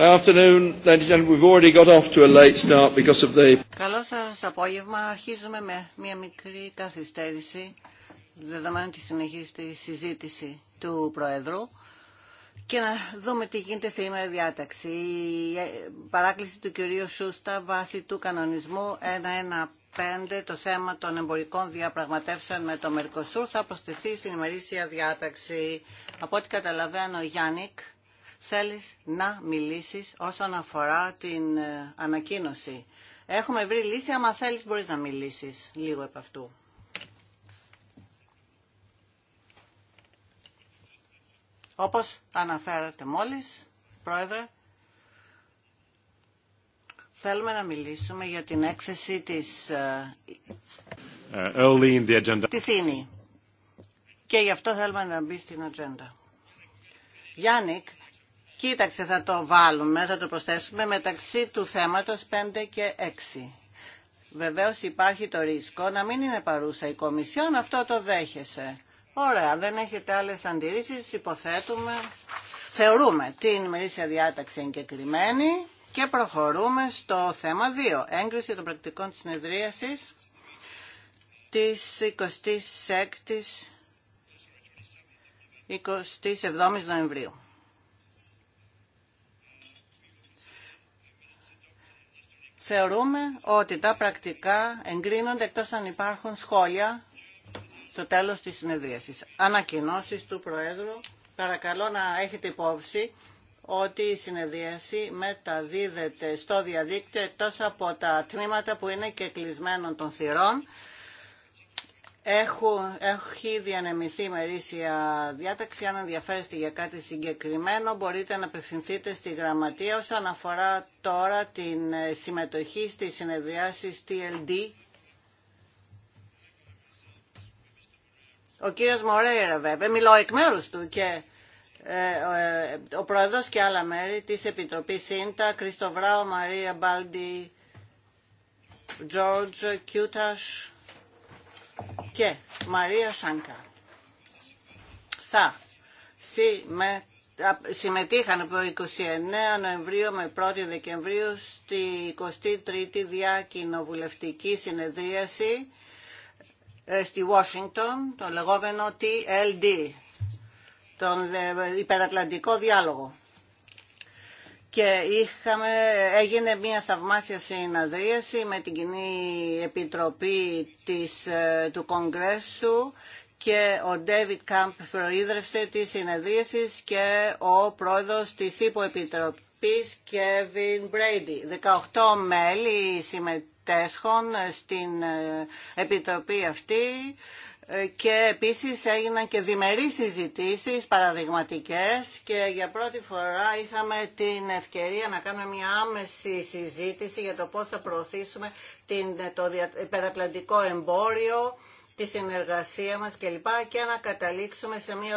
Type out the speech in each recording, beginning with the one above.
Καλό σας απόγευμα. Αρχίζουμε με μια μικρή καθυστέρηση δεδομένου τη συνεχής τη συζήτηση του Προέδρου και να δούμε τι γίνεται στη ημέρα διάταξη. Η ε, παράκληση του κυρίου Σούστα βάσει του κανονισμού 115 το θέμα των εμπορικών διαπραγματεύσεων με το Μερκοσούρ θα προσθεθεί στην ημερήσια διάταξη. Από ό,τι καταλαβαίνω, Γιάννικ, θέλεις να μιλήσεις όσον αφορά την ε, ανακοίνωση. Έχουμε βρει λύση, άμα θέλεις μπορείς να μιλήσεις λίγο επ' αυτού. Όπως αναφέρατε μόλις, Πρόεδρε, θέλουμε να μιλήσουμε για την έκθεση της, uh, early Και γι' αυτό θέλουμε να μπει στην ατζέντα. Γιάννικ, Κοίταξε, θα το βάλουμε, θα το προσθέσουμε μεταξύ του θέματος 5 και 6. Βεβαίως υπάρχει το ρίσκο να μην είναι παρούσα η Κομισιόν, αυτό το δέχεσαι. Ωραία, δεν έχετε άλλες αντιρρήσεις, υποθέτουμε. Θεωρούμε την ημερήσια διάταξη εγκεκριμένη και προχωρούμε στο θέμα 2. Έγκριση των πρακτικών της συνεδρίασης της 26ης 27 Νοεμβρίου. Θεωρούμε ότι τα πρακτικά εγκρίνονται εκτός αν υπάρχουν σχόλια στο τέλος της συνεδρίασης. Ανακοινώσεις του Προέδρου. Παρακαλώ να έχετε υπόψη ότι η συνεδρίαση μεταδίδεται στο διαδίκτυο εκτός από τα τμήματα που είναι και κλεισμένων των θυρών έχει διανεμηθεί η μερίσια διάταξη. Αν ενδιαφέρεστε για κάτι συγκεκριμένο, μπορείτε να απευθυνθείτε στη γραμματεία όσον αφορά τώρα την ε, συμμετοχή στι συνεδριάσεις TLD. Ο κύριος Μορέιρα βέβαια, μιλώ εκ μέρους του και ε, ε, ο πρόεδρος και άλλα μέρη της Επιτροπή ΣΥΝΤΑ, Κριστοβράου, Μαρία Μπάλντι, Τζόρτζ Κιούτας, και Μαρία Σάνκα. Σα συμμετείχαν από 29 Νοεμβρίου με 1η Δεκεμβρίου στη 23η Διακοινοβουλευτική Συνεδρίαση ε, στη Washington, το λεγόμενο TLD, τον Υπερατλαντικό Διάλογο και είχαμε, έγινε μια θαυμάσια συναδρίαση με την Κοινή Επιτροπή της, ε, του Κογκρέσου και ο Ντέβιτ Κάμπ προείδρευσε τη συνεδρίαση και ο πρόεδρος της υποεπιτροπής Κέβιν Μπρέιντι. 18 μέλη συμμετείχαν στην ε, Επιτροπή αυτή ε, και επίσης έγιναν και διμερείς συζητήσεις παραδειγματικές και για πρώτη φορά είχαμε την ευκαιρία να κάνουμε μια άμεση συζήτηση για το πώς θα προωθήσουμε την, ε, το υπερατλαντικό εμπόριο τη συνεργασία μας λοιπά και να καταλήξουμε σε μια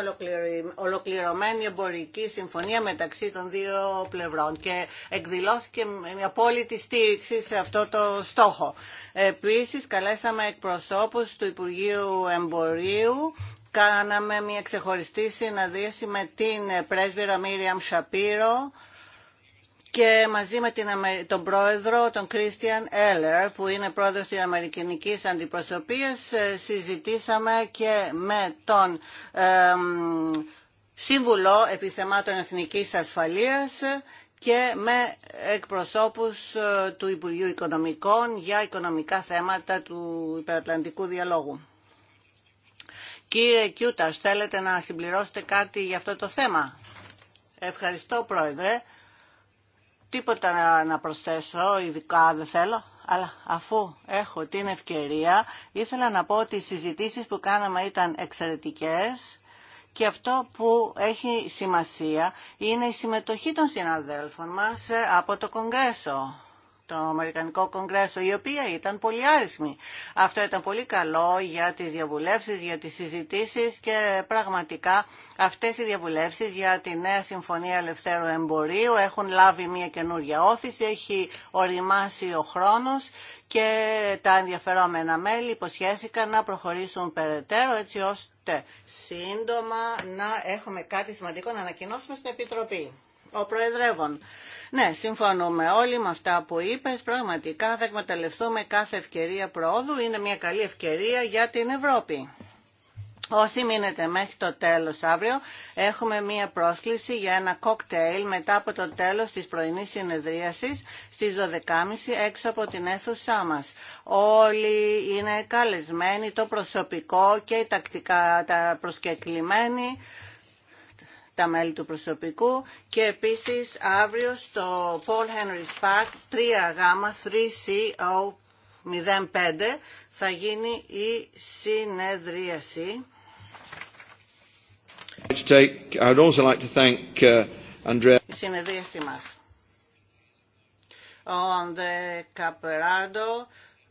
ολοκληρωμένη εμπορική συμφωνία μεταξύ των δύο πλευρών και εκδηλώθηκε μια απόλυτη στήριξη σε αυτό το στόχο. Επίσης καλέσαμε εκπροσώπους του Υπουργείου Εμπορίου Κάναμε μια ξεχωριστή συναντήση με την πρέσβυρα Μίριαμ Σαπύρο, και μαζί με την, τον πρόεδρο, τον Κρίστιαν Έλερ, που είναι πρόεδρος της Αμερικανικής Αντιπροσωπείας, ε, συζητήσαμε και με τον Σύμβουλο Επισεμάτων Εθνικής Ασφαλείας και με εκπροσώπους ε, του Υπουργείου Οικονομικών για οικονομικά θέματα του υπερατλαντικού διαλόγου. Κύριε Κιούτας, θέλετε να συμπληρώσετε κάτι για αυτό το θέμα. Ευχαριστώ, Πρόεδρε τίποτα να προσθέσω, ειδικά δεν θέλω, αλλά αφού έχω την ευκαιρία, ήθελα να πω ότι οι συζητήσεις που κάναμε ήταν εξαιρετικές και αυτό που έχει σημασία είναι η συμμετοχή των συναδέλφων μας από το Κογκρέσο το Αμερικανικό Κογκρέσο, η οποία ήταν πολύ άρισμη. Αυτό ήταν πολύ καλό για τις διαβουλεύσεις, για τις συζητήσεις και πραγματικά αυτές οι διαβουλεύσεις για τη νέα Συμφωνία Ελευθέρου Εμπορίου έχουν λάβει μια καινούργια όθηση, έχει οριμάσει ο χρόνος και τα ενδιαφερόμενα μέλη υποσχέθηκαν να προχωρήσουν περαιτέρω έτσι ώστε σύντομα να έχουμε κάτι σημαντικό να ανακοινώσουμε στην Επιτροπή ο Προεδρεύων. Ναι, συμφωνούμε όλοι με αυτά που είπες. Πραγματικά θα εκμεταλλευτούμε κάθε ευκαιρία προόδου. Είναι μια καλή ευκαιρία για την Ευρώπη. Όσοι μείνετε μέχρι το τέλος αύριο, έχουμε μία πρόσκληση για ένα κοκτέιλ μετά από το τέλος της πρωινής συνεδρίασης στις 12.30 έξω από την αίθουσά μας. Όλοι είναι καλεσμένοι, το προσωπικό και τακτικά τα προσκεκλημένοι τα μέλη του προσωπικού και επίσης αύριο στο Paul Henry's Park 3Γ 3CO05 θα γίνει η συνεδρίαση. also uh, Η συνεδρίαση μας. Ο Ανδρέ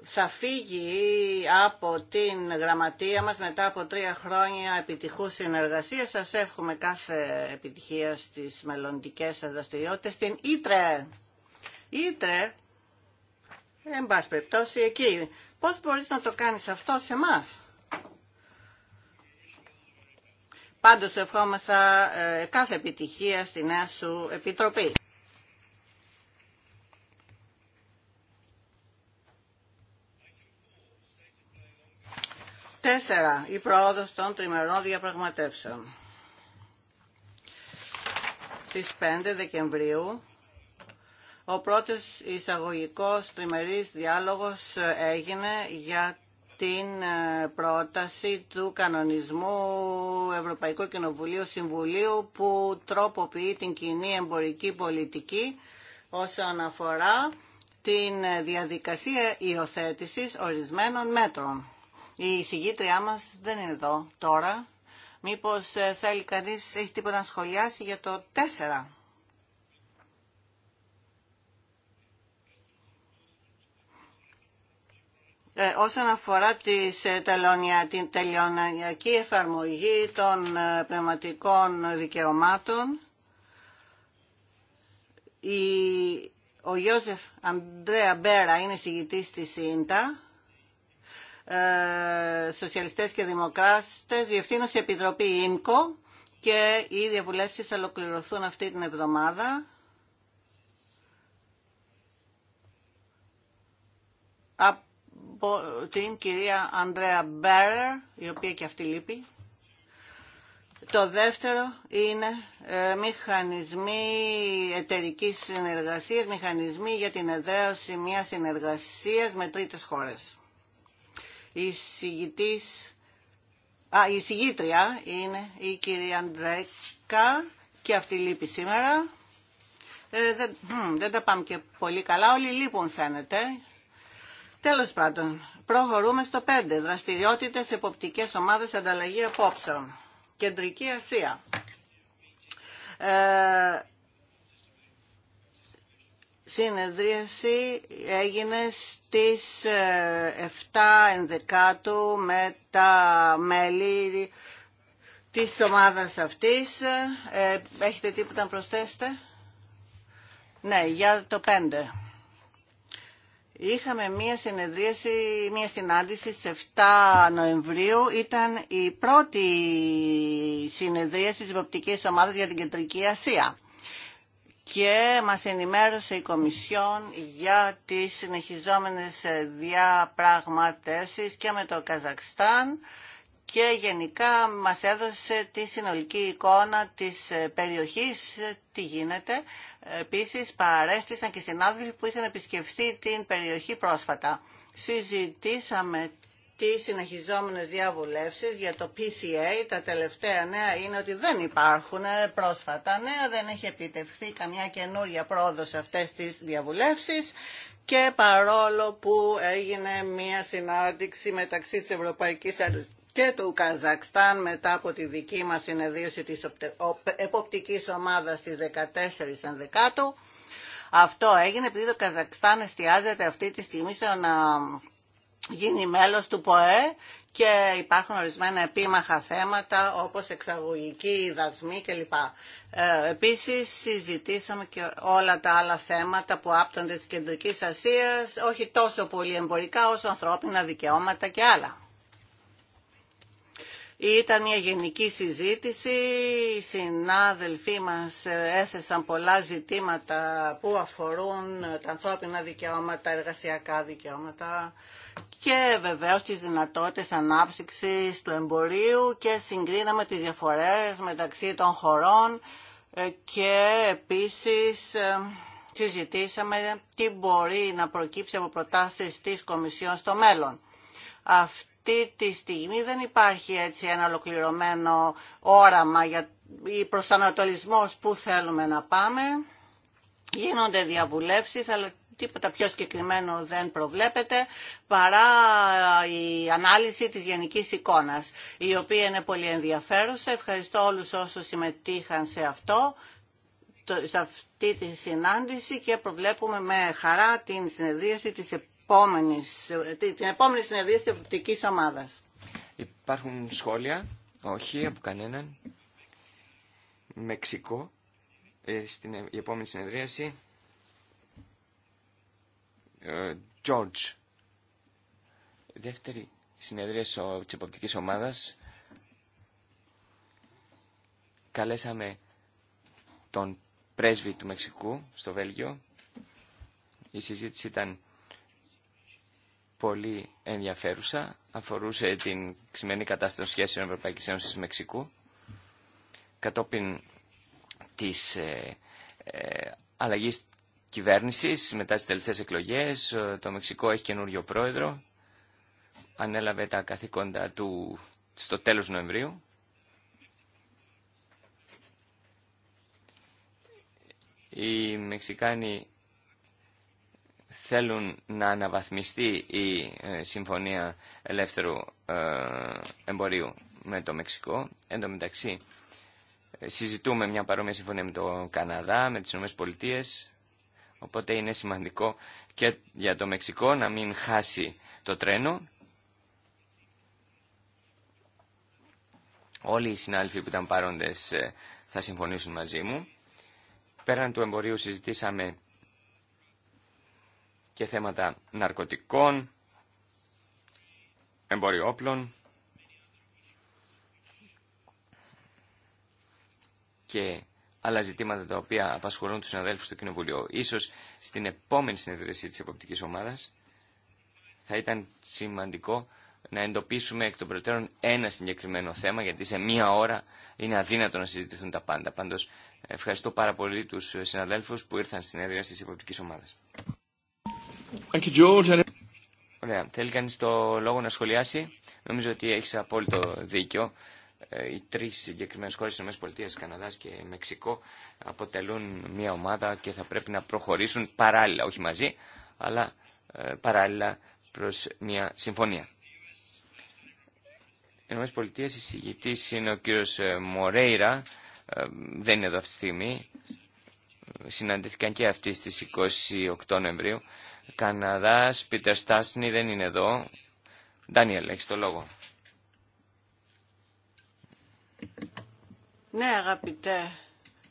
θα φύγει από την γραμματεία μας μετά από τρία χρόνια επιτυχούς συνεργασίας. Σας εύχομαι κάθε επιτυχία στις μελλοντικές σας δραστηριότητες στην Ήτρε. Ήτρε, εν πάση περιπτώσει, εκεί. Πώς μπορείς να το κάνεις αυτό σε εμά. Πάντως ευχόμαστε κάθε επιτυχία στη νέα σου επιτροπή. Τέσσερα. Η πρόοδος των τριμερών διαπραγματεύσεων. Στις 5 Δεκεμβρίου ο πρώτος εισαγωγικός τριμερής διάλογος ε, έγινε για την ε, πρόταση του κανονισμού Ευρωπαϊκού Κοινοβουλίου Συμβουλίου που τροποποιεί την κοινή εμπορική πολιτική όσον αφορά την ε, διαδικασία υιοθέτησης ορισμένων μέτρων. Η συγγήτριά μας δεν είναι εδώ τώρα. Μήπως ε, θέλει κανείς, έχει τίποτα να σχολιάσει για το 4. Ε, όσον αφορά τις, ε, τελωνια, την τελειωνιακή εφαρμογή των πνευματικών δικαιωμάτων, η, ο Ιώσεφ Αντρέα Μπέρα είναι συγητής της ΣΥΝΤΑ ε, σοσιαλιστές και δημοκράτες, διευθύνωση επιτροπή ΙΜΚΟ και οι διαβουλεύσεις θα ολοκληρωθούν αυτή την εβδομάδα. Από την κυρία Ανδρέα Μπέρερ, η οποία και αυτή λείπει. Το δεύτερο είναι ε, μηχανισμοί εταιρικής συνεργασίας, μηχανισμοί για την εδραίωση μιας συνεργασίας με τρίτες χώρες. Η συγητής, α, η συγγήτρια είναι η κυρία Ντρέτσκα και αυτή λείπει σήμερα. Ε, δεν, δεν τα πάμε και πολύ καλά, όλοι λείπουν φαίνεται. Τέλος πάντων, προχωρούμε στο 5. Δραστηριότητες, εποπτικές ομάδες, ανταλλαγή απόψεων. Κεντρική Ασία. Ε, συνεδρίαση έγινε στις 7 ε, ενδεκάτου με τα μέλη της ομάδας αυτής. Ε, έχετε τίποτα να προσθέσετε? Ναι, για το 5. Είχαμε μία συνεδρίαση, μία συνάντηση στις 7 Νοεμβρίου. Ήταν η πρώτη συνεδρίαση της Υποπτικής Ομάδας για την Κεντρική Ασία και μας ενημέρωσε η Κομισιόν για τις συνεχιζόμενες διαπραγματεύσεις και με το Καζακστάν και γενικά μας έδωσε τη συνολική εικόνα της περιοχής, τι γίνεται. Επίσης παρέστησαν και συνάδελφοι που είχαν επισκεφθεί την περιοχή πρόσφατα. Συζητήσαμε οι συνεχιζόμενες διαβουλεύσεις για το PCA. Τα τελευταία νέα είναι ότι δεν υπάρχουν πρόσφατα νέα, δεν έχει επιτευχθεί καμιά καινούρια πρόοδος σε αυτές τις διαβουλεύσεις και παρόλο που έγινε μια συνάντηση μεταξύ της Ευρωπαϊκής και του Καζακστάν μετά από τη δική μας συνεδρίωση της εποπτικής ομάδας στις 14 Ενδεκάτου. Αυτό έγινε επειδή το Καζακστάν εστιάζεται αυτή τη στιγμή στο να γίνει μέλος του ΠΟΕ και υπάρχουν ορισμένα επίμαχα θέματα όπως εξαγωγική, δασμή κλπ. Ε, επίσης συζητήσαμε και όλα τα άλλα θέματα που άπτονται της Κεντρικής Ασίας, όχι τόσο πολύ εμπορικά όσο ανθρώπινα δικαιώματα και άλλα. Ήταν μια γενική συζήτηση, οι συνάδελφοί μας έθεσαν πολλά ζητήματα που αφορούν τα ανθρώπινα δικαιώματα, εργασιακά δικαιώματα και βεβαίως τις δυνατότητες ανάψυξης του εμπορίου και συγκρίναμε τις διαφορές μεταξύ των χωρών και επίσης ε, συζητήσαμε τι μπορεί να προκύψει από προτάσεις της Κομισιόν στο μέλλον αυτή τη στιγμή δεν υπάρχει έτσι ένα ολοκληρωμένο όραμα για ή προσανατολισμός που θέλουμε να πάμε. Γίνονται διαβουλεύσεις, αλλά τίποτα πιο συγκεκριμένο δεν προβλέπεται παρά η ανάλυση της γενικής εικόνας, η οποία είναι πολύ ενδιαφέρουσα. Ευχαριστώ όλους όσους συμμετείχαν σε αυτό, σε αυτή τη συνάντηση και προβλέπουμε με χαρά την συνεδρίαση της επόμενης, ε, την επόμενη συνεδρία τη εποπτική Ομάδας. Υπάρχουν σχόλια, όχι από κανέναν. Μεξικό, ε, στην ε, επόμενη συνεδρίαση. Ε, δεύτερη συνεδρία τη εποπτική Ομάδας. Καλέσαμε τον πρέσβη του Μεξικού στο Βέλγιο. Η συζήτηση ήταν πολύ ενδιαφέρουσα. Αφορούσε την σημερινή κατάσταση των σχέσεων Ευρωπαϊκής Ένωσης Μεξικού κατόπιν της ε, ε αλλαγής κυβέρνησης μετά τις τελευταίες εκλογές. Ε, το Μεξικό έχει καινούριο πρόεδρο. Ανέλαβε τα καθήκοντα του στο τέλος Νοεμβρίου. Οι Μεξικάνοι θέλουν να αναβαθμιστεί η ε, Συμφωνία Ελεύθερου ε, Εμπορίου με το Μεξικό. Εν τω μεταξύ, ε, συζητούμε μια παρόμοια συμφωνία με το Καναδά, με τις Ηνωμένες Πολιτείες, οπότε είναι σημαντικό και για το Μεξικό να μην χάσει το τρένο. Όλοι οι συνάλφοι που ήταν παρόντες θα συμφωνήσουν μαζί μου. Πέραν του εμπορίου συζητήσαμε και θέματα ναρκωτικών, εμποριόπλων και άλλα ζητήματα τα οποία απασχολούν τους συναδέλφους στο Κοινοβουλίου. Ίσως στην επόμενη συνεδρίαση της εποπτικής ομάδας θα ήταν σημαντικό να εντοπίσουμε εκ των προτέρων ένα συγκεκριμένο θέμα, γιατί σε μία ώρα είναι αδύνατο να συζητηθούν τα πάντα. Πάντως, ευχαριστώ πάρα πολύ τους συναδέλφους που ήρθαν στην έδρα της Υποπτικής Ομάδας. Thank you, George. Ωραία. Θέλει κανείς το λόγο να σχολιάσει. Νομίζω ότι έχεις απόλυτο δίκιο. Ε, οι τρεις συγκεκριμένες χώρες, οι ΗΠΑ, Καναδάς και Μεξικό, αποτελούν μια ομάδα και θα πρέπει να προχωρήσουν παράλληλα, όχι μαζί, αλλά ε, παράλληλα προς μια συμφωνία. Οι ΗΠΑ, εισηγητής είναι ο κύριος ε, Μορέιρα, δεν είναι εδώ αυτή τη στιγμή. Συναντήθηκαν και αυτοί στις 28 Νοεμβρίου. Καναδάς, Πίτερ Στάσνη δεν είναι εδώ. Ντάνιελ, έχεις το λόγο. Ναι, αγαπητέ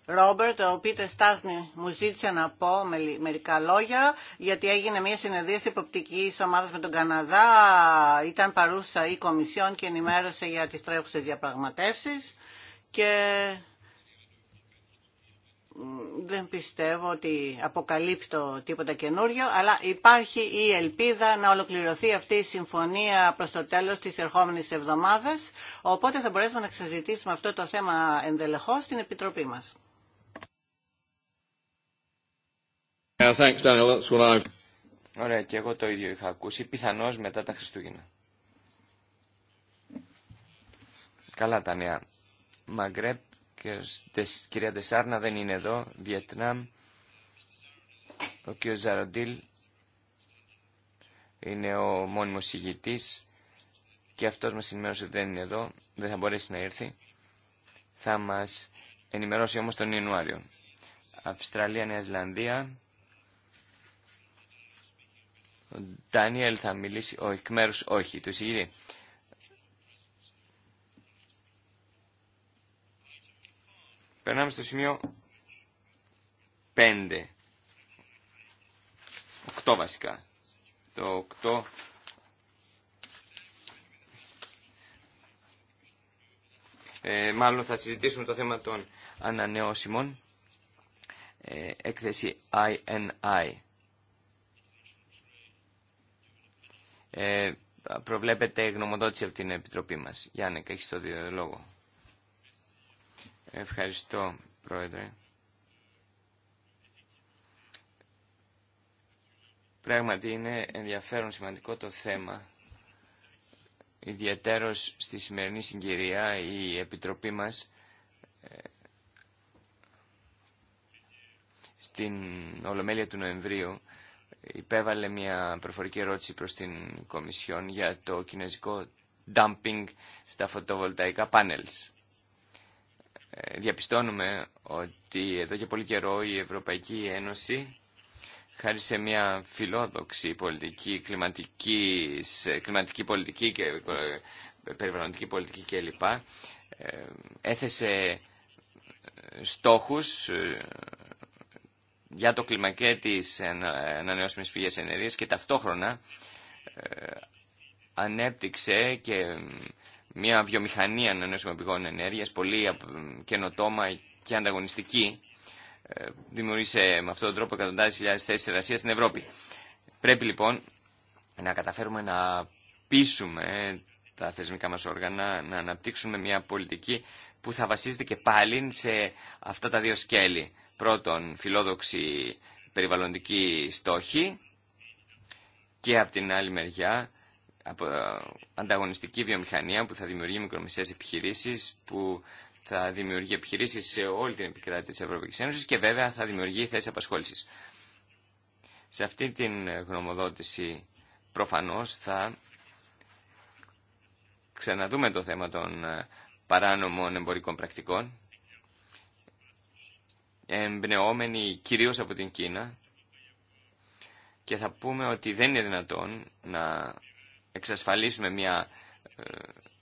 Ρόμπερτ, ο Πίτερ Στάσνη μου ζήτησε να πω μερικά λόγια, γιατί έγινε μια συνεδρία υποπτική ομάδα με τον Καναδά. Ήταν παρούσα η Κομισιόν και ενημέρωσε για τι τρέχουσε διαπραγματεύσεις. Και δεν πιστεύω ότι αποκαλύπτω τίποτα καινούριο, αλλά υπάρχει η ελπίδα να ολοκληρωθεί αυτή η συμφωνία προς το τέλος της ερχόμενης εβδομάδας, οπότε θα μπορέσουμε να ξαζητήσουμε αυτό το θέμα ενδελεχώς στην Επιτροπή μας. Ωραία, και εγώ το ίδιο είχα ακούσει, πιθανώς μετά τα Χριστούγεννα. Καλά τα νέα. Μαγκρέπ κυρία Δεσάρνα, δεν είναι εδώ, Βιετνάμ, ο κ. Ζαροντήλ είναι ο μόνιμος ηγητής και αυτός μας ενημέρωσε ότι δεν είναι εδώ, δεν θα μπορέσει να ήρθει. Θα μας ενημερώσει όμως τον Ιανουάριο. Αυστραλία, Νέα Ζηλανδία. Ο Ντάνιελ θα μιλήσει, ο εκ όχι, του εισηγητή. Περνάμε στο σημείο 5. 8 βασικά. Το 8 Ε, μάλλον θα συζητήσουμε το θέμα των ανανεώσιμων. Ε, έκθεση INI. Ε, προβλέπεται γνωμοδότηση από την Επιτροπή μας. Γιάννη, έχεις το λόγο. Ευχαριστώ, Πρόεδρε. Πράγματι είναι ενδιαφέρον σημαντικό το θέμα. Ιδιαίτερος στη σημερινή συγκυρία η Επιτροπή μας ε, στην Ολομέλεια του Νοεμβρίου υπέβαλε μια προφορική ερώτηση προς την Κομισιόν για το κινέζικο dumping στα φωτοβολταϊκά πάνελς διαπιστώνουμε ότι εδώ και πολύ καιρό η Ευρωπαϊκή Ένωση χάρη σε μια φιλόδοξη πολιτική, κλιματική, πολιτική και ε, περιβαλλοντική πολιτική κλπ. Ε, έθεσε ε, στόχους για το κλίμα και τις ανανεώσιμες πηγές ενέργειας και ταυτόχρονα ανέπτυξε και μια βιομηχανία ανανεώσιμων πηγών ενέργεια, πολύ καινοτόμα και ανταγωνιστική, ε, δημιουργήσε με αυτόν τον τρόπο εκατοντάδε χιλιάδε θέσει εργασία στην Ευρώπη. Πρέπει λοιπόν να καταφέρουμε να πείσουμε τα θεσμικά μας όργανα να αναπτύξουμε μια πολιτική που θα βασίζεται και πάλι σε αυτά τα δύο σκέλη. Πρώτον, φιλόδοξη περιβαλλοντική στόχη και από την άλλη μεριά από ανταγωνιστική βιομηχανία που θα δημιουργεί μικρομεσαίες επιχειρήσεις, που θα δημιουργεί επιχειρήσεις σε όλη την επικράτηση της Ευρωπαϊκής Ένωσης και βέβαια θα δημιουργεί θέσεις απασχόλησης. Σε αυτή την γνωμοδότηση προφανώς θα ξαναδούμε το θέμα των ε, παράνομων εμπορικών πρακτικών, εμπνεόμενοι κυρίως από την Κίνα και θα πούμε ότι δεν είναι δυνατόν να εξασφαλίσουμε μια ε,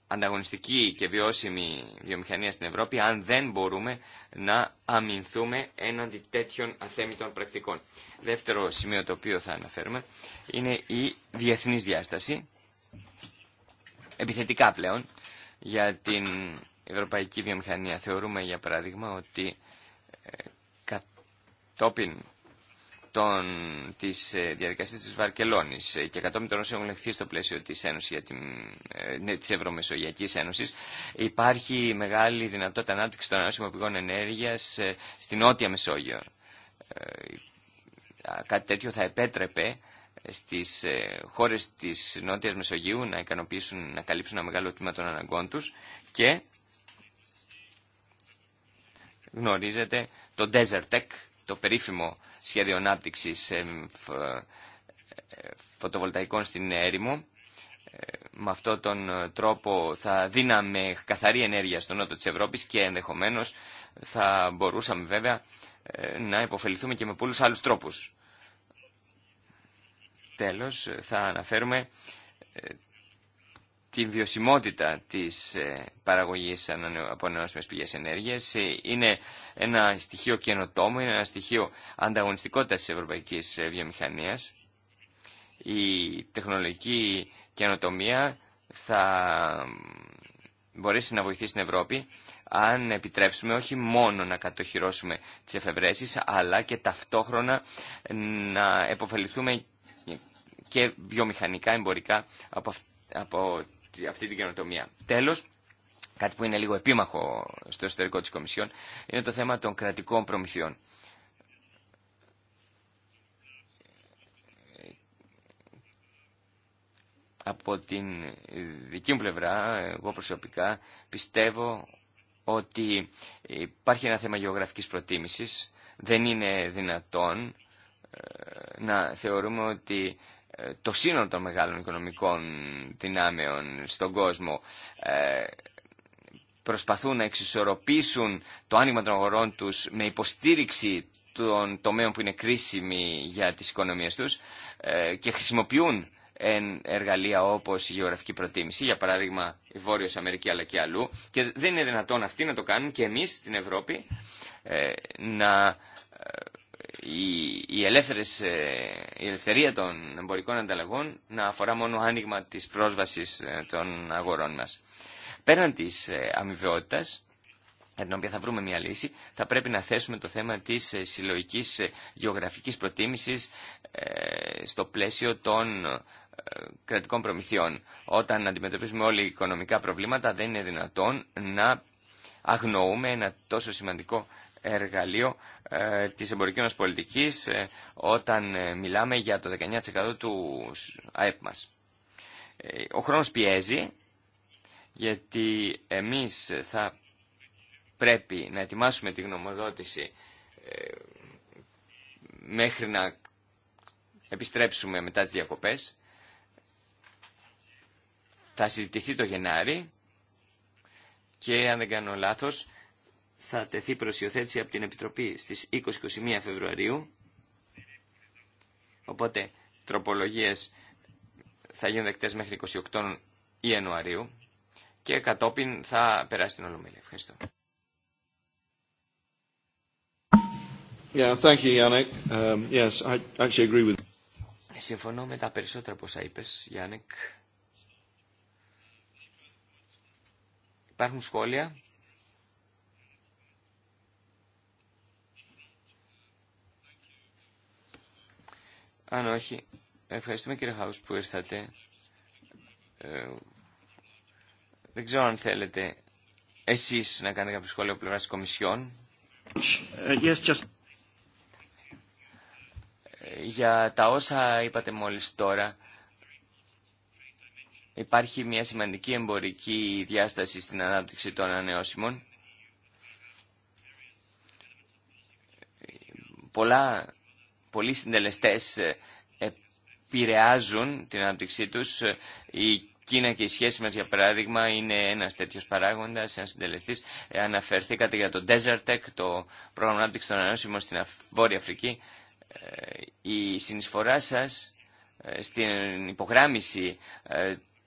ανταγωνιστική και βιώσιμη βιομηχανία στην Ευρώπη αν δεν μπορούμε να αμυνθούμε έναντι τέτοιων αθέμητων πρακτικών. Δεύτερο σημείο το οποίο θα αναφέρουμε είναι η διεθνής διάσταση, επιθετικά πλέον, για την ευρωπαϊκή βιομηχανία. Θεωρούμε για παράδειγμα ότι ε, κατόπιν των, της ε, διαδικασίας της Βαρκελόνης ε, και κατόπιν των όσων έχουν λεχθεί στο πλαίσιο της, Ένωσης για την, ε, ναι, της Ευρωμεσογειακής Ένωσης υπάρχει μεγάλη δυνατότητα ανάπτυξη των ανανεώσιμων πηγών ενέργειας στην Νότια Μεσόγειο. Κάτι τέτοιο θα επέτρεπε στις χώρες της Νότιας Μεσογείου να ικανοποιήσουν, να καλύψουν ένα μεγάλο τμήμα των αναγκών τους και γνωρίζετε το Desert Tech, το περίφημο σχέδιο ανάπτυξη ε, ε, φωτοβολταϊκών στην έρημο. Ε, με αυτόν τον τρόπο θα δίναμε καθαρή ενέργεια στον νότο της Ευρώπης και ενδεχομένως θα μπορούσαμε βέβαια να υποφεληθούμε και με πολλούς άλλους τρόπους. Τέλος, θα αναφέρουμε την βιωσιμότητα της ε, παραγωγής από ανανεώσιμες πηγές ενέργειας. Ε, είναι ένα στοιχείο καινοτόμο, είναι ένα στοιχείο ανταγωνιστικότητας της ευρωπαϊκής ε, βιομηχανίας. Η τεχνολογική καινοτομία θα μπορέσει να βοηθήσει την Ευρώπη αν επιτρέψουμε όχι μόνο να κατοχυρώσουμε τις εφευρέσεις αλλά και ταυτόχρονα να επωφεληθούμε και βιομηχανικά εμπορικά από, από αυτή την καινοτομία. Τέλος, κάτι που είναι λίγο επίμαχο στο εσωτερικό τη Κομισιόν, είναι το θέμα των κρατικών προμηθειών. Από την δική μου πλευρά, εγώ προσωπικά, πιστεύω ότι υπάρχει ένα θέμα γεωγραφικής προτίμησης. Δεν είναι δυνατόν ε, να θεωρούμε ότι το σύνολο των μεγάλων οικονομικών δυνάμεων στον κόσμο ε, προσπαθούν να εξισορροπήσουν το άνοιγμα των αγορών τους με υποστήριξη των τομέων που είναι κρίσιμοι για τις οικονομίες τους ε, και χρησιμοποιούν εργαλεία όπως η γεωγραφική προτίμηση, για παράδειγμα η Βόρειος Αμερική αλλά και αλλού και δεν είναι δυνατόν αυτοί να το κάνουν και εμείς στην Ευρώπη ε, να ε, η, ελευθερία των εμπορικών ανταλλαγών να αφορά μόνο άνοιγμα της πρόσβασης ε, των αγορών μας. Πέραν της ε, αμοιβαιότητας, για την οποία θα βρούμε μια λύση, θα πρέπει να θέσουμε το θέμα της συλλογικής γεωγραφικής προτίμησης στο πλαίσιο των κρατικών προμηθειών. Όταν αντιμετωπίζουμε όλοι οικονομικά προβλήματα δεν είναι δυνατόν να αγνοούμε ένα τόσο σημαντικό εργαλείο ε, της εμπορικής μας πολιτικής ε, όταν ε, μιλάμε για το 19% του ΑΕΠ μας. Ε, ο χρόνος πιέζει γιατί εμείς θα πρέπει να ετοιμάσουμε τη γνωμοδότηση μέχρι να επιστρέψουμε μετά τις διακοπές. Θα συζητηθεί το Γενάρη και αν δεν κάνω λάθος θα τεθεί προσιοθέτηση από την Επιτροπή στις 20-21 Φεβρουαρίου. Οπότε τροπολογίες θα γίνουν δεκτές μέχρι 28 Ιανουαρίου και κατόπιν θα περάσει την Ολομέλεια. Ευχαριστώ. Yeah, thank you, Um, yes, I actually agree with... Συμφωνώ με τα περισσότερα που όσα είπες, Γιάννεκ. Υπάρχουν σχόλια. Αν όχι, ευχαριστούμε κύριε Χάους που ήρθατε. Ε, δεν ξέρω αν θέλετε εσείς να κάνετε κάποιο σχόλιο πλευράς τη Κομισιόν. Ε, ε, για τα όσα είπατε μόλις τώρα, υπάρχει μια σημαντική εμπορική διάσταση στην ανάπτυξη των ανανεώσιμων. Πολλά πολλοί συντελεστέ ε, επηρεάζουν την ανάπτυξή του. Ε, η Κίνα και η σχέση μα, για παράδειγμα, είναι ένας τέτοιο παράγοντας, ένα συντελεστή. Ε, Αναφερθήκατε για το Desert Tech, το πρόγραμμα ανάπτυξη των ανανεώσιμων στην Βόρεια Αφρική. Η συνεισφορά σα στην υπογράμμιση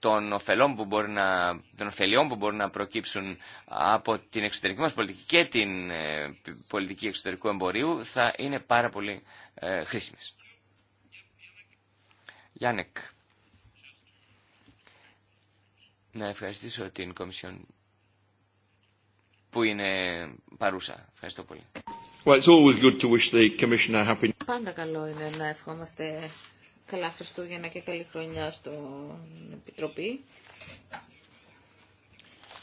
των ωφελών που μπορεί να, των ωφελιών που μπορούν να προκύψουν από την εξωτερική μας πολιτική και την ε, πολιτική εξωτερικού εμπορίου θα είναι πάρα πολύ ε, χρήσιμες. Γιάννεκ. Να ευχαριστήσω την Κομισιόν που είναι παρούσα. Ευχαριστώ πολύ. Well, it's always good to wish the Commissioner happy... Πάντα καλό είναι να ευχόμαστε Καλά Χριστούγεννα και καλή χρονιά στον Επιτροπή.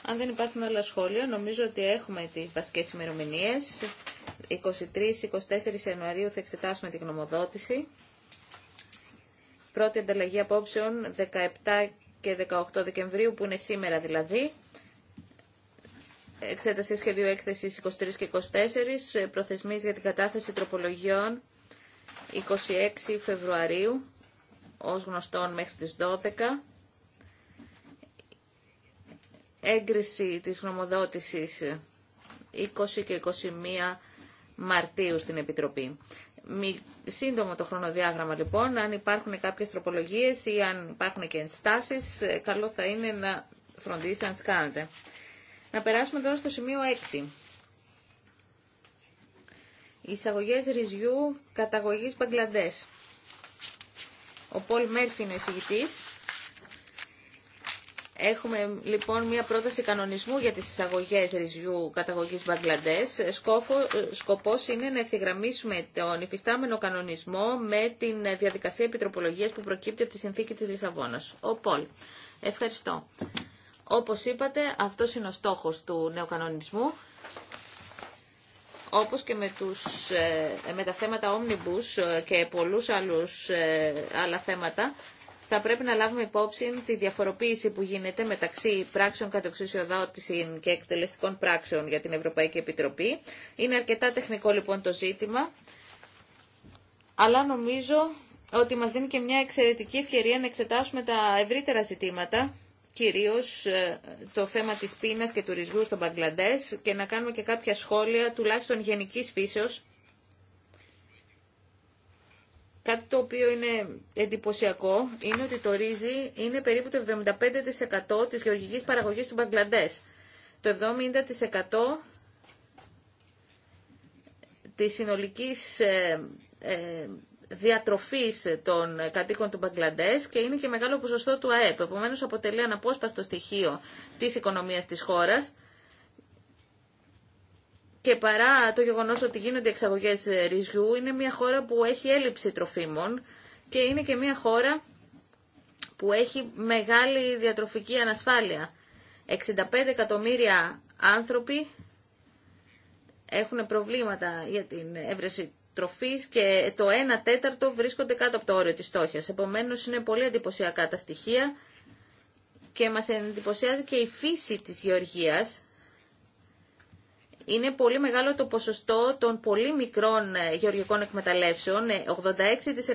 Αν δεν υπάρχουν άλλα σχόλια, νομίζω ότι έχουμε τις βασικές ημερομηνίε. 23-24 Ιανουαρίου θα εξετάσουμε την γνωμοδότηση. Πρώτη ανταλλαγή απόψεων 17 και 18 Δεκεμβρίου, που είναι σήμερα δηλαδή. Εξέταση σχεδίου έκθεσης 23 και 24, προθεσμίες για την κατάθεση τροπολογιών 26 Φεβρουαρίου, ως γνωστόν μέχρι τις 12. Έγκριση της γνωμοδότησης 20 και 21 Μαρτίου στην Επιτροπή. Μη, σύντομο το χρονοδιάγραμμα λοιπόν, αν υπάρχουν κάποιες τροπολογίες ή αν υπάρχουν και ενστάσεις, καλό θα είναι να φροντίσετε να τις κάνετε. Να περάσουμε τώρα στο σημείο 6. Εισαγωγέ ρυζιού καταγωγής Μπαγκλαντέ. Ο Πολ Μέρφυ είναι ο εισηγητή. Έχουμε λοιπόν μια πρόταση κανονισμού για τις εισαγωγές ρυζιού καταγωγής Μπαγκλαντές. Ε, σκοπός είναι να ευθυγραμμίσουμε τον υφιστάμενο κανονισμό με την διαδικασία επιτροπολογίας που προκύπτει από τη συνθήκη της Λισαβόνας. Ο Πολ. Ευχαριστώ. Όπως είπατε, αυτός είναι ο στόχος του νέου κανονισμού όπως και με, τους, ε, με τα θέματα Omnibus ε, και πολλούς άλλους ε, άλλα θέματα, θα πρέπει να λάβουμε υπόψη τη διαφοροποίηση που γίνεται μεταξύ πράξεων κατοξουσιοδότηση και εκτελεστικών πράξεων για την Ευρωπαϊκή Επιτροπή. Είναι αρκετά τεχνικό λοιπόν το ζήτημα, αλλά νομίζω ότι μας δίνει και μια εξαιρετική ευκαιρία να εξετάσουμε τα ευρύτερα ζητήματα κυρίως ε, το θέμα της πείνας και του στο στον Μπαγκλαντές και να κάνουμε και κάποια σχόλια τουλάχιστον γενικής φύσεως. Κάτι το οποίο είναι εντυπωσιακό είναι ότι το ρύζι είναι περίπου το 75% της γεωργικής παραγωγής του Μπαγκλαντές. Το 70% της συνολικής ε, ε, διατροφής των κατοίκων του Μπαγκλαντές και είναι και μεγάλο ποσοστό του ΑΕΠ. Επομένως αποτελεί αναπόσπαστο στοιχείο της οικονομίας της χώρας και παρά το γεγονός ότι γίνονται εξαγωγές ρυζιού είναι μια χώρα που έχει έλλειψη τροφίμων και είναι και μια χώρα που έχει μεγάλη διατροφική ανασφάλεια. 65 εκατομμύρια άνθρωποι έχουν προβλήματα για την έβρεση και το 1 τέταρτο βρίσκονται κάτω από το όριο της στόχιας. Επομένως είναι πολύ εντυπωσιακά τα στοιχεία και μας εντυπωσιάζει και η φύση της γεωργίας. Είναι πολύ μεγάλο το ποσοστό των πολύ μικρών ε, γεωργικών εκμεταλλεύσεων. 86%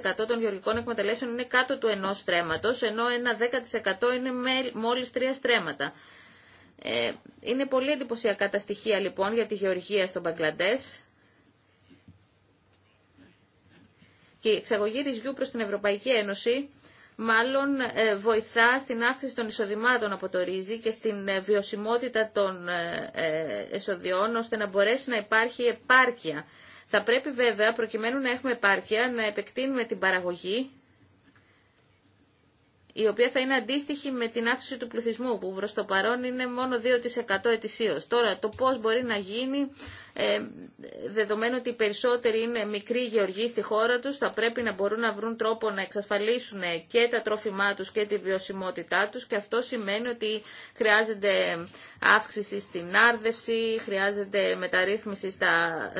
ε, των γεωργικών εκμεταλλεύσεων είναι κάτω του ενός στρέμματος, ενώ ένα 10% είναι μόλις τρία στρέμματα. Ε, είναι πολύ εντυπωσιακά τα στοιχεία λοιπόν για τη γεωργία στον Παγκλαντές και η εξαγωγή γιου προς την Ευρωπαϊκή Ένωση μάλλον ε, βοηθά στην αύξηση των εισοδημάτων από το ρύζι και στην ε, βιωσιμότητα των ε, εσοδιών ώστε να μπορέσει να υπάρχει επάρκεια. Θα πρέπει βέβαια προκειμένου να έχουμε επάρκεια να επεκτείνουμε την παραγωγή η οποία θα είναι αντίστοιχη με την αύξηση του πληθυσμού που προς το παρόν είναι μόνο 2% ετησίως. Τώρα το πώς μπορεί να γίνει, ε, δεδομένου ότι οι περισσότεροι είναι μικροί γεωργοί στη χώρα τους, θα πρέπει να μπορούν να βρουν τρόπο να εξασφαλίσουν και τα τρόφιμά τους και τη βιωσιμότητά τους και αυτό σημαίνει ότι χρειάζεται αύξηση στην άρδευση, χρειάζεται μεταρρύθμιση στα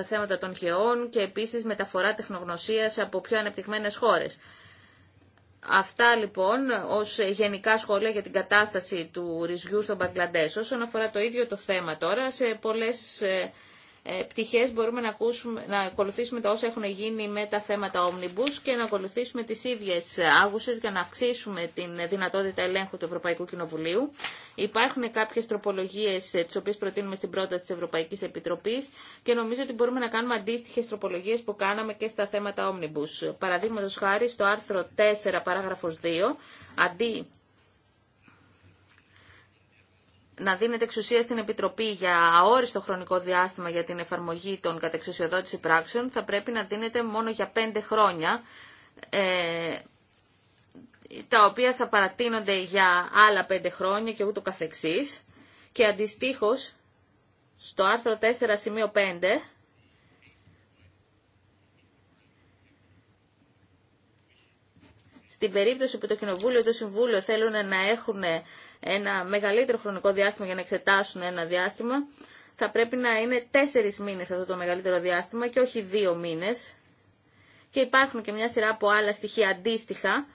θέματα των γεών και επίσης μεταφορά τεχνογνωσίας από πιο ανεπτυγμένες χώρες. Αυτά λοιπόν ως γενικά σχόλια για την κατάσταση του ρυζιού στον Μπαγκλαντέ. Όσον αφορά το ίδιο το θέμα τώρα, σε πολλές ε, ε, πτυχές μπορούμε να, ακούσουμε, να ακολουθήσουμε τα όσα έχουν γίνει με τα θέματα Omnibus και να ακολουθήσουμε τις ίδιες άγουσες για να αυξήσουμε την δυνατότητα ελέγχου του Ευρωπαϊκού Κοινοβουλίου. Υπάρχουν κάποιες τροπολογίες ε, τις οποίες προτείνουμε στην πρόταση της Ευρωπαϊκής Επιτροπής και νομίζω ότι μπορούμε να κάνουμε αντίστοιχε τροπολογίες που κάναμε και στα θέματα Omnibus. Παραδείγματο χάρη στο άρθρο 4 παράγραφος 2 αντί να δίνεται εξουσία στην Επιτροπή για αόριστο χρονικό διάστημα για την εφαρμογή των κατεξουσιοδότηση πράξεων θα πρέπει να δίνεται μόνο για πέντε χρόνια, ε, τα οποία θα παρατείνονται για άλλα πέντε χρόνια και ούτω καθεξής. Και αντιστοίχως, στο άρθρο 4 σημείο 5, στην περίπτωση που το Κοινοβούλιο και το Συμβούλιο θέλουν να έχουν ένα μεγαλύτερο χρονικό διάστημα για να εξετάσουν ένα διάστημα, θα πρέπει να είναι τέσσερι μήνε αυτό το μεγαλύτερο διάστημα και όχι δύο μήνε. Και υπάρχουν και μια σειρά από άλλα στοιχεία αντίστοιχα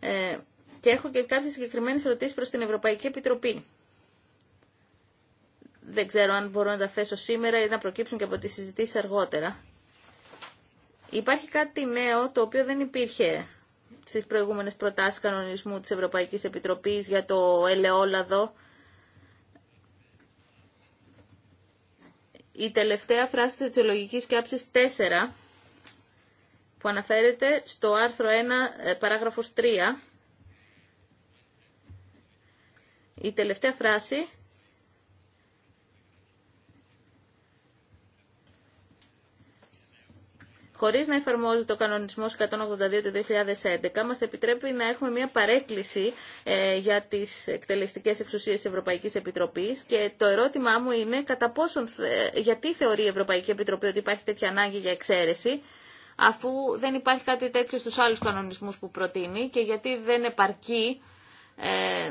ε, και έχω και κάποιε συγκεκριμένε ερωτήσεις προ την Ευρωπαϊκή Επιτροπή. Δεν ξέρω αν μπορώ να τα θέσω σήμερα ή να προκύψουν και από τις συζητήσεις αργότερα. Υπάρχει κάτι νέο το οποίο δεν υπήρχε στις προηγούμενες προτάσεις κανονισμού της Ευρωπαϊκής Επιτροπής για το ελαιόλαδο. Η τελευταία φράση της αιτιολογικής σκέψης 4 που αναφέρεται στο άρθρο 1 ε, παράγραφος 3. Η τελευταία φράση χωρίς να εφαρμόζεται ο κανονισμός 182 του 2011, μας επιτρέπει να έχουμε μια παρέκκληση ε, για τις εκτελεστικές εξουσίες της Ευρωπαϊκής Επιτροπής και το ερώτημά μου είναι κατά πόσον, γιατί θεωρεί η Ευρωπαϊκή Επιτροπή ότι υπάρχει τέτοια ανάγκη για εξαίρεση αφού δεν υπάρχει κάτι τέτοιο στους άλλους κανονισμούς που προτείνει και γιατί δεν επαρκεί ε,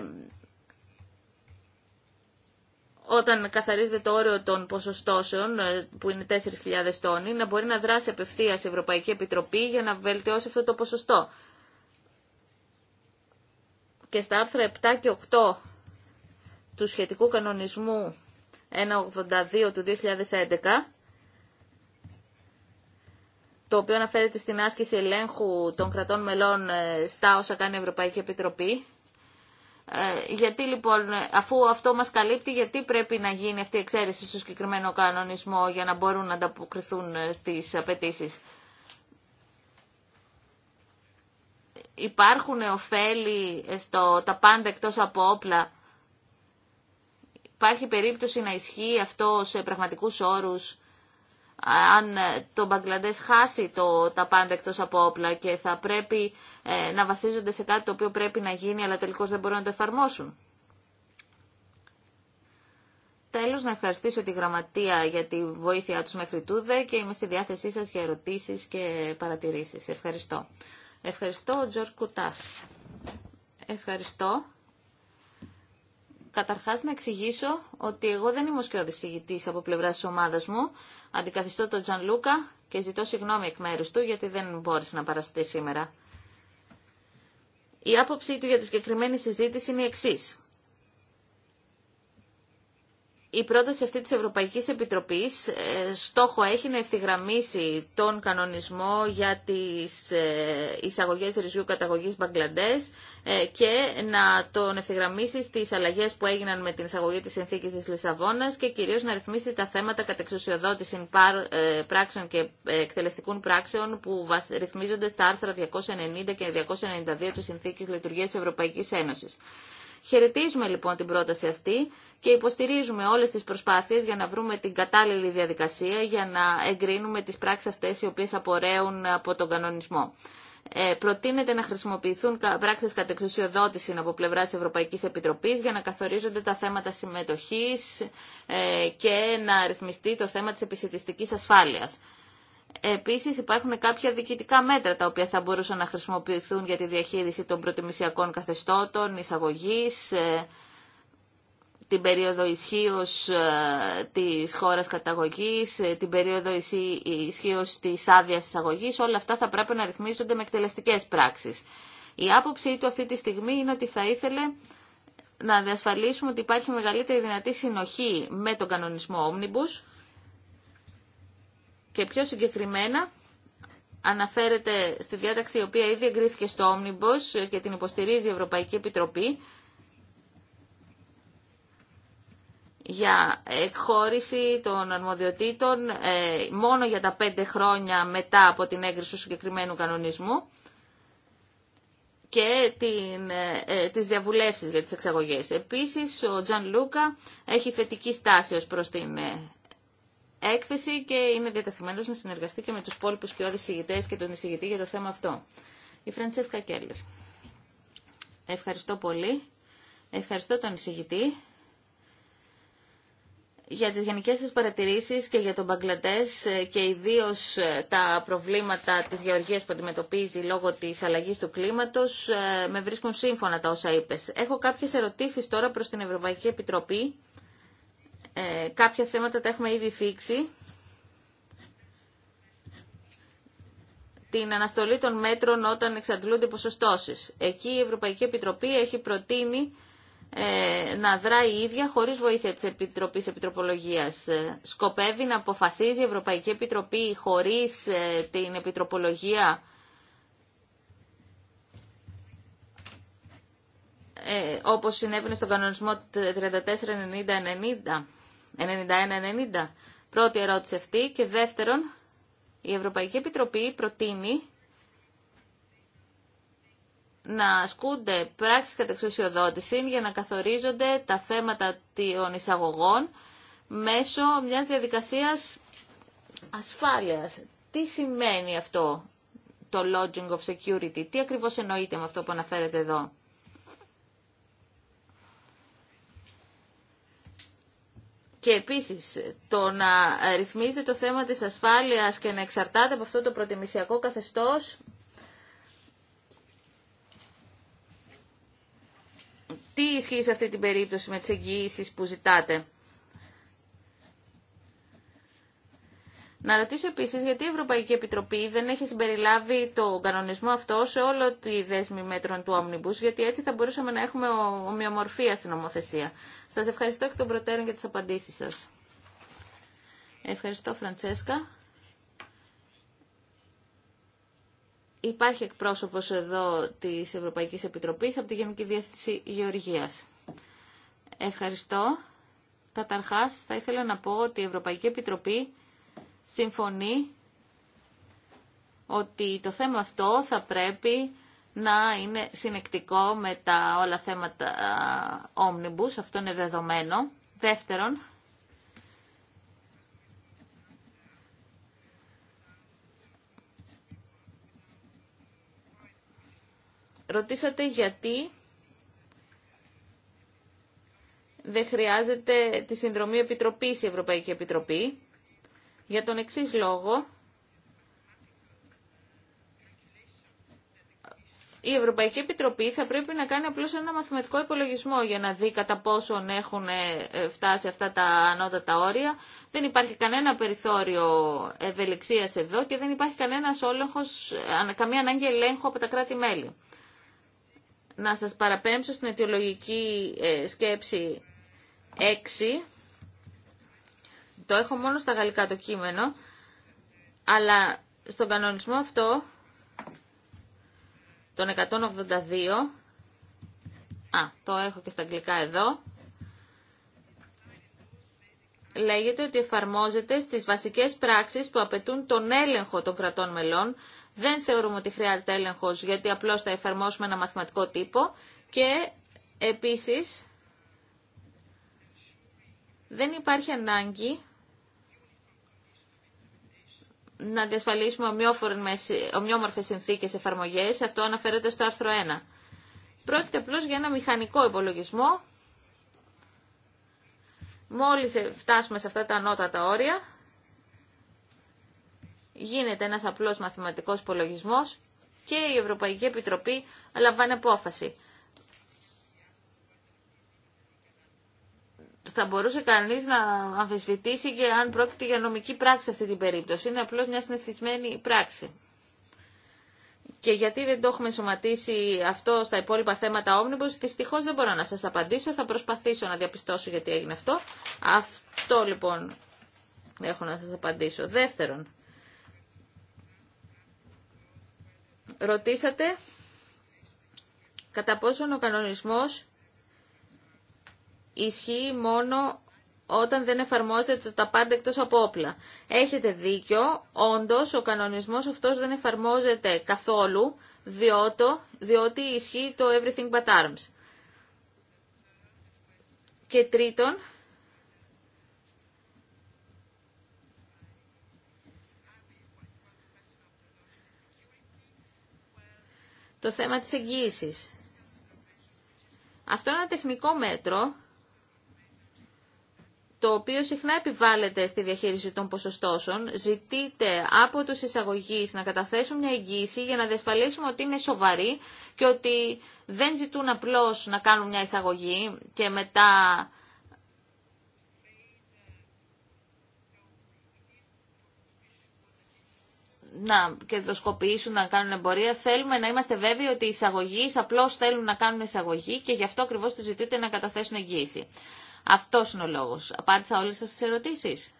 όταν καθαρίζεται το όριο των ποσοστώσεων, ε, που είναι 4.000 τόνοι, να μπορεί να δράσει απευθεία η Ευρωπαϊκή Επιτροπή για να βελτιώσει αυτό το ποσοστό. Και στα άρθρα 7 και 8 του σχετικού κανονισμού 182 του 2011, το οποίο αναφέρεται στην άσκηση ελέγχου των κρατών μελών ε, στα όσα κάνει η Ευρωπαϊκή Επιτροπή, ε, γιατί λοιπόν, αφού αυτό μας καλύπτει, γιατί πρέπει να γίνει αυτή η εξαίρεση στο συγκεκριμένο κανονισμό για να μπορούν να ανταποκριθούν ε, στις απαιτήσει. Υπάρχουν ωφέλη ε, στο τα πάντα εκτός από όπλα. Υπάρχει περίπτωση να ισχύει αυτό σε πραγματικούς όρους αν ε, το Μπαγκλαντές χάσει το, τα πάντα εκτός από όπλα και θα πρέπει ε, να βασίζονται σε κάτι το οποίο πρέπει να γίνει αλλά τελικώς δεν μπορούν να το εφαρμόσουν. Τέλος, να ευχαριστήσω τη Γραμματεία για τη βοήθειά τους μέχρι τούδε και είμαι στη διάθεσή σας για ερωτήσεις και παρατηρήσεις. Ευχαριστώ. Ευχαριστώ, Τζορ Κουτάς. Ευχαριστώ καταρχάς να εξηγήσω ότι εγώ δεν είμαι ο ηγητή από πλευρά τη ομάδας μου. Αντικαθιστώ τον Τζαν Λούκα και ζητώ συγγνώμη εκ μέρους του γιατί δεν μπόρεσε να παραστεί σήμερα. Η άποψή του για τη συγκεκριμένη συζήτηση είναι η εξή η πρόταση αυτή της Ευρωπαϊκής Επιτροπής ε, στόχο έχει να ευθυγραμμίσει τον κανονισμό για τις ε, εισαγωγές ρυζιού καταγωγής Μπαγκλαντές ε, και να τον ευθυγραμμίσει στις αλλαγές που έγιναν με την εισαγωγή της συνθήκης της Λισαβόνας και κυρίως να ρυθμίσει τα θέματα κατεξουσιοδότηση πράξεων και εκτελεστικών πράξεων που ρυθμίζονται στα άρθρα 290 και 292 της Συνθήκης Λειτουργίας της Ευρωπαϊκής Ένωσης. Χαιρετίζουμε λοιπόν την πρόταση αυτή και υποστηρίζουμε όλες τις προσπάθειες για να βρούμε την κατάλληλη διαδικασία για να εγκρίνουμε τις πράξεις αυτές οι οποίες απορρέουν από τον κανονισμό. Ε, προτείνεται να χρησιμοποιηθούν πράξεις κατεξουσιοδότηση από πλευρά της Ευρωπαϊκής Επιτροπής για να καθορίζονται τα θέματα συμμετοχής ε, και να ρυθμιστεί το θέμα της επισητιστικής ασφάλειας. Επίσης υπάρχουν κάποια διοικητικά μέτρα τα οποία θα μπορούσαν να χρησιμοποιηθούν για τη διαχείριση των προτιμησιακών καθεστώτων, εισαγωγή, ε, την περίοδο ισχύω ε, της χώρας καταγωγής, ε, την περίοδο ισχύω της άδειας εισαγωγής, όλα αυτά θα πρέπει να ρυθμίζονται με εκτελεστικέ πράξεις. Η άποψή του αυτή τη στιγμή είναι ότι θα ήθελε να διασφαλίσουμε ότι υπάρχει μεγαλύτερη δυνατή συνοχή με τον κανονισμό Omnibus, και πιο συγκεκριμένα αναφέρεται στη διάταξη η οποία ήδη εγκρίθηκε στο Όμνιμπος και την υποστηρίζει η Ευρωπαϊκή Επιτροπή για εκχώρηση των αρμοδιοτήτων ε, μόνο για τα πέντε χρόνια μετά από την έγκριση του συγκεκριμένου κανονισμού και την, ε, ε, τις διαβουλεύσεις για τις εξαγωγές. Επίσης, ο Τζαν Λούκα έχει θετική στάση ως προς την ε, έκθεση και είναι διατεθειμένος να συνεργαστεί και με τους και κοιόδης συγητέ και τον εισηγητή για το θέμα αυτό. Η Φραντσέσκα Κέλλερ. Ευχαριστώ πολύ. Ευχαριστώ τον εισηγητή για τις γενικές σας παρατηρήσεις και για τον Μπαγκλαντές και ιδίως ε, τα προβλήματα της γεωργίας που αντιμετωπίζει λόγω της αλλαγής του κλίματος ε, με βρίσκουν σύμφωνα τα όσα είπες. Έχω κάποιες ερωτήσεις τώρα προς την Ευρωπαϊκή Επιτροπή ε, κάποια θέματα τα έχουμε ήδη θίξει. Την αναστολή των μέτρων όταν εξαντλούνται ποσοστώσεις. Εκεί η Ευρωπαϊκή Επιτροπή έχει προτείνει ε, να δράει η ίδια χωρίς βοήθεια της Επιτροπής Επιτροπολογίας. Ε, σκοπεύει να αποφασίζει η Ευρωπαϊκή Επιτροπή χωρίς ε, την Επιτροπολογία ε, όπως συνέβαινε στον κανονισμό 3490-90. 91-90. Πρώτη ερώτηση αυτή και δεύτερον, η Ευρωπαϊκή Επιτροπή προτείνει να ασκούνται πράξεις κατεξουσιοδότηση για να καθορίζονται τα θέματα των εισαγωγών μέσω μιας διαδικασίας ασφάλειας. Τι σημαίνει αυτό το lodging of security, τι ακριβώς εννοείται με αυτό που αναφέρεται εδώ. Και επίσης το να ρυθμίζετε το θέμα της ασφάλειας και να εξαρτάται από αυτό το προτιμησιακό καθεστώς τι ισχύει σε αυτή την περίπτωση με τις εγγυήσεις που ζητάτε. Να ρωτήσω επίσης γιατί η Ευρωπαϊκή Επιτροπή δεν έχει συμπεριλάβει το κανονισμό αυτό σε όλο τη δέσμη μέτρων του Omnibus, γιατί έτσι θα μπορούσαμε να έχουμε ομοιομορφία στην νομοθεσία. Σας ευχαριστώ εκ των προτέρων για τις απαντήσεις σας. Ευχαριστώ Φραντσέσκα. Υπάρχει εκπρόσωπος εδώ της Ευρωπαϊκής Επιτροπής από τη Γενική Διεύθυνση Γεωργίας. Ευχαριστώ. Καταρχάς θα ήθελα να πω ότι η Ευρωπαϊκή Επιτροπή συμφωνεί ότι το θέμα αυτό θα πρέπει να είναι συνεκτικό με τα όλα θέματα όμνιμπους, αυτό είναι δεδομένο. Δεύτερον, ρωτήσατε γιατί δεν χρειάζεται τη συνδρομή επιτροπής η Ευρωπαϊκή Επιτροπή. Για τον εξής λόγο, η Ευρωπαϊκή Επιτροπή θα πρέπει να κάνει απλώς ένα μαθηματικό υπολογισμό για να δει κατά πόσον έχουν ε, φτάσει αυτά τα ανώτατα όρια. Δεν υπάρχει κανένα περιθώριο ευελιξίας εδώ και δεν υπάρχει κανένας όλοχος, ε, καμία ανάγκη ελέγχου από τα κράτη-μέλη. Να σας παραπέμψω στην αιτιολογική ε, σκέψη 6 το έχω μόνο στα γαλλικά το κείμενο, αλλά στον κανονισμό αυτό, τον 182, α, το έχω και στα αγγλικά εδώ, λέγεται ότι εφαρμόζεται στις βασικές πράξεις που απαιτούν τον έλεγχο των κρατών μελών. Δεν θεωρούμε ότι χρειάζεται έλεγχος γιατί απλώς θα εφαρμόσουμε ένα μαθηματικό τύπο και επίσης δεν υπάρχει ανάγκη να διασφαλίσουμε ομοιόμορφε συνθήκε εφαρμογέ, Αυτό αναφέρεται στο άρθρο 1. Πρόκειται απλώ για ένα μηχανικό υπολογισμό. Μόλις φτάσουμε σε αυτά τα ανώτατα όρια, γίνεται ένας απλός μαθηματικός υπολογισμό και η Ευρωπαϊκή Επιτροπή λαμβάνει απόφαση. θα μπορούσε κανείς να αμφισβητήσει και αν πρόκειται για νομική πράξη αυτή την περίπτωση. Είναι απλώς μια συνηθισμένη πράξη. Και γιατί δεν το έχουμε σωματίσει αυτό στα υπόλοιπα θέματα όμνιμπους, δυστυχώς δεν μπορώ να σας απαντήσω, θα προσπαθήσω να διαπιστώσω γιατί έγινε αυτό. Αυτό λοιπόν έχω να σας απαντήσω. Δεύτερον, ρωτήσατε κατά πόσον ο κανονισμός ισχύει μόνο όταν δεν εφαρμόζεται τα πάντα εκτός από όπλα. Έχετε δίκιο, όντως ο κανονισμός αυτός δεν εφαρμόζεται καθόλου, διότι, διότι ισχύει το everything but arms. Και τρίτον, το θέμα της εγγύησης. Αυτό είναι ένα τεχνικό μέτρο το οποίο συχνά επιβάλλεται στη διαχείριση των ποσοστώσεων, ζητείται από τους εισαγωγείς να καταθέσουν μια εγγύηση για να διασφαλίσουμε ότι είναι σοβαροί και ότι δεν ζητούν απλώς να κάνουν μια εισαγωγή και μετά να κερδοσκοπήσουν να κάνουν εμπορία. Θέλουμε να είμαστε βέβαιοι ότι οι εισαγωγεί απλώς θέλουν να κάνουν εισαγωγή και γι' αυτό ακριβώς τους ζητείται να καταθέσουν εγγύηση. Αυτό είναι ο λόγο. Απάντησα όλες σα τις ερωτήσεις.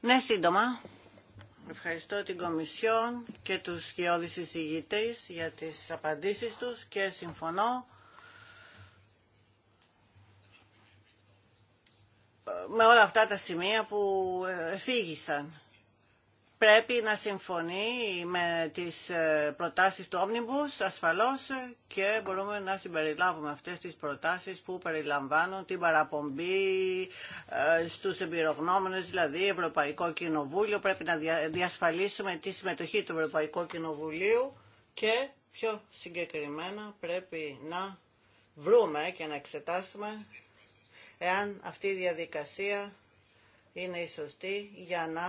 Ναι, σύντομα. Ευχαριστώ την Κομισιόν και τους σκιώδεις εισηγητές για τις απαντήσεις τους και συμφωνώ με όλα αυτά τα σημεία που εισήγησαν πρέπει να συμφωνεί με τις ε, προτάσεις του Omnibus ασφαλώς και μπορούμε να συμπεριλάβουμε αυτές τις προτάσεις που περιλαμβάνουν την παραπομπή ε, στους εμπειρογνώμενους, δηλαδή Ευρωπαϊκό Κοινοβούλιο. Πρέπει να διασφαλίσουμε τη συμμετοχή του Ευρωπαϊκού Κοινοβουλίου και πιο συγκεκριμένα πρέπει να βρούμε και να εξετάσουμε εάν αυτή η διαδικασία είναι η σωστή για να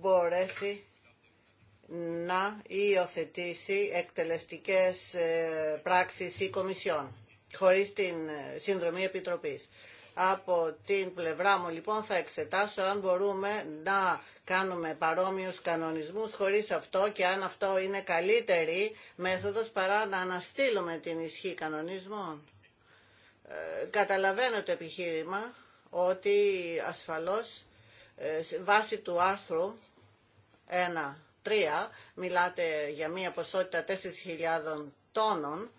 μπορέσει να υιοθετήσει εκτελεστικές ε, πράξεις ή κομισιόν χωρίς την ε, Σύνδρομη Επιτροπής. Από την πλευρά μου λοιπόν θα εξετάσω αν μπορούμε να κάνουμε παρόμοιους κανονισμούς χωρίς αυτό και αν αυτό είναι καλύτερη μέθοδος παρά να αναστείλουμε την ισχύ κανονισμών. Ε, καταλαβαίνω το επιχείρημα ότι ασφαλώς ε, βάση του άρθρου 1.3 μιλάτε για μια ποσότητα 4.000 τόνων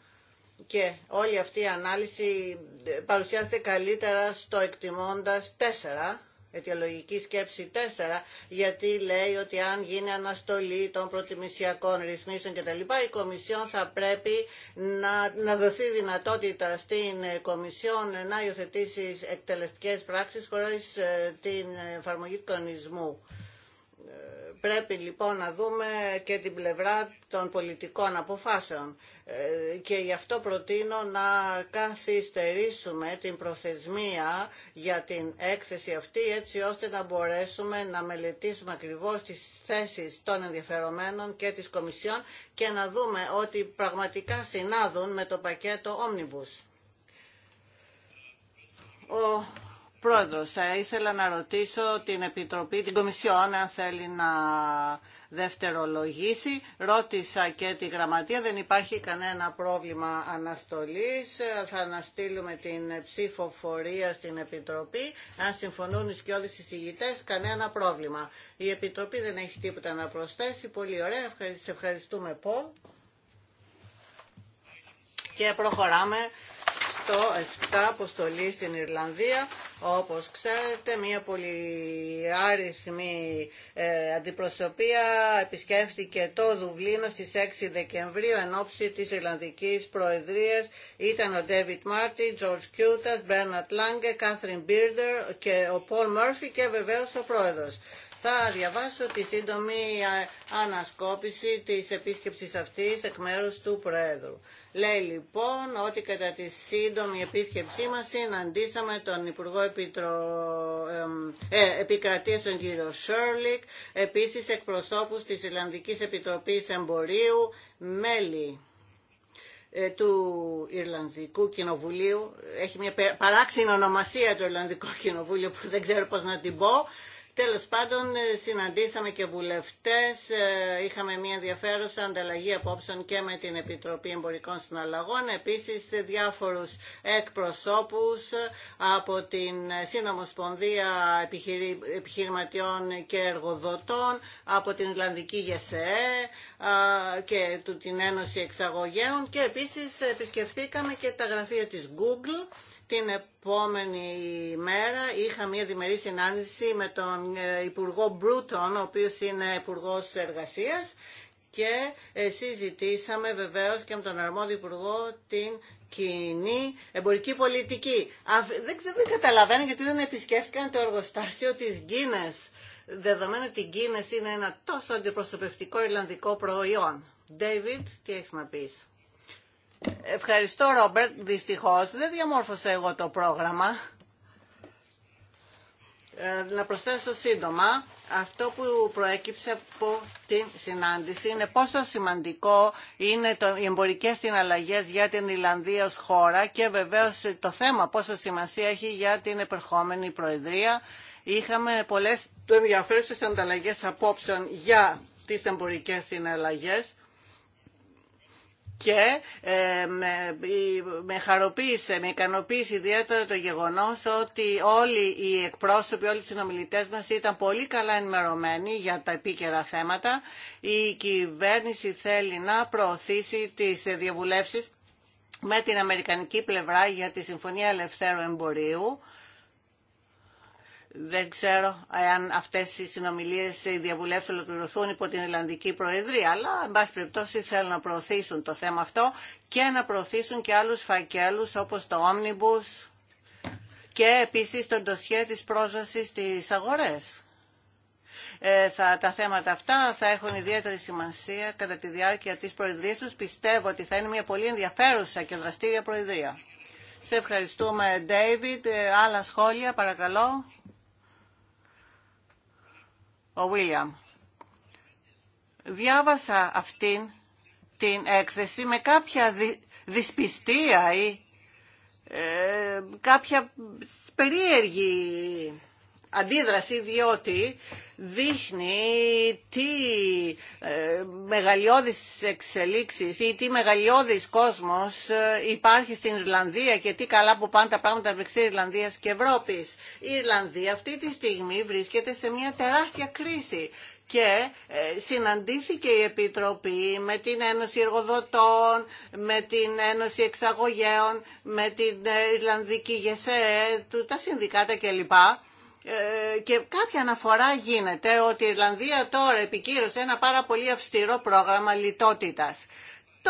και όλη αυτή η ανάλυση ε, παρουσιάζεται καλύτερα στο εκτιμώντας 4 αιτιολογική σκέψη 4, γιατί λέει ότι αν γίνει αναστολή των προτιμησιακών ρυθμίσεων κτλ, η Κομισιόν θα πρέπει να, να δοθεί δυνατότητα στην Κομισιόν να υιοθετήσει εκτελεστικές πράξεις χωρίς ε, την εφαρμογή του κανονισμού. Ε, Πρέπει λοιπόν να δούμε και την πλευρά των πολιτικών αποφάσεων ε, και γι' αυτό προτείνω να καθυστερήσουμε την προθεσμία για την έκθεση αυτή έτσι ώστε να μπορέσουμε να μελετήσουμε ακριβώς τις θέσεις των ενδιαφερομένων και της Κομισιόν και να δούμε ότι πραγματικά συνάδουν με το πακέτο Omnibus. Πρόεδρος, θα ήθελα να ρωτήσω την Επιτροπή, την Κομισιόν, αν θέλει να δευτερολογήσει. Ρώτησα και τη Γραμματεία, δεν υπάρχει κανένα πρόβλημα αναστολής. Θα αναστείλουμε την ψηφοφορία στην Επιτροπή. Αν συμφωνούν οι σκιώδεις εισηγητές, κανένα πρόβλημα. Η Επιτροπή δεν έχει τίποτα να προσθέσει. Πολύ ωραία, σε ευχαριστούμε Πολ. Και προχωράμε το 7 αποστολή στην Ιρλανδία. Όπως ξέρετε, μια πολύ άρισμη ε, αντιπροσωπεία επισκέφθηκε το Δουβλίνο στις 6 Δεκεμβρίου εν ώψη της Ιρλανδικής Προεδρίας. Ήταν ο David Μάρτι, George Κιούτας, Μπέρνατ Λάγκε, Κάθριν Μπίρντερ και ο Πολ Μέρφυ και βεβαίως ο Πρόεδρος. Θα διαβάσω τη σύντομη ε, ανασκόπηση της επίσκεψης αυτής εκ μέρους του Πρόεδρου. Λέει λοιπόν ότι κατά τη σύντομη επίσκεψή μας συναντήσαμε τον Υπουργό Επιτρο... ε, Επικρατείας τον κύριο Σέρλικ, επίσης εκπροσώπους της Ιρλανδικής Επιτροπής Εμπορίου, μέλη ε, του Ιρλανδικού Κοινοβουλίου. Έχει μια παράξενη ονομασία το Ιρλανδικό Κοινοβούλιο που δεν ξέρω πώς να την πω. Τέλος πάντων ε, συναντήσαμε και βουλευτές, ε, είχαμε μια ενδιαφέρουσα ανταλλαγή απόψεων και με την Επιτροπή Εμπορικών Συναλλαγών, επίσης διάφορους εκπροσώπους ε, από την Συνομοσπονδία Επιχειρηματιών και Εργοδοτών, από την Ιρλανδική ΓΕΣΕΕ και την Ένωση Εξαγωγέων και επίσης επισκεφθήκαμε και τα γραφεία της Google την επόμενη μέρα είχα μια διμερή συνάντηση με τον ε, Υπουργό Μπρούτον, ο οποίος είναι υπουργό Εργασίας και ε, συζητήσαμε βεβαίως και με τον αρμόδιο Υπουργό την κοινή εμπορική πολιτική. δεν, δεν καταλαβαίνω γιατί δεν επισκέφτηκαν το εργοστάσιο της Γκίνες. Δεδομένου ότι η Γκίνες είναι ένα τόσο αντιπροσωπευτικό Ιρλανδικό προϊόν. David, τι έχεις να πεις. Ευχαριστώ Ρόμπερτ, δυστυχώς δεν διαμόρφωσα εγώ το πρόγραμμα. Ε, να προσθέσω σύντομα, αυτό που προέκυψε από την συνάντηση είναι πόσο σημαντικό είναι το, οι εμπορικές συναλλαγές για την Ιλλανδία ως χώρα και βεβαίως το θέμα πόσο σημασία έχει για την επερχόμενη Προεδρία. Είχαμε πολλές ενδιαφέρουσες ανταλλαγές απόψεων για τις εμπορικές συναλλαγές και ε, με χαροποίησε, με ικανοποίησε ιδιαίτερα το γεγονός ότι όλοι οι εκπρόσωποι, όλοι οι συνομιλητές μας ήταν πολύ καλά ενημερωμένοι για τα επίκαιρα θέματα. Η κυβέρνηση θέλει να προωθήσει τις διαβουλεύσεις με την Αμερικανική πλευρά για τη Συμφωνία Ελευθέρου Εμπορίου δεν ξέρω αν αυτές οι συνομιλίες, οι διαβουλεύσεις ολοκληρωθούν υπό την Ιρλανδική Προεδρία, αλλά, εν πάση περιπτώσει, θέλουν να προωθήσουν το θέμα αυτό και να προωθήσουν και άλλους φακέλους όπως το Omnibus και επίσης το ντοσιέ της πρόσβασης στις αγορές. Ε, τα θέματα αυτά θα έχουν ιδιαίτερη σημασία κατά τη διάρκεια της Προεδρίας τους. Πιστεύω ότι θα είναι μια πολύ ενδιαφέρουσα και δραστήρια Προεδρία. Σε ευχαριστούμε, David. Ε, άλλα σχόλια, παρακαλώ ο Βίλιαμ. Διάβασα αυτήν την έκθεση με κάποια δυσπιστία ή ε, κάποια περίεργη αντίδραση, διότι δείχνει τι ε, μεγαλειώδεις εξελίξεις ή τι μεγαλειώδης κόσμος ε, υπάρχει στην Ιρλανδία και τι καλά που πάνε τα πράγματα μεταξύ Ιρλανδίας και Ευρώπη. Η Ιρλανδία αυτή τη στιγμή βρίσκεται σε μια τεράστια κρίση και ε, συναντήθηκε η Επιτροπή με την Ένωση Εργοδοτών, με την Ένωση Εξαγωγέων, με την Ιρλανδική ΓΕΣΕ, τα συνδικάτα κλπ ε, και κάποια αναφορά γίνεται ότι η Ιρλανδία τώρα επικύρωσε ένα πάρα πολύ αυστηρό πρόγραμμα λιτότητας.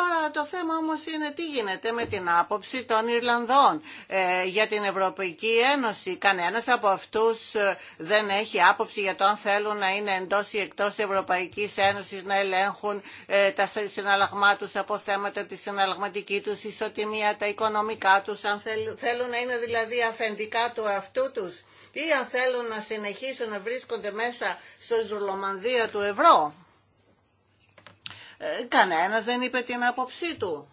Τώρα το θέμα όμως είναι τι γίνεται με την άποψη των Ιρλανδών ε, για την Ευρωπαϊκή Ένωση. Κανένας από αυτούς ε, δεν έχει άποψη για το αν θέλουν να είναι εντός ή εκτός Ευρωπαϊκής Ένωσης να ελέγχουν ε, τα συναλλαγμά τους από θέματα τη συναλλαγματική τους ισοτιμία, τα οικονομικά τους, αν θέλουν, να είναι δηλαδή αφεντικά του αυτού τους ή αν θέλουν να συνεχίσουν να βρίσκονται μέσα στο ζουλομανδία του ευρώ. Ε, κανένας δεν είπε την άποψή του.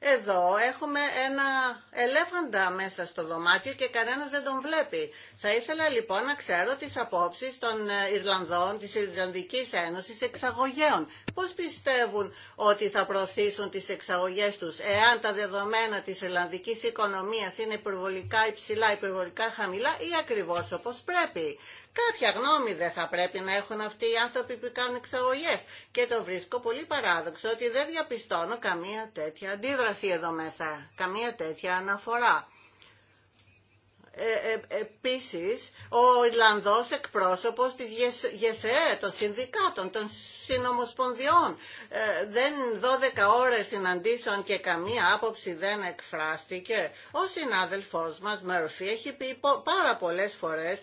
Εδώ έχουμε ένα ελέφαντα μέσα στο δωμάτιο και κανένας δεν τον βλέπει. Θα ήθελα λοιπόν να ξέρω τις απόψεις των ε, Ιρλανδών, της Ιρλανδικής Ένωσης εξαγωγέων. Πώς πιστεύουν ότι θα προωθήσουν τις εξαγωγές τους εάν τα δεδομένα της Ιρλανδικής οικονομίας είναι υπερβολικά υψηλά, υπερβολικά χαμηλά ή ακριβώς όπως πρέπει. Κάποια γνώμη δεν θα πρέπει να έχουν αυτοί οι άνθρωποι που κάνουν εξαγωγέ. Και το βρίσκω πολύ παράδοξο ότι δεν διαπιστώνω καμία τέτοια αντίδραση εδώ μέσα, καμία τέτοια αναφορά. Ε, ε επίσης, ο Ιρλανδός εκπρόσωπος της ΓΕΣΕ, των συνδικάτων, των συνομοσπονδιών, ε, δεν 12 ώρες συναντήσεων και καμία άποψη δεν εκφράστηκε. Ο συνάδελφός μας, Μέρφυ, έχει πει πάρα πολλές φορές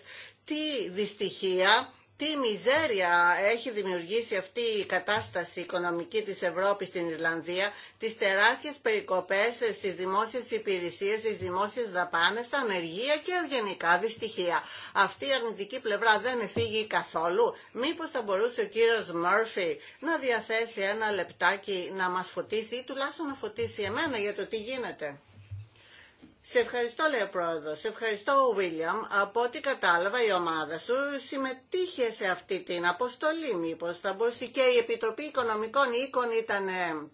τι δυστυχία, τι μιζέρια έχει δημιουργήσει αυτή η κατάσταση οικονομική της Ευρώπης στην Ιρλανδία, τις τεράστιες περικοπές στις δημόσιες υπηρεσίες, στις δημόσιες δαπάνες, ανεργία και γενικά δυστυχία. Αυτή η αρνητική πλευρά δεν εφήγει καθόλου. Μήπως θα μπορούσε ο κύριος Μέρφυ να διαθέσει ένα λεπτάκι να μας φωτίσει ή τουλάχιστον να φωτίσει εμένα για το τι γίνεται. Σε ευχαριστώ, λέει ο πρόεδρο. Σε ευχαριστώ, ο Βίλιαμ. Από ό,τι κατάλαβα, η ομάδα σου συμμετείχε σε αυτή την αποστολή, μήπω. Θα μπορούσε και η Επιτροπή Οικονομικών Οίκων ήταν ε,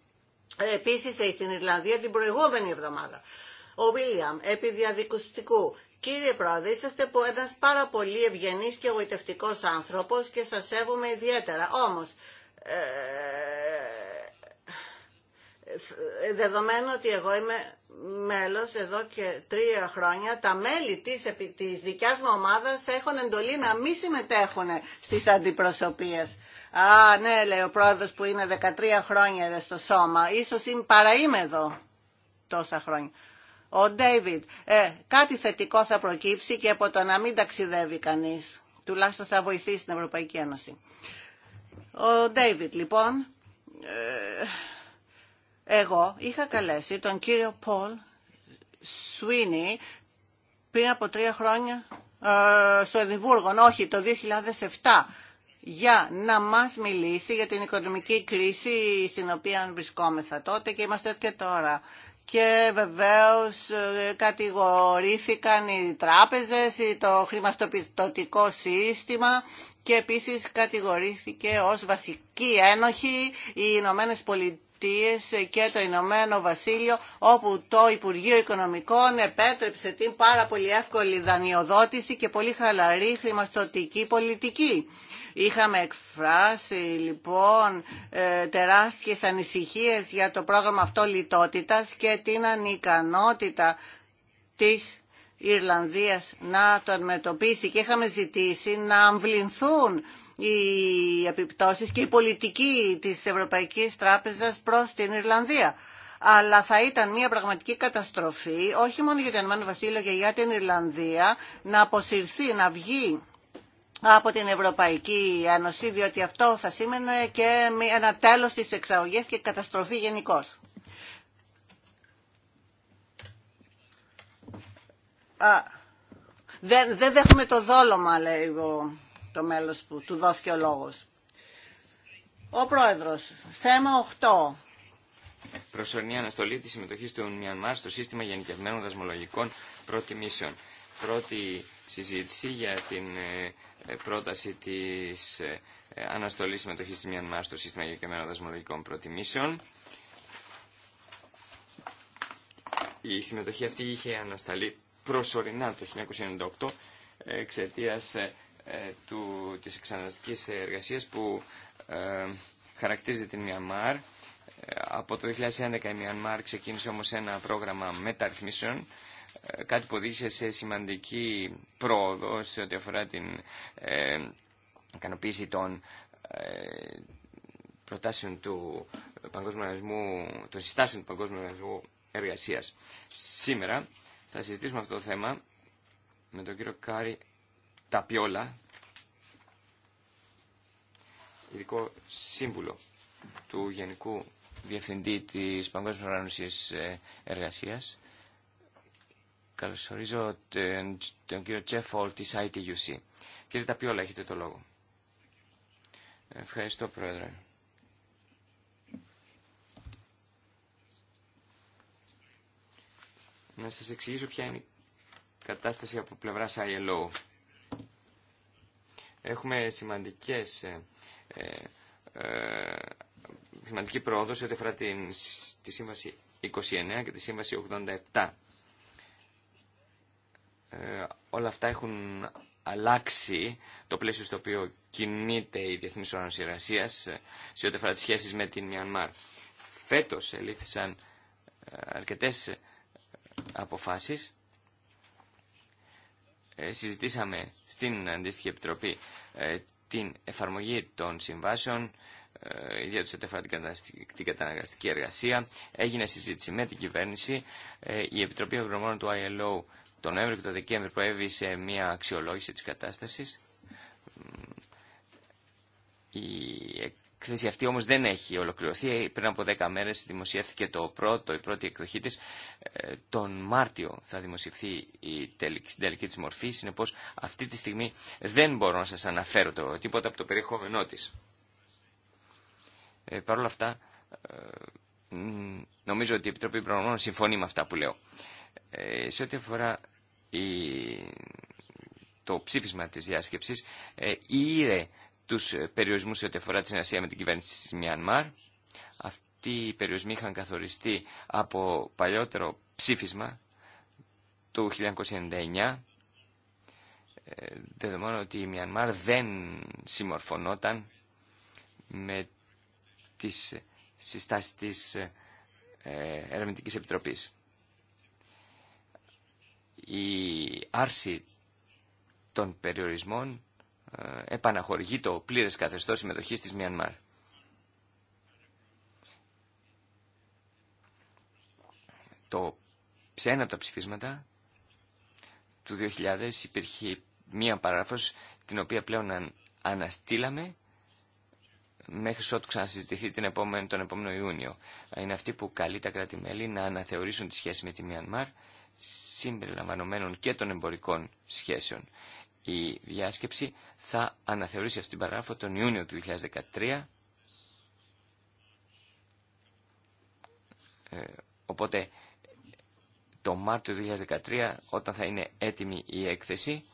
επίση ε, στην Ιρλανδία την προηγούμενη εβδομάδα. Ο Βίλιαμ, επί διαδικουστικού. Κύριε Πρόεδρε, είσαστε ένα πάρα πολύ ευγενή και εγωιτευτικό άνθρωπο και σα σέβομαι ιδιαίτερα. Όμω, ε, δεδομένου ότι εγώ είμαι μέλος εδώ και τρία χρόνια, τα μέλη της, της δικιάς μου ομάδας έχουν εντολή να μη συμμετέχουν στις αντιπροσωπείες. Α, ναι, λέει ο πρόεδρος που είναι 13 χρόνια στο σώμα. Ίσως είναι παραείμαι εδώ τόσα χρόνια. Ο Ντέιβιντ ε, κάτι θετικό θα προκύψει και από το να μην ταξιδεύει κανείς. Τουλάχιστον θα βοηθήσει την Ευρωπαϊκή Ένωση. Ο Ντέιβιντ, λοιπόν, ε, εγώ είχα καλέσει τον κύριο Πολ Σουίνι πριν από τρία χρόνια ε, στο Εδιμβούργο, όχι το 2007, για να μας μιλήσει για την οικονομική κρίση στην οποία βρισκόμεθα τότε και είμαστε και τώρα. Και βεβαίως ε, κατηγορήθηκαν οι τράπεζες, το χρηματοπιστωτικό σύστημα και επίσης κατηγορήθηκε ως βασική ένοχη οι Ηνωμένε Πολιτείε και το Ηνωμένο Βασίλειο όπου το Υπουργείο Οικονομικών επέτρεψε την πάρα πολύ εύκολη δανειοδότηση και πολύ χαλαρή χρηματοδοτική πολιτική. Είχαμε εκφράσει λοιπόν ε, τεράστιες ανησυχίες για το πρόγραμμα αυτό λιτότητας και την ανικανότητα της Ιρλανδίας να το αντιμετωπίσει και είχαμε ζητήσει να αμβλυνθούν οι επιπτώσεις και η πολιτική της Ευρωπαϊκής Τράπεζας προς την Ιρλανδία. Αλλά θα ήταν μια πραγματική καταστροφή, όχι μόνο για την Ανωμένο Βασίλειο και για την Ιρλανδία, να αποσυρθεί, να βγει από την Ευρωπαϊκή Ένωση, διότι αυτό θα σήμαινε και ένα τέλος της εξαγωγής και καταστροφή γενικώ. Δεν, δε δέχομαι το δόλωμα, λέει το μέλος που του δόθηκε ο λόγος. Ο Πρόεδρος, θέμα 8. Προσωρινή αναστολή τη συμμετοχή του Μιανμάρ στο σύστημα γενικευμένων δασμολογικών προτιμήσεων. Πρώτη συζήτηση για την ε, ε, πρόταση της ε, αναστολής συμμετοχή της Μιανμάρ στο σύστημα γενικευμένων δασμολογικών προτιμήσεων. Η συμμετοχή αυτή είχε ανασταλεί προσωρινά το 1998 εξαιτία. Ε, του, της εξαναστικής εργασίας που ε, χαρακτηρίζει την Μιανμάρ. Ε, από το 2011 η Μιανμάρ ξεκίνησε όμως ένα πρόγραμμα μεταρρυθμίσεων, ε, κάτι που οδήγησε σε σημαντική πρόοδο σε ό,τι αφορά την ε, ικανοποίηση των προτάσεων του παγκόσμιου των συστάσεων του Παγκόσμιου Οργανισμού Εργασίας. Σήμερα θα συζητήσουμε αυτό το θέμα με τον κύριο Κάρι τα πει όλα, ειδικό σύμβουλο του Γενικού Διευθυντή της Παγκόσμιας Οργάνωσης ε, Εργασίας. Καλωσορίζω τον, τον κύριο Τσέφολ της ITUC. Κύριε Ταπιόλα, έχετε το λόγο. Ευχαριστώ, Πρόεδρε. Να σας εξηγήσω ποια είναι η κατάσταση από πλευράς ILO. Έχουμε σημαντικές, ε, ε, ε σημαντική πρόοδο σε ό,τι αφορά την, τη Σύμβαση 29 και τη Σύμβαση 87. Ε, όλα αυτά έχουν αλλάξει το πλαίσιο στο οποίο κινείται η Διεθνής Οργάνωση Εργασία ε, σε ό,τι αφορά τις σχέσεις με την Μιανμάρ. Φέτος ελήφθησαν ε, αρκετές αποφάσεις. Ε, συζητήσαμε στην αντίστοιχη επιτροπή ε, την εφαρμογή των συμβάσεων ε, ιδιαίτερα σε αφορά την καταναγκαστική εργασία. Έγινε συζήτηση με την κυβέρνηση. Η Επιτροπή Ευρωμόνων του ILO τον Νοέμβριο και τον Δεκέμβριο προέβη σε μια αξιολόγηση της κατάστασης. Η έκθεση αυτή όμως δεν έχει ολοκληρωθεί. Πριν από 10 μέρες δημοσιεύθηκε το πρώτο, η πρώτη εκδοχή της. Ε, τον Μάρτιο θα δημοσιευθεί η τελική, τελική της μορφή. Συνεπώς αυτή τη στιγμή δεν μπορώ να σας αναφέρω το, τίποτα από το περιεχόμενό της. Ε, Παρ' όλα αυτά ε, νομίζω ότι η Επιτροπή προνομών συμφωνεί με αυτά που λέω. Ε, σε ό,τι αφορά το ψήφισμα της διάσκεψης, η τους ε, περιορισμού σε ό,τι αφορά τη συνεργασία με την κυβέρνηση της Μιανμάρ. Αυτοί οι περιορισμοί είχαν καθοριστεί από παλιότερο ψήφισμα του 1999, ε, δεδομένου ότι η Μιανμάρ δεν συμμορφωνόταν με τις συστάσεις της ε, Ερευνητικής Επιτροπής. Η άρση των περιορισμών ε, επαναχορηγεί το πλήρες καθεστώς συμμετοχής της Μιανμάρ. Το, σε ένα από τα ψηφίσματα του 2000 υπήρχε μία παράγραφος την οποία πλέον αναστήλαμε μέχρι ότου ξανασυζητηθεί την επόμενη, τον επόμενο Ιούνιο. Είναι αυτή που καλεί τα κράτη-μέλη να αναθεωρήσουν τη σχέση με τη Μιανμάρ συμπεριλαμβανομένων και των εμπορικών σχέσεων. Η διάσκεψη θα αναθεωρήσει αυτή την παράγραφο τον Ιούνιο του 2013. Ε, οπότε το Μάρτιο του 2013 όταν θα είναι έτοιμη η έκθεση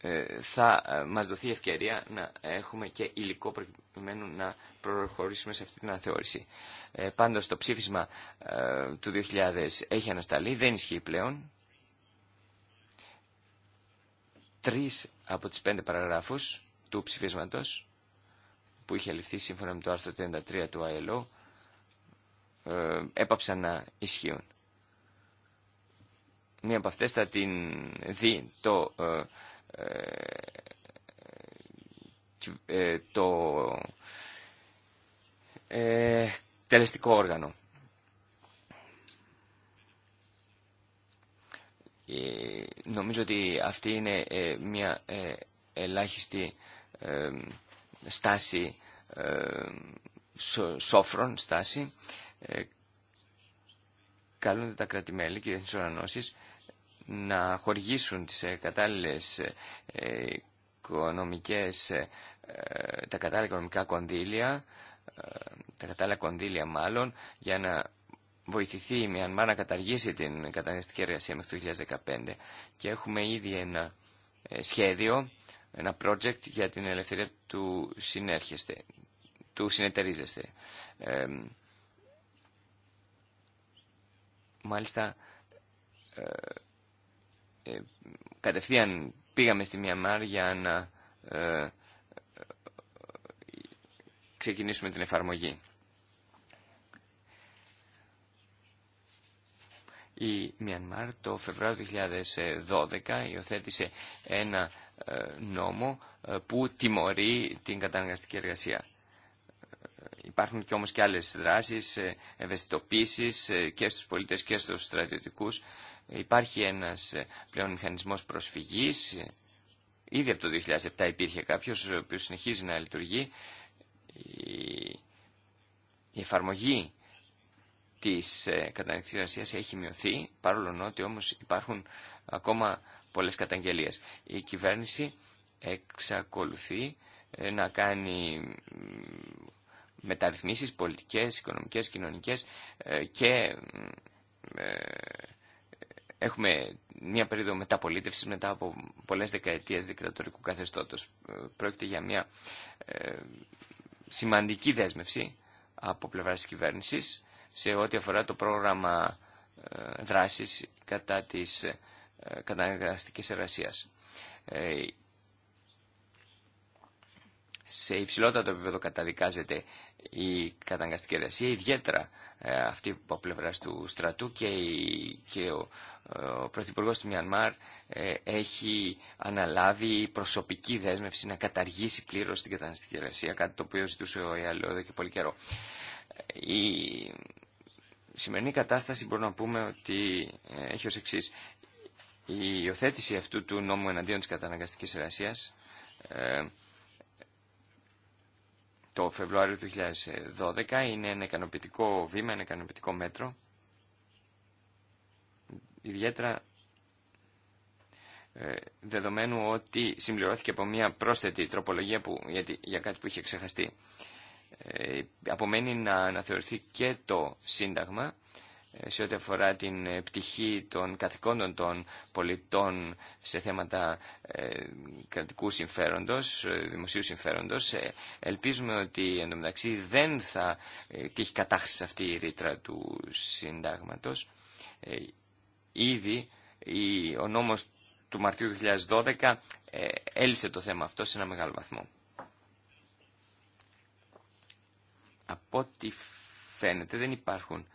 ε, θα ε, μας δοθεί ευκαιρία να έχουμε και υλικό προκειμένου να προχωρήσουμε σε αυτή την αναθεώρηση. Πάντως το ψήφισμα του 2000 έχει ανασταλεί, δεν ισχύει πλέον τρεις από τις πέντε παραγράφους του ψηφίσματος που είχε ληφθεί σύμφωνα με το άρθρο 33 του ΑΕΛΟ έπαψαν να ισχύουν. Μία από αυτές θα την δει το, ε, ε, ε το ε, τελεστικό όργανο. Ε, νομίζω ότι αυτή είναι ε, μια ε, ελάχιστη στάση σόφρων. στάση καλούνται τα κρατημέλη και οι διεθνείς οργανώσεις να χορηγήσουν τις κατάλληλες οικονομικές, τα κατάλληλα οικονομικά κονδύλια, τα κατάλληλα κονδύλια μάλλον, για να βοηθηθεί η Μιανμάρ να καταργήσει την καταναστική εργασία μέχρι το 2015 και έχουμε ήδη ένα ε, σχέδιο, ένα project για την ελευθερία του συνέρχεστε, του συνεταιρίζεστε. μάλιστα, ε, ε, κατευθείαν πήγαμε στη Μιανμάρ για να ξεκινήσουμε την εφαρμογή. Η Μιανμάρ το Φεβράριο του 2012 υιοθέτησε ένα ε, νόμο ε, που τιμωρεί την καταναγκαστική εργασία. Ε, υπάρχουν και όμως και άλλες δράσεις, ευαισθητοποίησεις και στους πολίτες και στους στρατιωτικούς. Υπάρχει ένας πλέον μηχανισμός προσφυγής. Ήδη από το 2007 υπήρχε κάποιος ο οποίος συνεχίζει να λειτουργεί. Η εφαρμογή της ε, καταναλωτικής έχει μειωθεί, παρόλο ότι όμως υπάρχουν ακόμα πολλές καταγγελίες. Η κυβέρνηση εξακολουθεί ε, να κάνει μεταρρυθμίσεις πολιτικές, οικονομικές, κοινωνικές ε, και έχουμε μια περίοδο μεταπολίτευσης μετά από πολλές δεκαετίες δικτατορικού καθεστώτος. Πρόκειται για μια σημαντική δέσμευση από πλευράς της κυβέρνησης σε ό,τι αφορά το πρόγραμμα ε, δράσης κατά της ε, καταναγκαστικής εργασίας. Ε, σε υψηλότατο επίπεδο καταδικάζεται η καταναγκαστική εργασία, ιδιαίτερα αυτή από πλευράς του στρατού και, και ο, ο Πρωθυπουργός της Μιανμάρ έχει αναλάβει προσωπική δέσμευση να καταργήσει πλήρως την καταναγκαστική εργασία, κάτι το οποίο ζητούσε ο εδώ και πολύ καιρό. Η σημερινή κατάσταση μπορούμε να πούμε ότι ε, έχει ως εξής. Η υιοθέτηση αυτού του νόμου εναντίον της καταναγκαστικής εργασίας ε, το Φεβρουάριο του 2012 είναι ένα ικανοποιητικό βήμα, ένα ικανοποιητικό μέτρο. Ιδιαίτερα ε, δεδομένου ότι συμπληρώθηκε από μια πρόσθετη τροπολογία που, για κάτι που είχε ξεχαστεί. Ε, απομένει να αναθεωρηθεί και το Σύνταγμα ε, σε ό,τι αφορά την ε, πτυχή των καθηκόντων των πολιτών σε θέματα κρατικού συμφέροντος, δημοσίου συμφέροντος. Ελπίζουμε ότι μεταξύ δεν θα τύχει κατάχρηση αυτή η ρήτρα του συντάγματος. Ήδη ο νόμος του Μαρτίου 2012 έλυσε το θέμα αυτό σε ένα μεγάλο βαθμό. Από ό,τι φαίνεται δεν υπάρχουν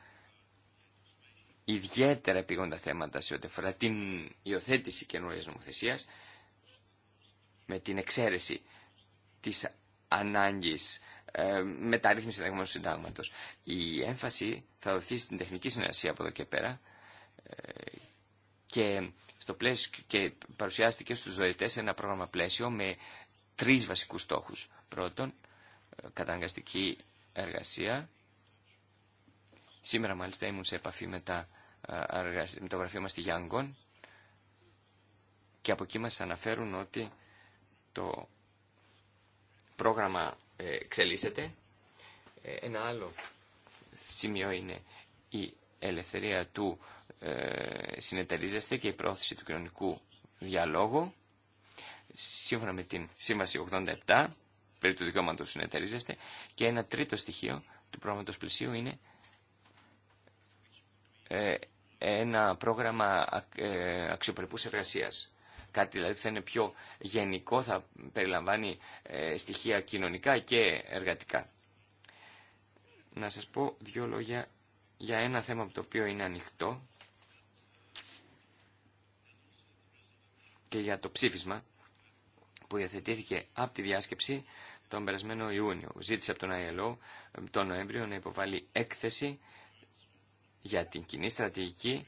ιδιαίτερα επίγοντα θέματα σε ό,τι αφορά την υιοθέτηση καινούργια νομοθεσία με την εξαίρεση της ανάγκης ε, μεταρρύθμιση του συντάγματο. Η έμφαση θα δοθεί στην τεχνική συνεργασία από εδώ και πέρα ε, και, στο πλαίσιο, και παρουσιάστηκε στους δωρητές ένα πρόγραμμα πλαίσιο με τρεις βασικούς στόχους. Πρώτον, ε, καταναγκαστική εργασία. Σήμερα μάλιστα ήμουν σε επαφή με, τα, με το γραφείο μας στη Γιάνγκον και από εκεί μας αναφέρουν ότι το πρόγραμμα ε, εξελίσσεται. Ε, ένα άλλο σημείο είναι η ελευθερία του ε, συνεταιρίζεστε και η πρόθεση του κοινωνικού διαλόγου σύμφωνα με την Σύμβαση 87 περί του του συνεταιρίζεστε και ένα τρίτο στοιχείο του πρόγραμματος πλησίου είναι ε, ένα πρόγραμμα ε, αξιοπρεπούς εργασία. Κάτι δηλαδή θα είναι πιο γενικό, θα περιλαμβάνει ε, στοιχεία κοινωνικά και εργατικά. Να σας πω δύο λόγια για ένα θέμα από το οποίο είναι ανοιχτό και για το ψήφισμα που υιοθετήθηκε από τη διάσκεψη τον περασμένο Ιούνιο. Ζήτησε από τον ILO τον Νοέμβριο να υποβάλει έκθεση για την κοινή στρατηγική,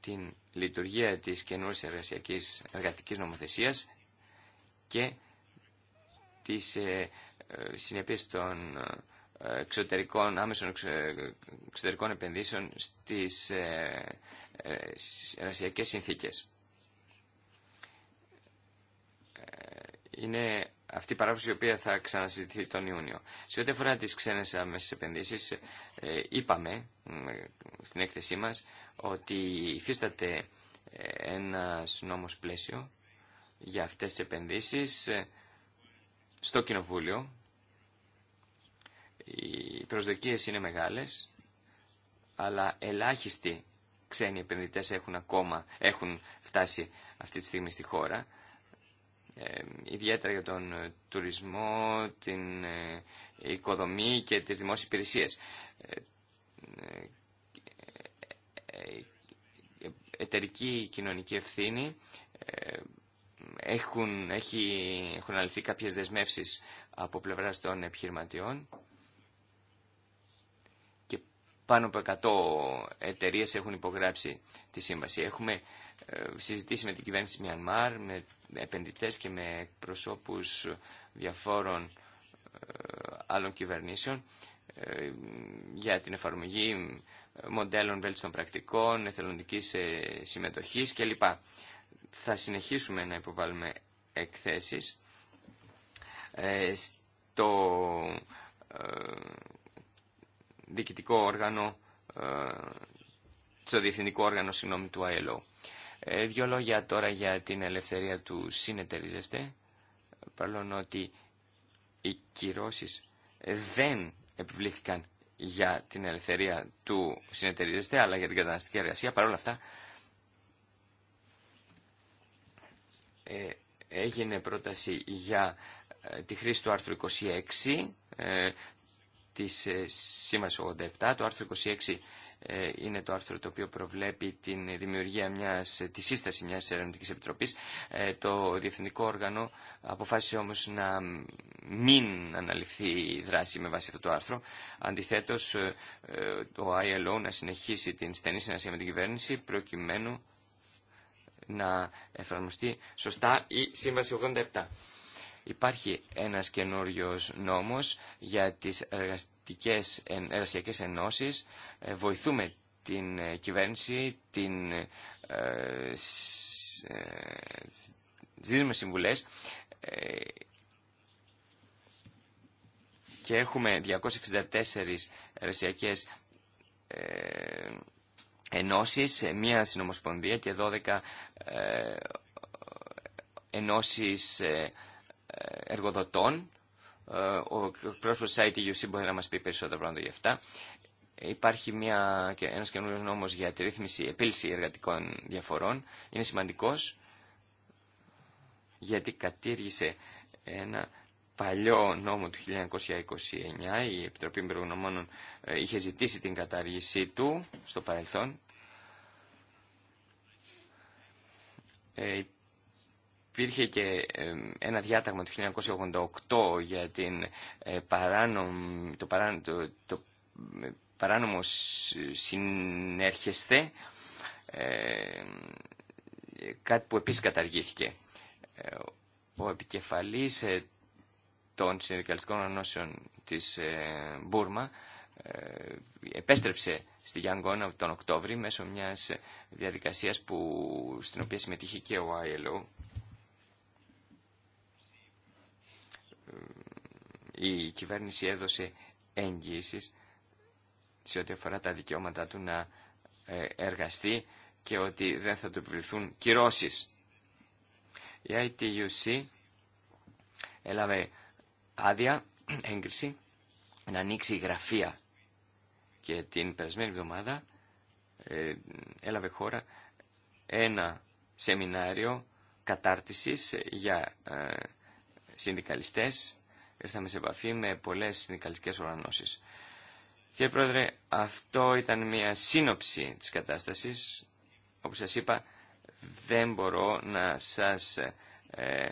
την λειτουργία της καινούργιας εργασιακής εργατικής νομοθεσίας και τις ε, ε των ε, εξωτερικών, άμεσων ε, εξωτερικών επενδύσεων στις ε, εργασιακές συνθήκες. είναι αυτή η παράδοση η οποία θα ξανασυζητηθεί τον Ιούνιο. Σε ό,τι αφορά τις ξένες άμεσες επενδύσεις, ε, είπαμε ε, στην έκθεσή μας ότι υφίσταται ε, ένα νόμος πλαίσιο για αυτές τις επενδύσεις στο Κοινοβούλιο. Οι προσδοκίες είναι μεγάλες, αλλά ελάχιστοι ξένοι επενδυτές έχουν ακόμα έχουν φτάσει αυτή τη στιγμή στη χώρα. Ε, ιδιαίτερα για τον ε, τουρισμό, την ε, οικοδομή και τις δημόσιες υπηρεσίες. Εταιρική κοινωνική ευθύνη έχουν, έχει, έχουν αληθεί κάποιες δεσμεύσεις από πλευράς των επιχειρηματιών και πάνω από 100 εταιρείες έχουν υπογράψει τη σύμβαση. Έχουμε ε, συζητήσει με την κυβέρνηση Μιανμάρ, με επενδυτές και με προσώπους διαφόρων ε, άλλων κυβερνήσεων ε, για την εφαρμογή μοντέλων βέλτιστων πρακτικών, εθελοντικής συμμετοχής κλπ. Θα συνεχίσουμε να υποβάλουμε εκθέσεις στο διοικητικό όργανο, στο διευθυντικό όργανο συγγνώμη, του ILO. Ε, δύο λόγια τώρα για την ελευθερία του συνεταιρίζεστε. Παρόλο ότι οι κυρώσεις δεν επιβλήθηκαν για την ελευθερία του συνεταιρίζεστε, αλλά για την καταναστική εργασία. Παρ' όλα αυτά, ε, έγινε πρόταση για ε, τη χρήση του άρθρου 26 ε, της 87. Ε, Το άρθρο 26 ε, είναι το άρθρο το οποίο προβλέπει την δημιουργία μιας, ε, τη σύσταση μιας ερευνητικής επιτροπής. Ε, το διευθυντικό όργανο αποφάσισε όμως να μην αναλυφθεί η δράση με βάση αυτό το άρθρο. Αντιθέτως, το ILO να συνεχίσει την στενή συνασία με την κυβέρνηση προκειμένου να εφαρμοστεί σωστά η Σύμβαση 87. Υπάρχει ένας καινούριο νόμος για τις εργαστικές, εργασιακές ενώσεις. Ε, βοηθούμε την ε, κυβέρνηση, την, ε, ε δίνουμε συμβουλές και έχουμε 264 εργασιακές ενώσεις, μία συνομοσπονδία και 12 ενώσεις εργοδοτών. Ε, ο πρόσωπος ITUC μπορεί να μας πει περισσότερα πράγματα γι' αυτά. Υπάρχει μια, ένας καινούριος νόμος για τη ρύθμιση, επίλυση εργατικών διαφορών. Είναι σημαντικός γιατί κατήργησε ένα παλιό νόμο του 1929. Η Επιτροπή Εμπειρογνωμόνων ε, είχε ζητήσει την κατάργησή του στο παρελθόν. Ε, υπήρχε και ένα διάταγμα του 1988 για την ε, το, το, ε, παράνομο συνέρχεσθε, ε, κάτι που επίσης καταργήθηκε. Ο επικεφαλής των συνδικαλιστικών Ανώσεων της Μπούρμα επέστρεψε στη Γιάνγκόνα τον Οκτώβρη μέσω μιας διαδικασίας που, στην οποία συμμετείχε και ο ILO Ε, η κυβέρνηση έδωσε εγγύησεις σε ό,τι αφορά τα δικαιώματα του να ε, εργαστεί και ότι δεν θα του επιβληθούν κυρώσεις. Η ITUC έλαβε άδεια, έγκριση, να ανοίξει γραφεία και την περασμένη εβδομάδα ε, έλαβε χώρα ένα σεμινάριο κατάρτισης για συνδικαλιστές. Ήρθαμε σε επαφή με πολλές συνδικαλιστικές οργανώσεις. Κύριε Πρόεδρε, αυτό ήταν μια σύνοψη της κατάστασης. Όπως σας είπα, δεν μπορώ να σας ε,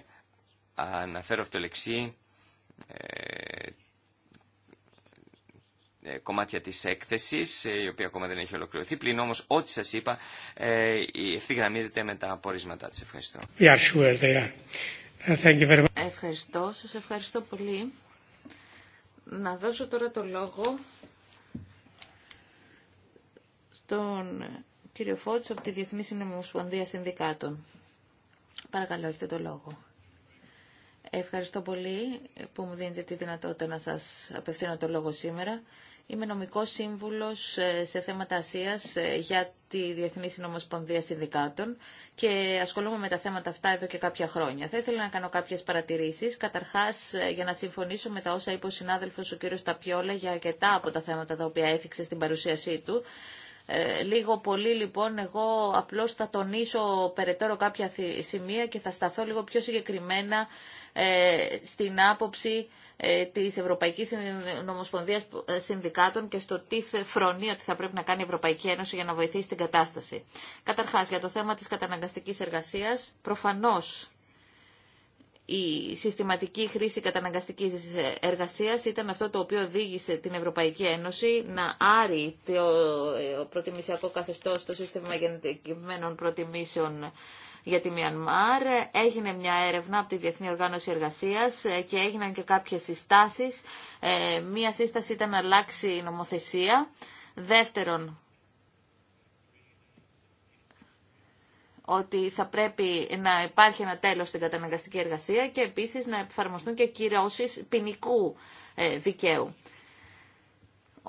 αναφέρω αυτό λεξί ε, ε, κομμάτια της έκθεσης, ε, η οποία ακόμα δεν έχει ολοκληρωθεί. Πλην όμως, ό,τι σας είπα, ευθυγραμμίζεται με τα απορίσματά της. Ευχαριστώ. Ευχαριστώ. Σας ευχαριστώ πολύ. Να δώσω τώρα το λόγο στον κύριο Φώτς από τη Διεθνή Συνομοσπονδία Συνδικάτων. Παρακαλώ, έχετε το λόγο. Ευχαριστώ πολύ που μου δίνετε τη δυνατότητα να σας απευθύνω το λόγο σήμερα Είμαι νομικό σύμβουλο ε, σε θέματα Ασία ε, για τη Διεθνή Συνομοσπονδία Συνδικάτων και ασχολούμαι με τα θέματα αυτά εδώ και κάποια χρόνια. Θα ήθελα να κάνω κάποιε παρατηρήσει. Καταρχά ε, για να συμφωνήσω με τα όσα είπε ο συνάδελφο ο κύριος Ταπιόλα για αρκετά από τα θέματα τα οποία έφυξε στην παρουσίασή του. Ε, λίγο πολύ λοιπόν εγώ απλώς θα τονίσω περαιτέρω κάποια σημεία και θα σταθώ λίγο πιο συγκεκριμένα ε, στην άποψη ε, της Ευρωπαϊκής Νομοσπονδίας ε, Συνδικάτων και στο τι φρονεί ότι θα πρέπει να κάνει η Ευρωπαϊκή Ένωση για να βοηθήσει την κατάσταση. Καταρχάς, για το θέμα της καταναγκαστικής εργασίας, προφανώς η συστηματική χρήση καταναγκαστικής εργασίας ήταν αυτό το οποίο οδήγησε την Ευρωπαϊκή Ένωση να άρει το προτιμησιακό καθεστώς στο σύστημα γενικευμένων προτιμήσεων για τη Μιανμάρ. Έγινε μια έρευνα από τη Διεθνή Οργάνωση Εργασίας ε, και έγιναν και κάποιες συστάσεις. Ε, μία σύσταση ήταν να αλλάξει η νομοθεσία. Δεύτερον, ότι θα πρέπει να υπάρχει ένα τέλος στην καταναγκαστική εργασία και επίσης να εφαρμοστούν και κυρώσεις ποινικού ε, δικαίου.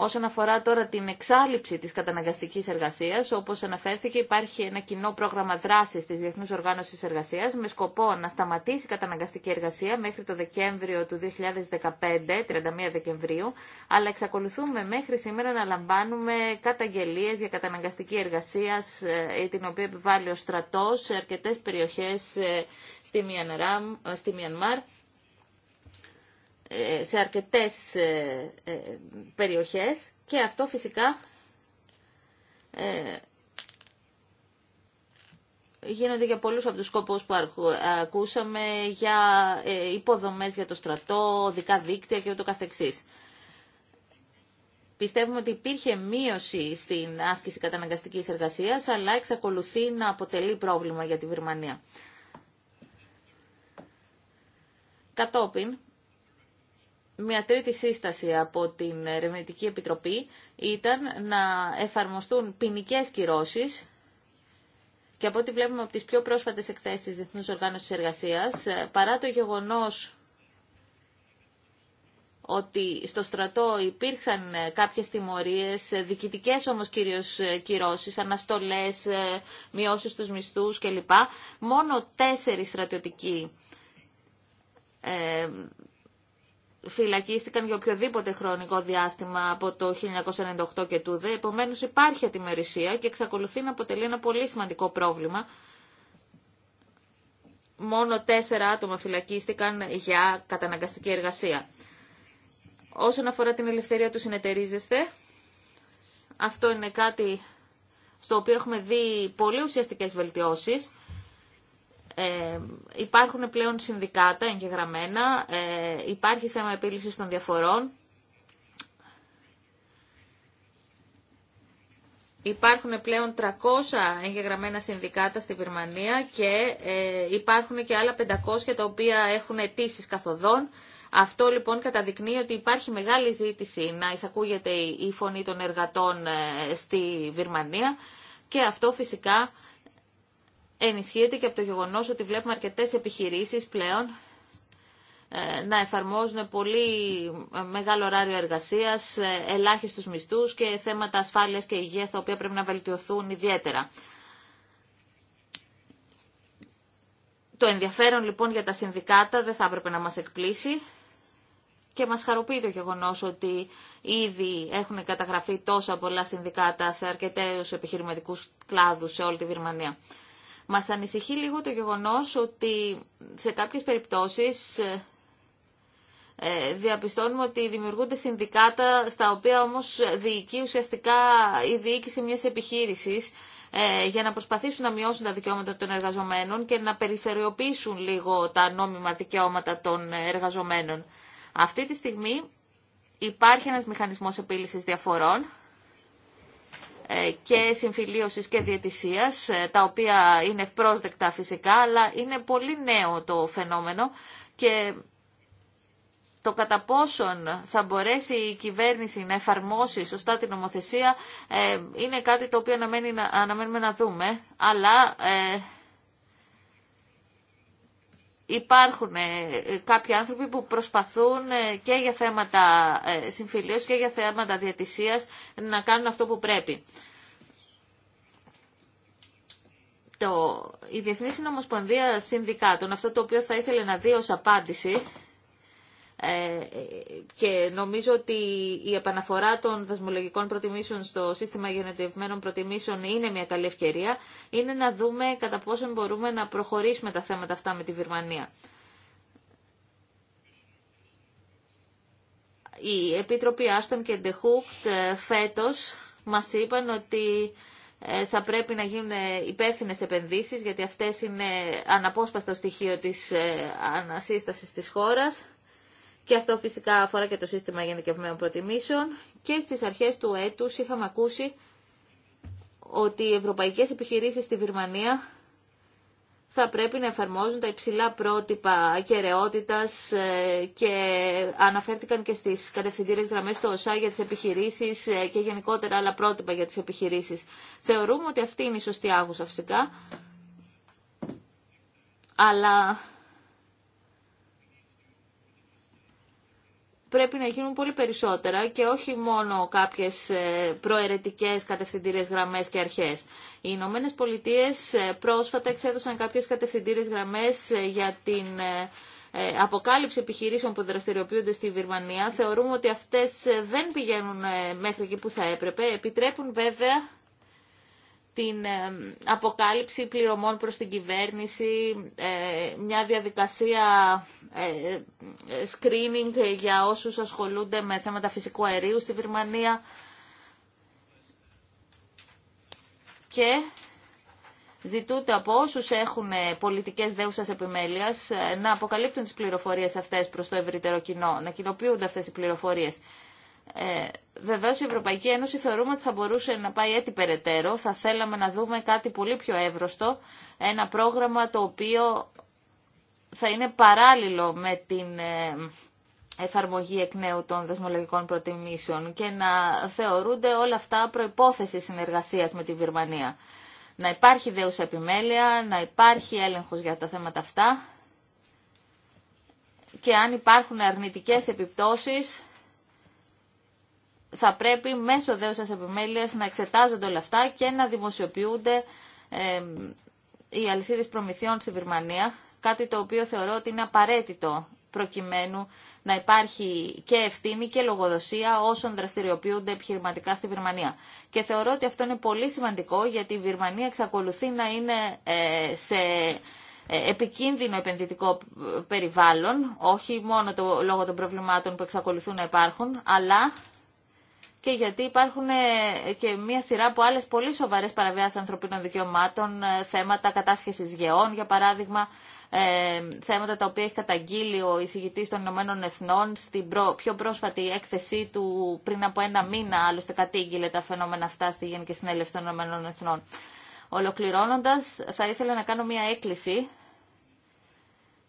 Όσον αφορά τώρα την εξάλληψη της καταναγκαστικής εργασίας, όπως αναφέρθηκε υπάρχει ένα κοινό πρόγραμμα δράσης της Διεθνούς Οργάνωσης Εργασίας με σκοπό να σταματήσει η καταναγκαστική εργασία μέχρι το Δεκέμβριο του 2015, 31 Δεκεμβρίου, αλλά εξακολουθούμε μέχρι σήμερα να λαμβάνουμε καταγγελίες για καταναγκαστική εργασία, ε, την οποία επιβάλλει ο στρατός σε αρκετές περιοχές ε, ε, στη Μιανμάρ σε αρκετές ε, ε, περιοχές και αυτό φυσικά ε, γίνονται για πολλούς από τους σκοπούς που ακούσαμε, για υποδομές για το στρατό, δικά δίκτυα και ούτω καθεξής. Πιστεύουμε ότι υπήρχε μείωση στην άσκηση καταναγκαστικής εργασίας, αλλά εξακολουθεί να αποτελεί πρόβλημα για τη Βυρμανία. Κατόπιν, μια τρίτη σύσταση από την Ερευνητική Επιτροπή ήταν να εφαρμοστούν ποινικέ κυρώσει και από ό,τι βλέπουμε από τι πιο πρόσφατες εκθέσεις της Διεθνούς παρά το γεγονός ότι στο στρατό υπήρξαν κάποιες τιμωρίες, διοικητικές όμως κυρίως κυρώσεις, αναστολές, μειώσεις στους μισθούς κλπ. Μόνο τέσσερις στρατιωτικοί ε, φυλακίστηκαν για οποιοδήποτε χρονικό διάστημα από το 1998 και τούδε. Επομένως υπάρχει ατιμερησία και εξακολουθεί να αποτελεί ένα πολύ σημαντικό πρόβλημα. Μόνο τέσσερα άτομα φυλακίστηκαν για καταναγκαστική εργασία. Όσον αφορά την ελευθερία του συνεταιρίζεστε, αυτό είναι κάτι στο οποίο έχουμε δει πολύ ουσιαστικές βελτιώσεις. Ε, υπάρχουν πλέον συνδικάτα εγγεγραμμένα, ε, υπάρχει θέμα επίλυσης των διαφορών, Υπάρχουν πλέον 300 εγγεγραμμένα συνδικάτα στη Βερμανία και ε, υπάρχουν και άλλα 500 τα οποία έχουν αιτήσει καθοδόν. Αυτό λοιπόν καταδεικνύει ότι υπάρχει μεγάλη ζήτηση να εισακούγεται η φωνή των εργατών ε, στη Βερμανία και αυτό φυσικά ενισχύεται και από το γεγονός ότι βλέπουμε αρκετές επιχειρήσεις πλέον ε, να εφαρμόζουν πολύ ε, μεγάλο ωράριο εργασίας, ε, ελάχιστους μισθούς και θέματα ασφάλειας και υγείας τα οποία πρέπει να βελτιωθούν ιδιαίτερα. Το ενδιαφέρον λοιπόν για τα συνδικάτα δεν θα έπρεπε να μας εκπλήσει και μας χαροποιεί το γεγονός ότι ήδη έχουν καταγραφεί τόσα πολλά συνδικάτα σε αρκετές επιχειρηματικούς κλάδους σε όλη τη Βυρμανία. Μας ανησυχεί λίγο το γεγονός ότι σε κάποιες περιπτώσεις ε, διαπιστώνουμε ότι δημιουργούνται συνδικάτα στα οποία όμως διοικεί ουσιαστικά η διοίκηση μιας επιχείρησης ε, για να προσπαθήσουν να μειώσουν τα δικαιώματα των εργαζομένων και να περιφεριοποιήσουν λίγο τα νόμιμα δικαιώματα των εργαζομένων. Αυτή τη στιγμή υπάρχει ένας μηχανισμός επίλυσης διαφορών ε, και συμφιλίωσης και διαιτησίας, ε, τα οποία είναι ευπρόσδεκτα φυσικά, αλλά είναι πολύ νέο το φαινόμενο και το κατά πόσον θα μπορέσει η κυβέρνηση να εφαρμόσει σωστά την νομοθεσία ε, είναι κάτι το οποίο αναμένουμε να δούμε, αλλά υπάρχουν ε, κάποιοι άνθρωποι που προσπαθούν ε, και για θέματα ε, συμφιλίωσης και για θέματα διατησίας να κάνουν αυτό που πρέπει. Το, η Διεθνή Συνομοσπονδία Συνδικάτων, αυτό το οποίο θα ήθελε να δει ως απάντηση, ε, και νομίζω ότι η επαναφορά των δασμολογικών προτιμήσεων στο σύστημα γενετευμένων προτιμήσεων είναι μια καλή ευκαιρία, είναι να δούμε κατά πόσον μπορούμε να προχωρήσουμε τα θέματα αυτά με τη Βυρμανία. Η Επίτροπη Άστον και Ντεχούκτ φέτος μας είπαν ότι ε, θα πρέπει να γίνουν υπεύθυνε επενδύσεις, γιατί αυτές είναι αναπόσπαστο στοιχείο της ε, ανασύστασης της χώρας. Και αυτό φυσικά αφορά και το σύστημα γενικευμένων προτιμήσεων. Και στις αρχές του έτους είχαμε ακούσει ότι οι ευρωπαϊκές επιχειρήσεις στη Βυρμανία θα πρέπει να εφαρμόζουν τα υψηλά πρότυπα κεραιότητας ε, και αναφέρθηκαν και στις κατευθυντήρες γραμμές στο ΩΣΑ για τις επιχειρήσεις ε, και γενικότερα άλλα πρότυπα για τις επιχειρήσεις. Θεωρούμε ότι αυτή είναι η σωστή άγουσα φυσικά, αλλά πρέπει να γίνουν πολύ περισσότερα και όχι μόνο κάποιες ε, προαιρετικές κατευθυντήριες γραμμές και αρχές. Οι Ηνωμένε Πολιτείε ε, πρόσφατα εξέδωσαν κάποιες κατευθυντήριες γραμμές ε, για την αποκάλυψη επιχειρήσεων που δραστηριοποιούνται στη Βιρμανία. Θεωρούμε ότι αυτές δεν πηγαίνουν μέχρι εκεί που θα έπρεπε. Επιτρέπουν βέβαια την ε, αποκάλυψη πληρωμών προς την κυβέρνηση, ε, μια διαδικασία ε, screening για όσους ασχολούνται με θέματα φυσικού αερίου στη Βερμανία και ζητούνται από όσους έχουν πολιτικές δέουσας επιμέλειας να αποκαλύπτουν τις πληροφορίες αυτές προς το ευρύτερο κοινό, να κοινοποιούνται αυτές οι πληροφορίες. Ε, Βεβαίω η Ευρωπαϊκή Ένωση θεωρούμε ότι θα μπορούσε να πάει έτσι περαιτέρω. Θα θέλαμε να δούμε κάτι πολύ πιο εύρωστο, ένα πρόγραμμα το οποίο θα είναι παράλληλο με την ε, εφαρμογή εκ νέου των δεσμολογικών προτιμήσεων και να θεωρούνται όλα αυτά προϋπόθεση συνεργασίας με τη Βερμανία Να υπάρχει δέους επιμέλεια, να υπάρχει έλεγχος για τα θέματα αυτά και αν υπάρχουν αρνητικές επιπτώσεις θα πρέπει μέσω δέουσας επιμέλειας να εξετάζονται όλα αυτά και να δημοσιοποιούνται ε, οι αλυσίδε προμηθειών στη Βυρμανία, κάτι το οποίο θεωρώ ότι είναι απαραίτητο προκειμένου να υπάρχει και ευθύνη και λογοδοσία όσων δραστηριοποιούνται επιχειρηματικά στη Βερμανία. Και θεωρώ ότι αυτό είναι πολύ σημαντικό γιατί η Βυρμανία εξακολουθεί να είναι ε, σε ε, επικίνδυνο επενδυτικό περιβάλλον, όχι μόνο το, λόγω των προβλημάτων που εξακολουθούν να υπάρχουν, αλλά και γιατί υπάρχουν ε, και μία σειρά από άλλες πολύ σοβαρές παραβιάσεις ανθρωπίνων δικαιωμάτων, ε, θέματα κατάσχεσης γεών, για παράδειγμα, ε, θέματα τα οποία έχει καταγγείλει ο εισηγητή των Ηνωμένων Εθνών στην πιο πρόσφατη έκθεσή του πριν από ένα μήνα, άλλωστε κατήγγειλε τα φαινόμενα αυτά στη Γενική Συνέλευση των Ηνωμένων Εθνών. Ολοκληρώνοντα θα ήθελα να κάνω μία έκκληση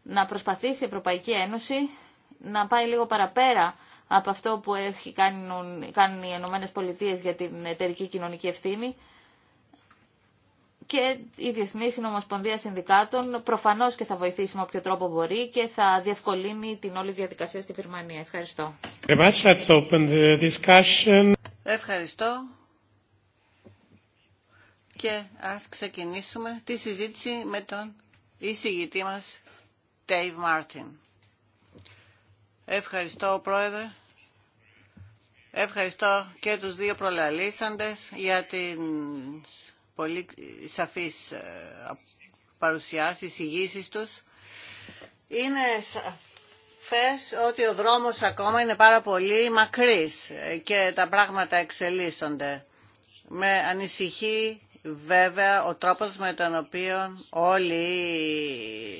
να προσπαθήσει η Ευρωπαϊκή Ένωση να πάει λίγο παραπέρα από αυτό που έχει κάνουν, κάνουν οι Ηνωμένε Πολιτείε για την εταιρική κοινωνική ευθύνη και η Διεθνή Συνομοσπονδία Συνδικάτων προφανώ και θα βοηθήσει με όποιο τρόπο μπορεί και θα διευκολύνει την όλη διαδικασία στη Γερμανία. Ευχαριστώ. Ευχαριστώ. Και ας ξεκινήσουμε τη συζήτηση με τον εισηγητή μας, Dave Martin. Ευχαριστώ, Πρόεδρε. Ευχαριστώ και τους δύο προλαλήσαντες για την πολύ σαφής ε, παρουσίαση εισηγήσεις τους. Είναι σαφές ότι ο δρόμος ακόμα είναι πάρα πολύ μακρύς και τα πράγματα εξελίσσονται. Με ανησυχεί βέβαια ο τρόπος με τον οποίο όλοι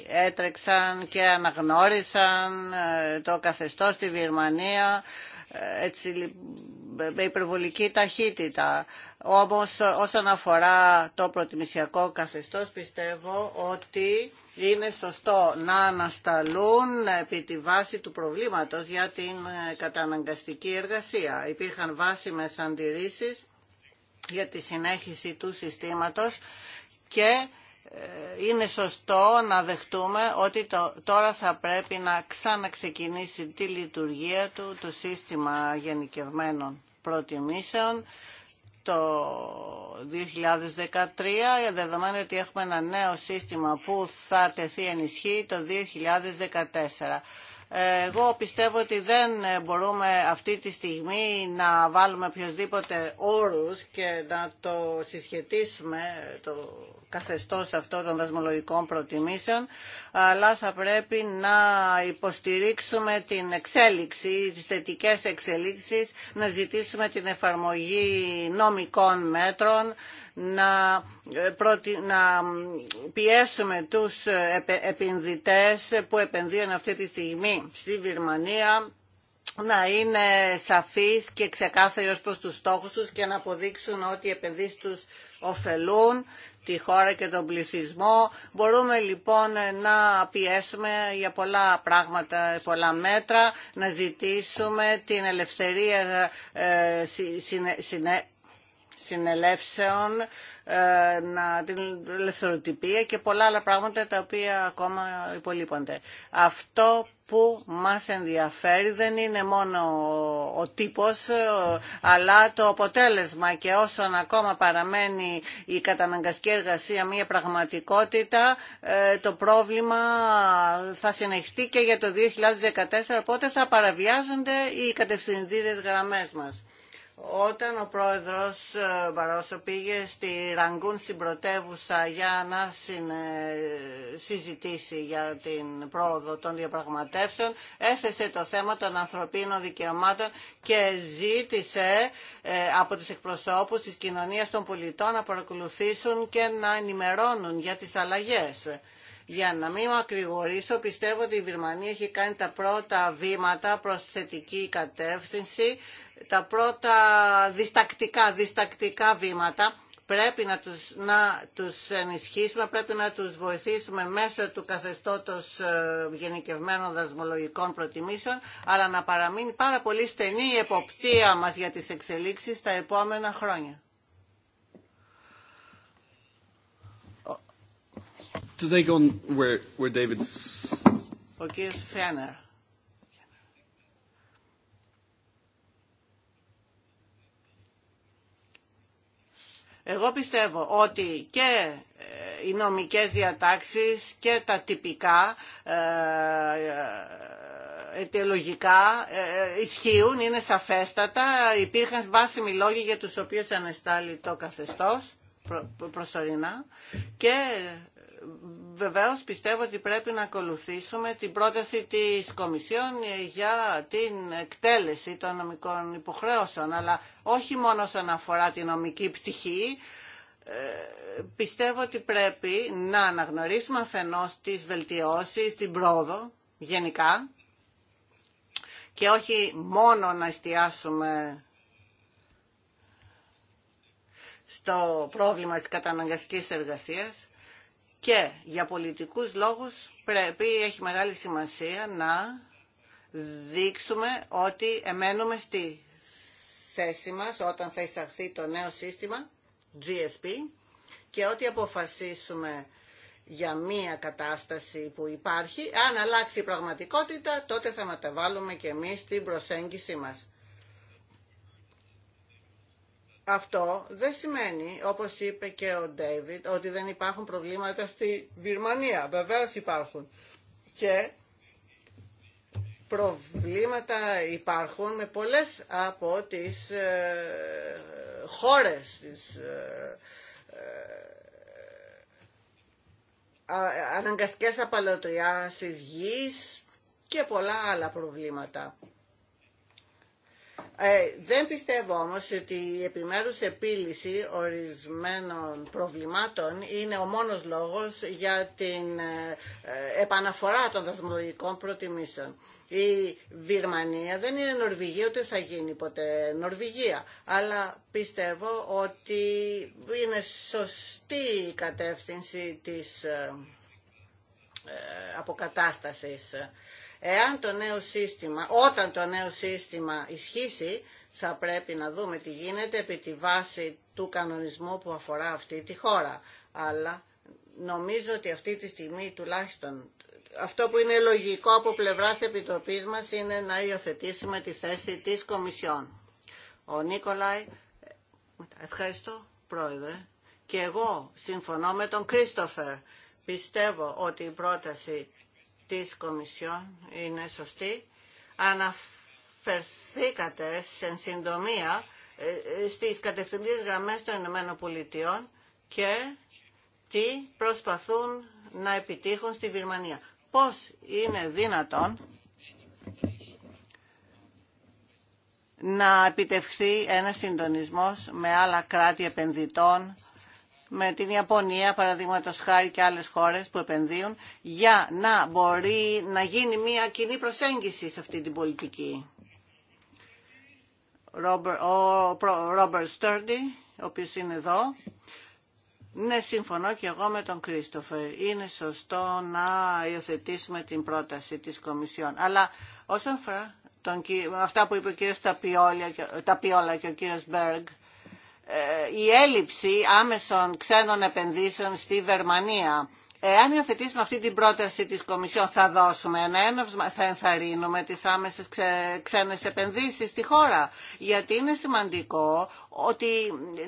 έτρεξαν και αναγνώρισαν ε, το καθεστώς στη Βυρμανία, έτσι, με υπερβολική ταχύτητα. Όμως όσον αφορά το προτιμησιακό καθεστώς πιστεύω ότι είναι σωστό να ανασταλούν επί τη βάση του προβλήματος για την ε, καταναγκαστική εργασία. Υπήρχαν βάσιμες αντιρρήσεις για τη συνέχιση του συστήματος και είναι σωστό να δεχτούμε ότι το, τώρα θα πρέπει να ξαναξεκινήσει τη λειτουργία του το σύστημα γενικευμένων προτιμήσεων το 2013, δεδομένου ότι έχουμε ένα νέο σύστημα που θα τεθεί ενισχύ το 2014. Εγώ πιστεύω ότι δεν μπορούμε αυτή τη στιγμή να βάλουμε οποιοδήποτε όρους και να το συσχετίσουμε το καθεστώς αυτό των δασμολογικών προτιμήσεων, αλλά θα πρέπει να υποστηρίξουμε την εξέλιξη, τις θετικές εξελίξεις, να ζητήσουμε την εφαρμογή νομικών μέτρων, να, ε, να πιέσουμε τους επενδυτές που επενδύουν αυτή τη στιγμή στη Βυρμανία να είναι σαφείς και ξεκάθαροι ως προς τους στόχους τους και να αποδείξουν ότι οι επενδύσεις τους ωφελούν τη χώρα και τον πληθυσμό. Μπορούμε λοιπόν να πιέσουμε για πολλά πράγματα, πολλά μέτρα, να ζητήσουμε την ελευθερία ε, συνε, συνελεύσεων, ε, να, την ελευθεροτυπία και πολλά άλλα πράγματα τα οποία ακόμα υπολείπονται. Αυτό που μας ενδιαφέρει δεν είναι μόνο ο τύπος ε, αλλά το αποτέλεσμα και όσον ακόμα παραμένει η καταναγκαστική εργασία μια πραγματικότητα ε, το πρόβλημα θα συνεχιστεί και για το 2014 οπότε θα παραβιάζονται οι κατευθυντήρες γραμμές μας όταν ο πρόεδρος ε, Μπαρόσο πήγε στη Ραγκούν στην πρωτεύουσα για να συζητήσει για την πρόοδο των διαπραγματεύσεων, έθεσε το θέμα των ανθρωπίνων δικαιωμάτων και ζήτησε ε, από τους εκπροσώπους της κοινωνίας των πολιτών να παρακολουθήσουν και να ενημερώνουν για τις αλλαγές. Για να μην ακρηγορήσω, πιστεύω ότι η Βυρμανία έχει κάνει τα πρώτα βήματα προς θετική κατεύθυνση τα πρώτα διστακτικά, διστακτικά βήματα πρέπει να τους, να τους ενισχύσουμε, πρέπει να τους βοηθήσουμε μέσω του καθεστώτος ε, γενικευμένων δασμολογικών προτιμήσεων, αλλά να παραμείνει πάρα πολύ στενή η εποπτεία μας για τις εξελίξεις τα επόμενα χρόνια. Ο κύριος Εγώ πιστεύω ότι και ε, οι νομικές διατάξεις και τα τυπικά ε, ε, αιτιολογικά ισχύουν, είναι σαφέστατα. Υπήρχαν βάσιμοι λόγοι για τους οποίους αναστάλει το καθεστώς προσωρινά και βεβαίως πιστεύω ότι πρέπει να ακολουθήσουμε την πρόταση της Κομισιόν για την εκτέλεση των νομικών υποχρέωσεων, αλλά όχι μόνο σαν αφορά την νομική πτυχή, ε, πιστεύω ότι πρέπει να αναγνωρίσουμε αφενός τις βελτιώσεις, την πρόοδο γενικά και όχι μόνο να εστιάσουμε στο πρόβλημα της καταναγκαστικής εργασίας και για πολιτικούς λόγους πρέπει, έχει μεγάλη σημασία να δείξουμε ότι εμένουμε στη θέση μας όταν θα εισαχθεί το νέο σύστημα GSP και ότι αποφασίσουμε για μία κατάσταση που υπάρχει, αν αλλάξει η πραγματικότητα, τότε θα μεταβάλουμε και εμείς την προσέγγιση μας. Αυτό δεν σημαίνει, όπως είπε και ο Ντέιβιτ, ότι δεν υπάρχουν προβλήματα στη Βυρμανία. βεβαίω υπάρχουν. Και προβλήματα υπάρχουν με πολλές από τις ε, χώρες της ε, ε, αναγκαστικές γης και πολλά άλλα προβλήματα. Ε, δεν πιστεύω όμως ότι η επιμέρους επίλυση ορισμένων προβλημάτων είναι ο μόνος λόγος για την ε, επαναφορά των δασμολογικών προτιμήσεων. Η Βιρμανία δεν είναι Νορβηγία, ούτε θα γίνει ποτέ Νορβηγία. Αλλά πιστεύω ότι είναι σωστή η κατεύθυνση της ε, ε αποκατάστασης Εάν το νέο σύστημα, όταν το νέο σύστημα ισχύσει, θα πρέπει να δούμε τι γίνεται επί τη βάση του κανονισμού που αφορά αυτή τη χώρα. Αλλά νομίζω ότι αυτή τη στιγμή τουλάχιστον αυτό που είναι λογικό από πλευράς Επιτροπής μας είναι να υιοθετήσουμε τη θέση της Κομισιόν. Ο Νίκολαϊ, ευχαριστώ Πρόεδρε, και εγώ συμφωνώ με τον Κρίστοφερ. Πιστεύω ότι η πρόταση της Κομισιόν είναι σωστή. Αναφερθήκατε σε συντομία ε, ε, στις κατευθυντήριες γραμμές των Ηνωμένων Πολιτειών και τι προσπαθούν να επιτύχουν στη Βυρμανία. Πώς είναι δυνατόν να επιτευχθεί ένας συντονισμός με άλλα κράτη επενδυτών με την Ιαπωνία, παραδείγματο χάρη και άλλες χώρες που επενδύουν, για να μπορεί να γίνει μια κοινή προσέγγιση σε αυτή την πολιτική. Ο Ρόμπερ Στέρντι, ο οποίος είναι εδώ, ναι, συμφωνώ και εγώ με τον Κρίστοφερ. Είναι σωστό να υιοθετήσουμε την πρόταση της Κομισιόν. Αλλά όσον αφορά τον, αυτά που είπε ο κύριος Ταπιόλα και ο κύριος Μπέργκ, ε, η έλλειψη άμεσων ξένων επενδύσεων στη Βερμανία. Εάν υιοθετήσουμε αυτή την πρόταση της Κομισιόν θα δώσουμε ένα έναυσμα, θα ενθαρρύνουμε τις άμεσες ξε, ξένες επενδύσεις στη χώρα. Γιατί είναι σημαντικό ότι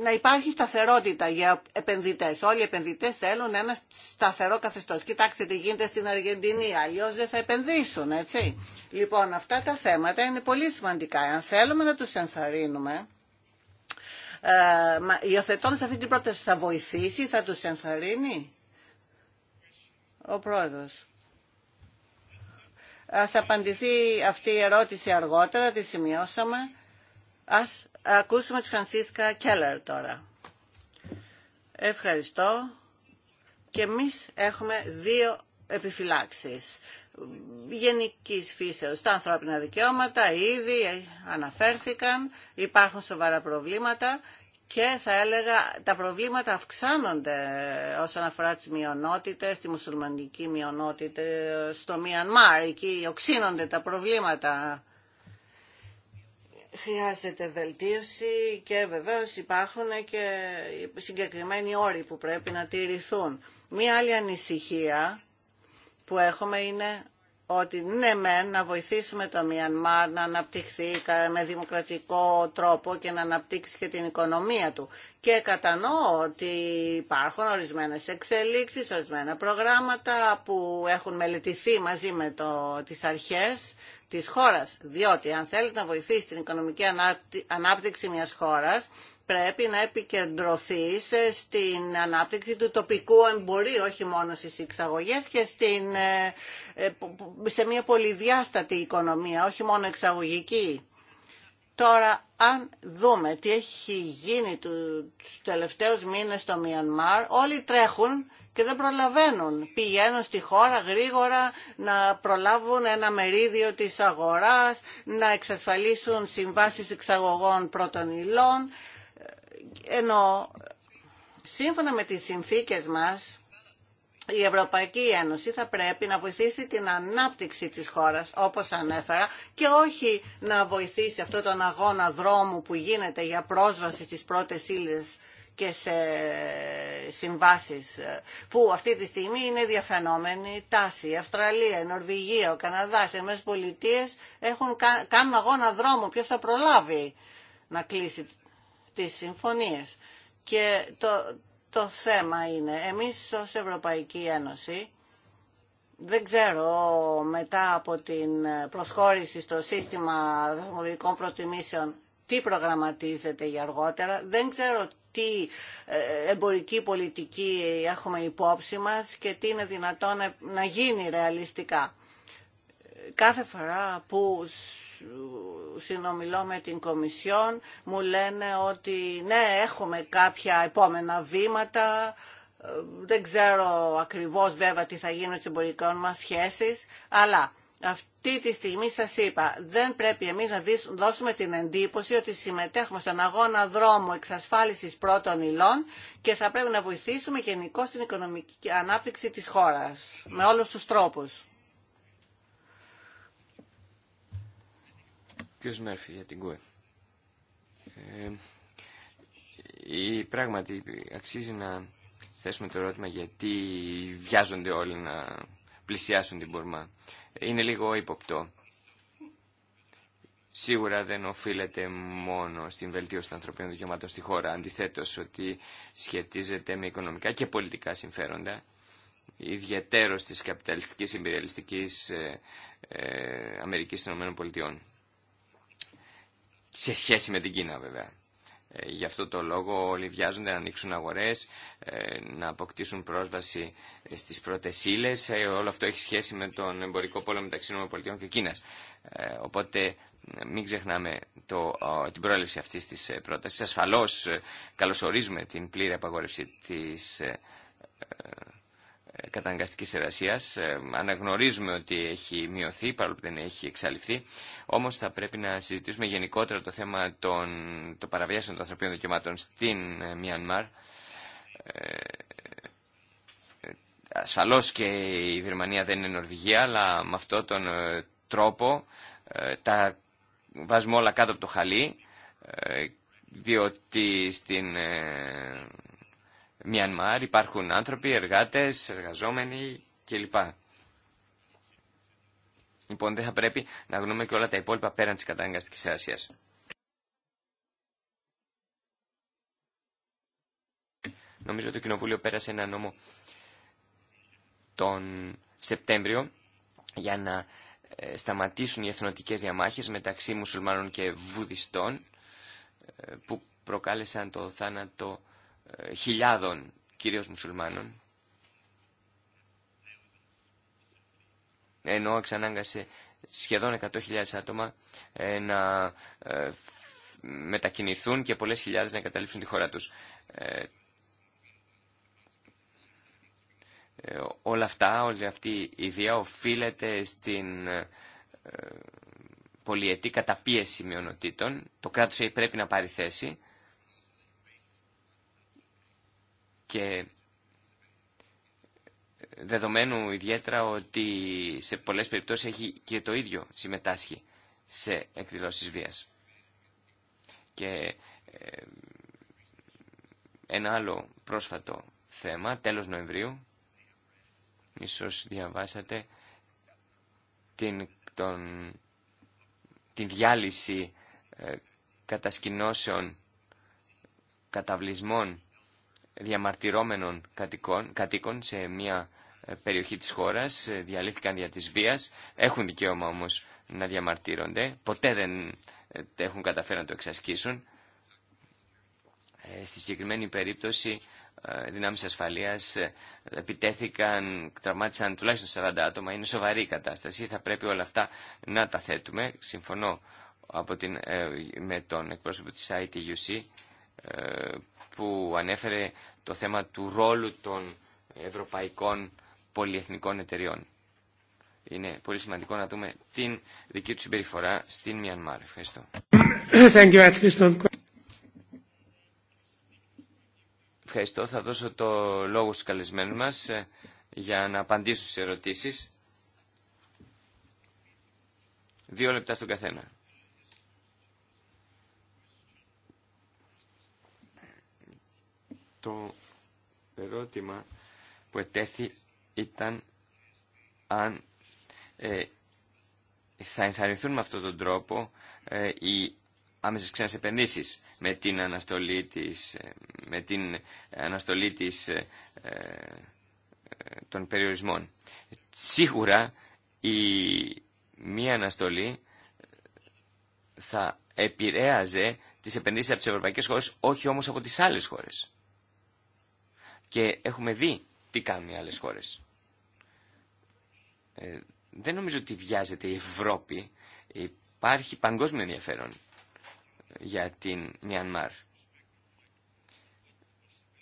να υπάρχει σταθερότητα για επενδυτές. Όλοι οι επενδυτές θέλουν ένα σταθερό καθεστώς. Κοιτάξτε τι γίνεται στην Αργεντινή, αλλιώ δεν θα επενδύσουν, έτσι. Λοιπόν, αυτά τα θέματα είναι πολύ σημαντικά. Αν θέλουμε να τους ενθαρρύνουμε, ε, Υιοθετώντα αυτή την πρόταση θα βοηθήσει, θα τους ενθαρρύνει ο πρόεδρος. Α απαντηθεί αυτή η ερώτηση αργότερα, τη σημειώσαμε. Ας ακούσουμε τη Φρανσίσκα Κέλλερ τώρα. Ευχαριστώ. Και εμείς έχουμε δύο επιφυλάξεις γενικής φύσεως. Τα ανθρώπινα δικαιώματα ήδη αναφέρθηκαν, υπάρχουν σοβαρά προβλήματα και θα έλεγα τα προβλήματα αυξάνονται όσον αφορά τις μειονότητες, τη μουσουλμανική μειονότητα στο Μιανμάρ, εκεί οξύνονται τα προβλήματα. Χρειάζεται βελτίωση και βεβαίως υπάρχουν και συγκεκριμένοι όροι που πρέπει να τηρηθούν. Μία άλλη ανησυχία που έχουμε είναι ότι ναι μεν να βοηθήσουμε το Μιανμάρ να αναπτυχθεί με δημοκρατικό τρόπο και να αναπτύξει και την οικονομία του. Και κατανοώ ότι υπάρχουν ορισμένες εξελίξεις, ορισμένα προγράμματα που έχουν μελετηθεί μαζί με το, τις αρχές της χώρας. Διότι αν θέλετε να βοηθήσει την οικονομική ανάπτυξη μιας χώρας, πρέπει να επικεντρωθεί στην ανάπτυξη του τοπικού εμπορίου, όχι μόνο στις εξαγωγές και στην, ε, ε, σε μια πολυδιάστατη οικονομία, όχι μόνο εξαγωγική. Τώρα, αν δούμε τι έχει γίνει τους τελευταίους μήνες στο Μιανμάρ, όλοι τρέχουν και δεν προλαβαίνουν. Πηγαίνουν στη χώρα γρήγορα να προλάβουν ένα μερίδιο της αγοράς, να εξασφαλίσουν συμβάσεις εξαγωγών πρώτων υλών, ενώ σύμφωνα με τις συνθήκες μας η Ευρωπαϊκή Ένωση θα πρέπει να βοηθήσει την ανάπτυξη της χώρας, όπως ανέφερα, και όχι να βοηθήσει αυτόν τον αγώνα δρόμου που γίνεται για πρόσβαση στις πρώτες ύλες και σε συμβάσεις που αυτή τη στιγμή είναι διαφαινόμενη τάση. Η Αυστραλία, η Νορβηγία, ο Καναδάς, οι Εμείς Πολιτείες έχουν, κάνουν αγώνα δρόμου. Ποιος θα προλάβει να κλείσει τις συμφωνίες. Και το, το θέμα είναι, εμείς ως Ευρωπαϊκή Ένωση, δεν ξέρω μετά από την προσχώρηση στο σύστημα δασμολογικών προτιμήσεων τι προγραμματίζεται για αργότερα, δεν ξέρω τι ε, εμπορική πολιτική έχουμε υπόψη μας και τι είναι δυνατόν να γίνει ρεαλιστικά. Κάθε φορά που συνομιλώ με την Κομισιόν, μου λένε ότι ναι, έχουμε κάποια επόμενα βήματα, ε, δεν ξέρω ακριβώς βέβαια τι θα γίνουν στις εμπορικές μας σχέσεις, αλλά αυτή τη στιγμή σας είπα, δεν πρέπει εμείς να δώσουμε την εντύπωση ότι συμμετέχουμε στον αγώνα δρόμου εξασφάλισης πρώτων υλών και θα πρέπει να βοηθήσουμε γενικώ την οικονομική ανάπτυξη της χώρας, με όλους τους τρόπους. Ποιος Μέρφυ για την ΚΟΕ. Ε, η πράγματι αξίζει να θέσουμε το ερώτημα γιατί βιάζονται όλοι να πλησιάσουν την πορμά. Είναι λίγο ύποπτο. Σίγουρα δεν οφείλεται μόνο στην βελτίωση των ανθρωπίνων δικαιωμάτων στη χώρα. Αντιθέτως ότι σχετίζεται με οικονομικά και πολιτικά συμφέροντα ιδιαίτερο της καπιταλιστική υπηρελιστικής ε, ε, Αμερικής των σε σχέση με την Κίνα βέβαια. Ε, γι' αυτό το λόγο όλοι βιάζονται να ανοίξουν αγορές, ε, να αποκτήσουν πρόσβαση στις πρώτες ύλες. Ε, όλο αυτό έχει σχέση με τον εμπορικό πόλο μεταξύ ΗΠΑ και Κίνας. Οπότε μην ξεχνάμε το, την πρόληψη αυτής της πρότασης. Ασφαλώς καλωσορίζουμε την πλήρη απαγόρευση της καταγκαστικής εργασίας. Ε, αναγνωρίζουμε ότι έχει μειωθεί, παρόλο που δεν έχει εξαλειφθεί. Όμως θα πρέπει να συζητήσουμε γενικότερα το θέμα των, των παραβιάσεων των ανθρωπίνων δικαιωμάτων στην ε, Μιανμάρ. Ε, ασφαλώς και η Βερμανία δεν είναι Νορβηγία, αλλά με αυτόν τον τρόπο τα βάζουμε όλα κάτω από το χαλί, διότι στην Μιανμάρ υπάρχουν άνθρωποι, εργάτες, εργαζόμενοι κλπ. Λοιπόν, δεν θα πρέπει να γνωρούμε και όλα τα υπόλοιπα πέραν της καταγκαστικής Ασίας. Νομίζω ότι το Κοινοβούλιο πέρασε ένα νόμο τον Σεπτέμβριο για να ε, σταματήσουν οι εθνοτικές διαμάχες μεταξύ μουσουλμάνων και βουδιστών ε, που προκάλεσαν το θάνατο χιλιάδων κυρίως μουσουλμάνων ενώ εξανάγκασε σχεδόν 100.000 άτομα ε, να ε, μετακινηθούν και πολλές χιλιάδες να εγκαταλείψουν τη χώρα τους. Ε, όλα αυτά, όλη αυτή η βία οφείλεται στην πολυετή καταπίεση μειονοτήτων. Το κράτος πρέπει να πάρει θέση Και δεδομένου ιδιαίτερα ότι σε πολλές περιπτώσεις έχει και το ίδιο συμμετάσχει σε εκδηλώσεις βίας. Και ε, ένα άλλο πρόσφατο θέμα, τέλος Νοεμβρίου, ίσως διαβάσατε την, τον, την διάλυση ε, κατασκηνώσεων καταβλισμών διαμαρτυρώμενων κατοικών, κατοίκων σε μια ε, περιοχή της χώρας, ε, διαλύθηκαν δια της βίας, έχουν δικαίωμα όμως να διαμαρτύρονται, ποτέ δεν ε, έχουν καταφέρει να το εξασκήσουν. Στη συγκεκριμένη περίπτωση δυνάμεις ασφαλείας επιτέθηκαν, τραυμάτισαν τουλάχιστον 40 άτομα, είναι σοβαρή η κατάσταση, θα πρέπει όλα αυτά να τα θέτουμε, συμφωνώ με τον εκπρόσωπο της ITUC, που ανέφερε το θέμα του ρόλου των ευρωπαϊκών πολυεθνικών εταιριών. Είναι πολύ σημαντικό να δούμε την δική του συμπεριφορά στην Μιανμάρ. Ευχαριστώ. Ευχαριστώ. Θα δώσω το λόγο στους καλεσμένους μας ε, για να απαντήσουν στις ερωτήσεις. Δύο λεπτά στον καθένα. Το ερώτημα που ετέθη ήταν αν ε, θα ενθαρρυνθούν με αυτόν τον τρόπο ε, οι άμεσες ξένες επενδύσεις με την αναστολή της, ε, με την αναστολή της, ε, ε, των περιορισμών. Σίγουρα η μία αναστολή θα επηρέαζε τις επενδύσεις από τις ευρωπαϊκές χώρες, όχι όμως από τις άλλες χώρες. Και έχουμε δει τι κάνουν οι άλλες χώρες. Ε, δεν νομίζω ότι βιάζεται η Ευρώπη. Υπάρχει παγκόσμιο ενδιαφέρον για την Μιανμάρ.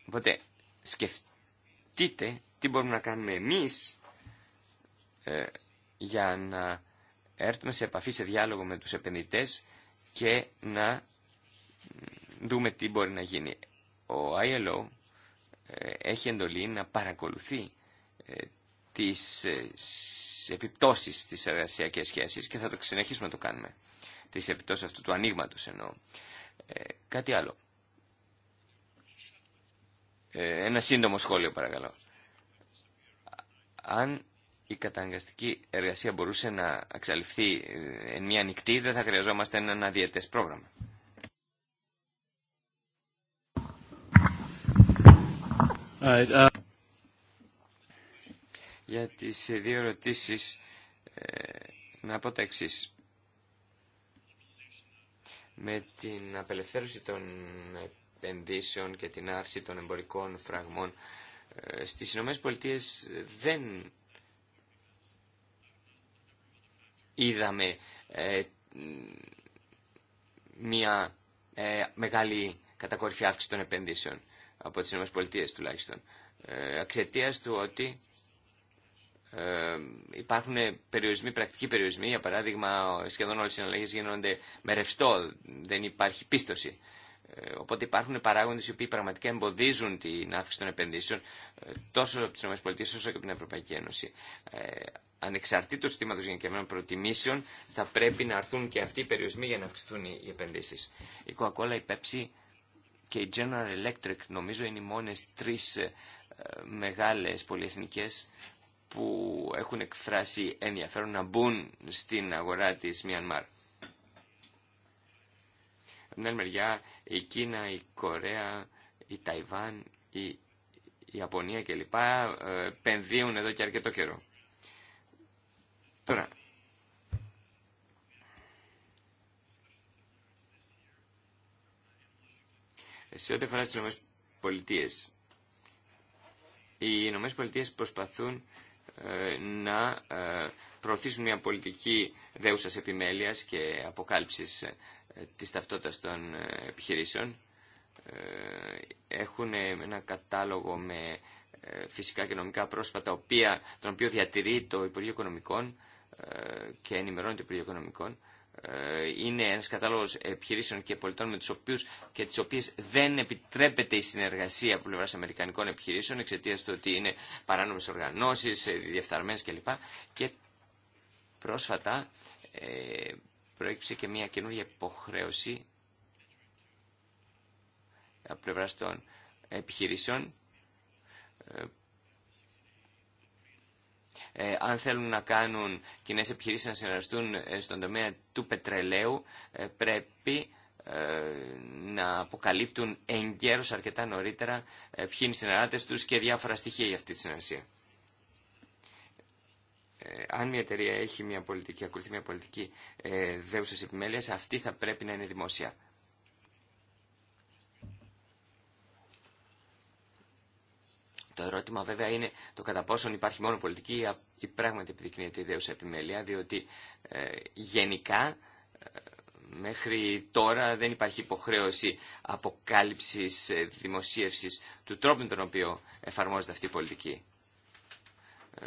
Οπότε σκεφτείτε τι μπορούμε να κάνουμε εμείς ε, για να έρθουμε σε επαφή, σε διάλογο με τους επενδυτές και να δούμε τι μπορεί να γίνει. Ο ILO ε, έχει εντολή να παρακολουθεί ε, τις ε, επιπτώσεις της εργασιακής σχέσης και θα το συνεχίσουμε να το κάνουμε. Τις επιπτώσεις αυτού του ανοίγματο εννοώ. Κάτι άλλο. Ένα σύντομο σχόλιο παρακαλώ. Αν η καταναγκαστική εργασία μπορούσε να εξαλειφθεί εν μία νυχτή, δεν θα χρειαζόμαστε ένα αδιαίτες πρόγραμμα. Uh, Για τις δύο ερωτήσει ε, να πω τα Με την απελευθέρωση των επενδύσεων και την άρση των εμπορικών φραγμών στι ε, στις Ηνωμένες δεν είδαμε ε, μια μεγάλη κατακόρυφη αύξηση των επενδύσεων από τις ΗΠΑ τουλάχιστον, ε, εξαιτία του ότι ε, υπάρχουν περιορισμοί, πρακτικοί περιορισμοί, για παράδειγμα σχεδόν όλες οι συναλλαγές γίνονται με ρευστό, δεν υπάρχει πίστοση. Ε, οπότε υπάρχουν παράγοντες οι οποίοι πραγματικά εμποδίζουν την αύξηση των επενδύσεων ε, τόσο από τις ΗΠΑ όσο και από την Ευρωπαϊκή Ένωση. Ε, ανεξαρτήτως στήματος γενικευμένων προτιμήσεων θα πρέπει να αρθούν και αυτοί οι περιορισμοί για να αυξηθούν οι επενδύσεις. Η Coca-Cola, η Pepsi και η General Electric νομίζω είναι οι μόνες τρεις ε, μεγάλες πολυεθνικές που έχουν εκφράσει ενδιαφέρον να μπουν στην αγορά της Μιανμάρ. Από την άλλη μεριά η Κίνα, η Κορέα, η Ταϊβάν, η Ιαπωνία κλπ. Ε, πενδύουν εδώ και αρκετό καιρό. Τώρα, Σε ό,τι αφορά τι ΗΠΑ, οι ΗΠΑ προσπαθούν ε, να ε, προωθήσουν μια πολιτική δέουσας επιμέλειας και αποκάλυψης ε, της ταυτότητας των επιχειρήσεων. Έχουν ένα κατάλογο με φυσικά και νομικά πρόσφατα, τον οποίο διατηρεί το Υπουργείο Οικονομικών και ενημερώνει το Υπουργείο Οικονομικών. Ε, είναι ένας κατάλογος επιχειρήσεων και πολιτών με τους οποίους και τις οποίες δεν επιτρέπεται η συνεργασία από πλευράς αμερικανικών επιχειρήσεων εξαιτία του ότι είναι παράνομες οργανώσεις, ε, διεφθαρμένες κλπ. Και πρόσφατα ε, προέκυψε και μια καινούργια υποχρέωση από πλευράς των επιχειρήσεων ε, ε, αν θέλουν να κάνουν κοινέ επιχειρήσει να συνεργαστούν ε, στον τομέα του πετρελαίου, ε, πρέπει να αποκαλύπτουν εγκαίρως αρκετά νωρίτερα ποιοι είναι οι συνεργάτες τους και διάφορα στοιχεία για αυτή τη συνεργασία. Αν μια εταιρεία έχει μια πολιτική, ακολουθεί μια πολιτική ε, δέουσα επιμέλεια, αυτή θα πρέπει να είναι δημόσια. Το ερώτημα βέβαια είναι το κατά πόσον υπάρχει μόνο πολιτική ή πράγματι επιδεικνύεται ιδέως επιμέλεια, διότι ε, γενικά ε, μέχρι τώρα δεν υπάρχει υποχρέωση αποκάλυψης, ε, δημοσίευσης του τρόπου με τον οποίο εφαρμόζεται αυτή η πολιτική. Ε,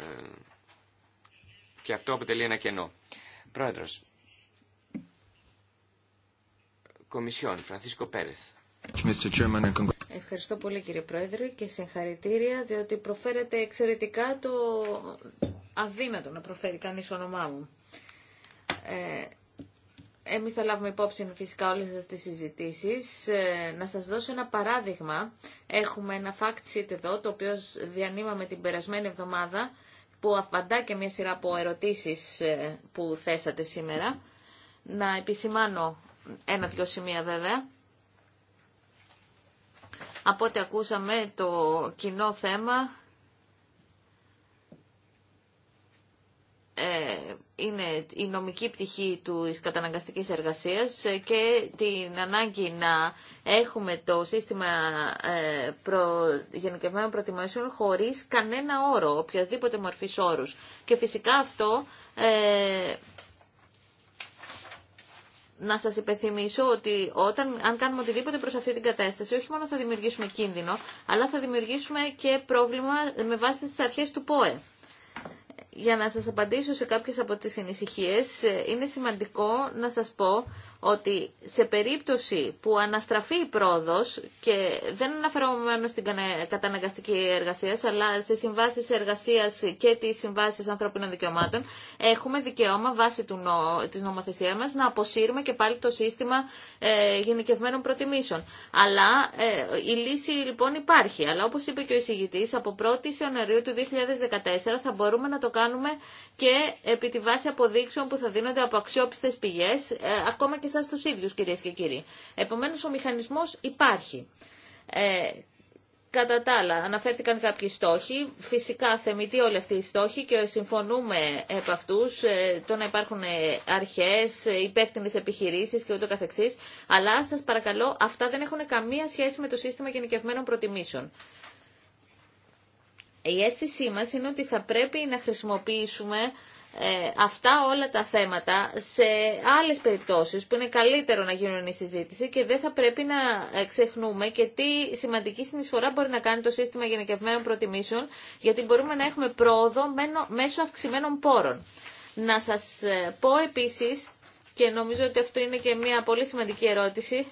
και αυτό αποτελεί ένα κενό. Πρόεδρος, Κομισιόν, Φρανσίσκο Πέρεθ. Ευχαριστώ πολύ κύριε Πρόεδρε και συγχαρητήρια διότι προφέρετε εξαιρετικά το αδύνατο να προφέρει κανείς όνομά μου. Ε, εμείς θα λάβουμε υπόψη φυσικά όλες σας τις συζητήσεις. Ε, να σας δώσω ένα παράδειγμα. Έχουμε ένα fact sheet εδώ το οποίο διανύμαμε την περασμένη εβδομάδα που απαντά και μια σειρά από ερωτήσεις ε, που θέσατε σήμερα. Να επισημάνω ένα-δυο σημεία βέβαια. Από ό,τι ακούσαμε το κοινό θέμα ε, είναι η νομική πτυχή του καταναγκαστικής εργασίας και την ανάγκη να έχουμε το σύστημα ε, προ... γενικευμένων προτιμήσεων χωρίς κανένα όρο, οποιαδήποτε μορφής όρους. Και φυσικά αυτό ε, να σας υπενθυμίσω ότι όταν, αν κάνουμε οτιδήποτε προς αυτή την κατάσταση, όχι μόνο θα δημιουργήσουμε κίνδυνο, αλλά θα δημιουργήσουμε και πρόβλημα με βάση τις αρχές του ΠΟΕ. Για να σας απαντήσω σε κάποιες από τις ανησυχίε, ε, είναι σημαντικό να σας πω ότι σε περίπτωση που αναστραφεί η πρόοδος και δεν αναφέρομαι μόνο στην καταναγκαστική εργασία, αλλά στις συμβάσεις εργασίας και τις συμβάσεις ανθρώπινων δικαιωμάτων, έχουμε δικαίωμα βάσει του νο... της νομοθεσίας μας να αποσύρουμε και πάλι το σύστημα ε, γενικευμένων προτιμήσεων. Αλλά ε, η λύση λοιπόν υπάρχει. Αλλά όπως είπε και ο εισηγητής, από 1η Ιανουαρίου του 2014 θα μπορούμε να το κάνουμε και επί τη βάση αποδείξεων που θα δίνονται από αξιόπιστες πηγές, ε, ακόμα και εσά του ίδιους κυρίες και κύριοι. Επομένως ο μηχανισμός υπάρχει. Ε, Κατά τα άλλα, αναφέρθηκαν κάποιοι στόχοι. Φυσικά θεμητοί όλοι αυτοί οι στόχοι και συμφωνούμε επ' αυτού. Ε, το να υπάρχουν ε, αρχέ, υπεύθυνε επιχειρήσει και ούτω καθεξής. Αλλά σα παρακαλώ, αυτά δεν έχουν καμία σχέση με το σύστημα γενικευμένων προτιμήσεων. Η αίσθησή μας είναι ότι θα πρέπει να χρησιμοποιήσουμε ε, αυτά όλα τα θέματα σε άλλες περιπτώσεις που είναι καλύτερο να γίνουν η συζήτηση και δεν θα πρέπει να ε, ξεχνούμε και τι σημαντική συνεισφορά μπορεί να κάνει το σύστημα γενικευμένων προτιμήσεων γιατί μπορούμε να έχουμε πρόοδο μέσω αυξημένων πόρων. Να σας ε, πω επίσης και νομίζω ότι αυτό είναι και μια πολύ σημαντική ερώτηση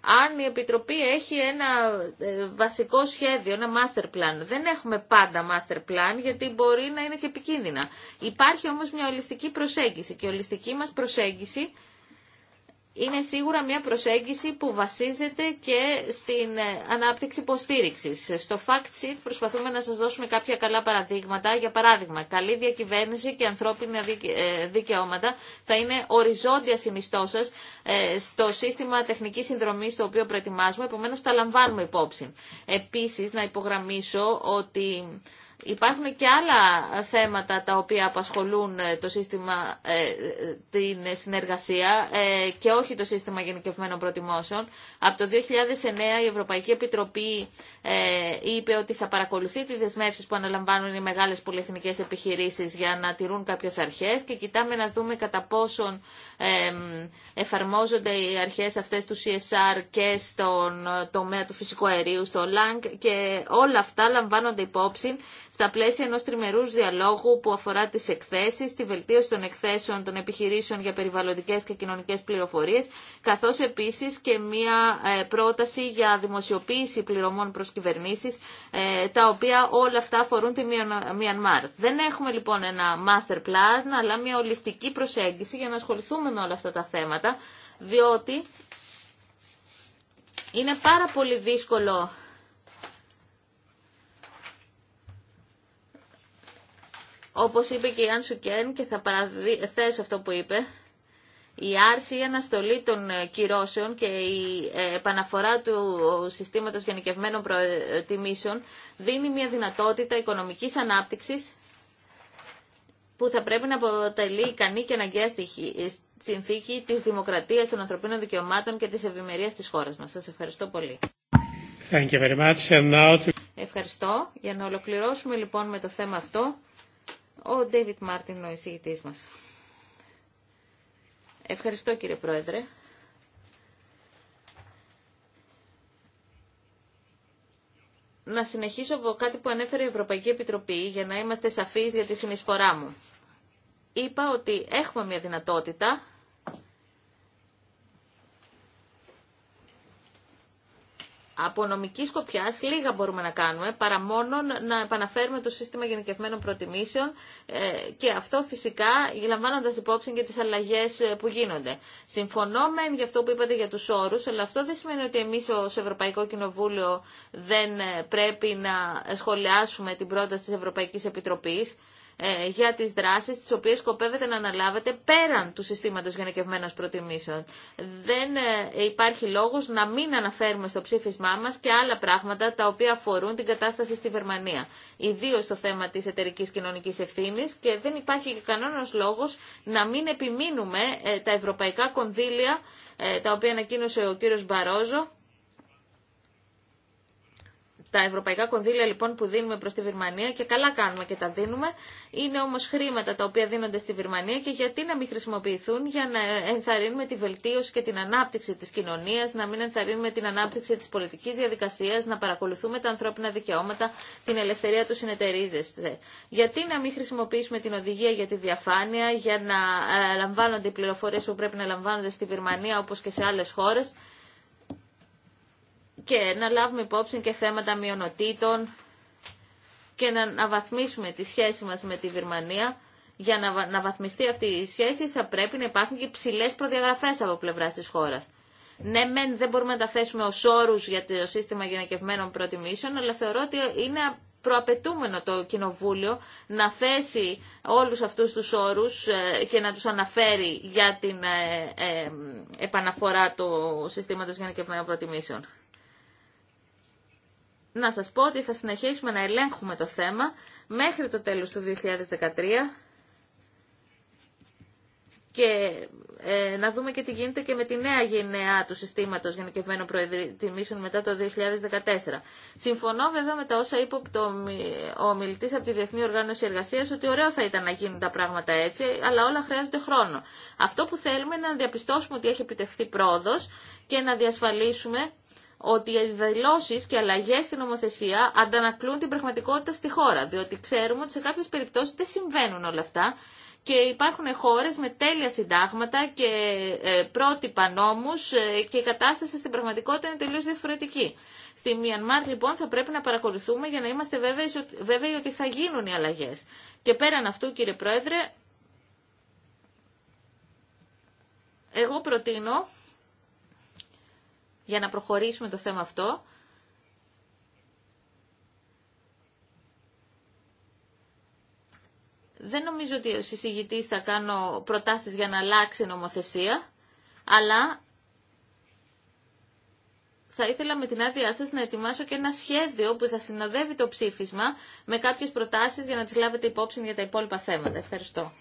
αν η Επιτροπή έχει ένα ε, βασικό σχέδιο, ένα master plan. Δεν έχουμε πάντα master plan γιατί μπορεί να είναι και επικίνδυνα. Υπάρχει όμως μια ολιστική προσέγγιση και η ολιστική μας προσέγγιση είναι σίγουρα μια προσέγγιση που βασίζεται και στην ε, ανάπτυξη υποστήριξη. Στο fact sheet προσπαθούμε να σας δώσουμε κάποια καλά παραδείγματα. Για παράδειγμα, καλή διακυβέρνηση και ανθρώπινα ε, δικαιώματα θα είναι οριζόντια συνιστό σα ε, στο σύστημα τεχνικής συνδρομής το οποίο προετοιμάζουμε, επομένως τα λαμβάνουμε υπόψη. Επίσης, να υπογραμμίσω ότι Υπάρχουν και άλλα θέματα τα οποία απασχολούν ε, το σύστημα, ε, την συνεργασία ε, και όχι το σύστημα γενικευμένων προτιμώσεων. Από το 2009 η Ευρωπαϊκή Επιτροπή ε, είπε ότι θα παρακολουθεί τις δεσμεύσεις που αναλαμβάνουν οι μεγάλες πολυεθνικές επιχειρήσεις για να τηρούν κάποιες αρχές και κοιτάμε να δούμε κατά πόσον εφαρμόζονται οι αρχές αυτές του CSR και στον τομέα του φυσικού αερίου, στο ΛΑΝΚ και όλα αυτά λαμβάνονται υπόψη στα πλαίσια ενός τριμερούς διαλόγου που αφορά τις εκθέσεις, τη βελτίωση των εκθέσεων των επιχειρήσεων για περιβαλλοντικές και κοινωνικές πληροφορίες, καθώς επίσης και μία ε, πρόταση για δημοσιοποίηση πληρωμών προς κυβερνήσεις, ε, τα οποία όλα αυτά αφορούν τη Μιανμάρ. Δεν έχουμε λοιπόν ένα master plan, αλλά μια ολιστική προσέγγιση για να ασχοληθούμε με όλα αυτά τα θέματα, διότι είναι πάρα πολύ δύσκολο Όπως είπε και η Αν Σουκέν και θα παραθέσω αυτό που είπε, η άρση ή αναστολή των ε, κυρώσεων και η ε, επαναφορά του συστήματος γενικευμένων προετοιμήσεων δίνει μια δυνατότητα οικονομικής ανάπτυξης που θα πρέπει να αποτελεί ικανή και αναγκαία ε, συνθήκη της δημοκρατίας των ανθρωπίνων δικαιωμάτων και της ευημερίας της χώρας μας. Σας ευχαριστώ πολύ. Ευχαριστώ. Για να ολοκληρώσουμε λοιπόν με το θέμα αυτό, ο Ντέιβιτ Μάρτιν, ο εισηγητή μας. Ευχαριστώ κύριε Πρόεδρε. Να συνεχίσω από κάτι που ανέφερε η Ευρωπαϊκή Επιτροπή για να είμαστε σαφείς για τη συνεισφορά μου. Είπα ότι έχουμε μια δυνατότητα Από νομική σκοπιά λίγα μπορούμε να κάνουμε παρά μόνο να επαναφέρουμε το σύστημα γενικευμένων προτιμήσεων ε, και αυτό φυσικά λαμβάνοντα υπόψη και τι αλλαγέ ε, που γίνονται. Συμφωνώ μεν για αυτό που είπατε για του όρου, αλλά αυτό δεν σημαίνει ότι εμεί ω Ευρωπαϊκό Κοινοβούλιο δεν ε, πρέπει να σχολιάσουμε την πρόταση τη Ευρωπαϊκή Επιτροπή. Ε, για τις δράσεις τις οποίες σκοπεύετε να αναλάβετε πέραν του συστήματος γενικευμένων προτιμήσεων. Δεν ε, υπάρχει λόγος να μην αναφέρουμε στο ψήφισμά μας και άλλα πράγματα τα οποία αφορούν την κατάσταση στη Βερμανία. Ιδίω στο θέμα της εταιρική κοινωνικής ευθύνη και δεν υπάρχει και λόγο λόγος να μην επιμείνουμε ε, τα ευρωπαϊκά κονδύλια τα οποία ανακοίνωσε ο κύριος Μπαρόζο τα ευρωπαϊκά κονδύλια λοιπόν που δίνουμε προς τη Βυρμανία και καλά κάνουμε και τα δίνουμε, είναι όμως χρήματα τα οποία δίνονται στη Βυρμανία και γιατί να μην χρησιμοποιηθούν για να ενθαρρύνουμε τη βελτίωση και την ανάπτυξη της κοινωνίας, να μην ενθαρρύνουμε την ανάπτυξη της πολιτικής διαδικασίας, να παρακολουθούμε τα ανθρώπινα δικαιώματα, την ελευθερία του συνεταιρίζεστε. Γιατί να μην χρησιμοποιήσουμε την οδηγία για τη διαφάνεια, για να ε, λαμβάνονται οι πληροφορίες που πρέπει να λαμβάνονται στη Βυρμανία όπως και σε άλλες χώρες, και να λάβουμε υπόψη και θέματα μειονοτήτων και να αναβαθμίσουμε τη σχέση μας με τη Βερμανία. Για να, να βαθμιστεί αυτή η σχέση θα πρέπει να υπάρχουν και ψηλέ προδιαγραφές από πλευρά της χώρας. Ναι, μεν δεν μπορούμε να τα θέσουμε ως όρους για το σύστημα γενικευμένων προτιμήσεων, αλλά θεωρώ ότι είναι προαπαιτούμενο το Κοινοβούλιο να θέσει όλους αυτούς τους όρους ε, και να τους αναφέρει για την ε, ε, επαναφορά του συστήματος γενικευμένων προτιμήσεων να σας πω ότι θα συνεχίσουμε να ελέγχουμε το θέμα μέχρι το τέλος του 2013 και ε, να δούμε και τι γίνεται και με τη νέα γενεά του συστήματος γενικευμένων προεδρυμίσεων μετά το 2014. Συμφωνώ βέβαια με τα όσα είπε ο μιλητής από τη Διεθνή Οργάνωση Εργασίας ότι ωραίο θα ήταν να γίνουν τα πράγματα έτσι, αλλά όλα χρειάζονται χρόνο. Αυτό που θέλουμε είναι να διαπιστώσουμε ότι έχει επιτευχθεί πρόοδος και να διασφαλίσουμε ότι οι και αλλαγέ στην νομοθεσία αντανακλούν την πραγματικότητα στη χώρα. Διότι ξέρουμε ότι σε κάποιε περιπτώσει δεν συμβαίνουν όλα αυτά και υπάρχουν χώρες με τέλεια συντάγματα και ε, πρότυπα νόμου ε, και η κατάσταση στην πραγματικότητα είναι τελείως διαφορετική. Στη Μιανμάρ λοιπόν θα πρέπει να παρακολουθούμε για να είμαστε βέβαιοι ότι θα γίνουν οι αλλαγέ. Και πέραν αυτού κύριε Πρόεδρε, εγώ προτείνω για να προχωρήσουμε το θέμα αυτό. Δεν νομίζω ότι ο συζητητής θα κάνω προτάσεις για να αλλάξει νομοθεσία, αλλά θα ήθελα με την άδειά σας να ετοιμάσω και ένα σχέδιο που θα συνοδεύει το ψήφισμα με κάποιες προτάσεις για να τις λάβετε υπόψη για τα υπόλοιπα θέματα. Ευχαριστώ.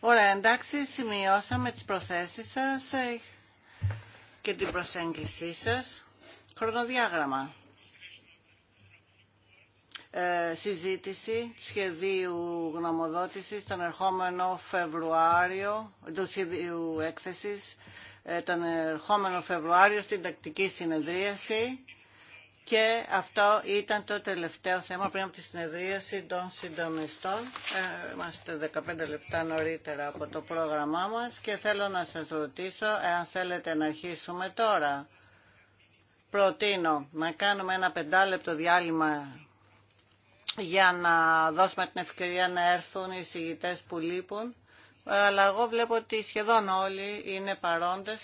Ωραία, εντάξει, σημειώσαμε τις προθέσεις σας και την προσέγγιση σας. Χρονοδιάγραμμα. Ε, συζήτηση σχεδίου γνωμοδότησης τον ερχόμενο Φεβρουάριο, του σχεδίου έκθεσης, ε, τον ερχόμενο Φεβρουάριο στην τακτική συνεδρίαση και αυτό ήταν το τελευταίο θέμα πριν από τη συνεδρίαση των συντονιστών. Ε, είμαστε 15 λεπτά νωρίτερα από το πρόγραμμά μας και θέλω να σας ρωτήσω εάν θέλετε να αρχίσουμε τώρα. Προτείνω να κάνουμε ένα πεντάλεπτο διάλειμμα για να δώσουμε την ευκαιρία να έρθουν οι συγητές που λείπουν. Αλλά εγώ βλέπω ότι σχεδόν όλοι είναι παρόντες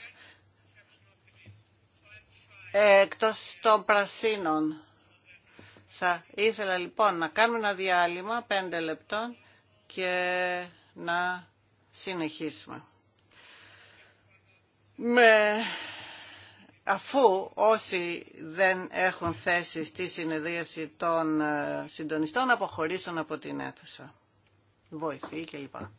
εκτός των πρασίνων. Θα ήθελα λοιπόν να κάνουμε ένα διάλειμμα πέντε λεπτών και να συνεχίσουμε. Με... Αφού όσοι δεν έχουν θέση στη συνεδρίαση των ε, συντονιστών αποχωρήσουν από την αίθουσα. Βοηθή κλπ.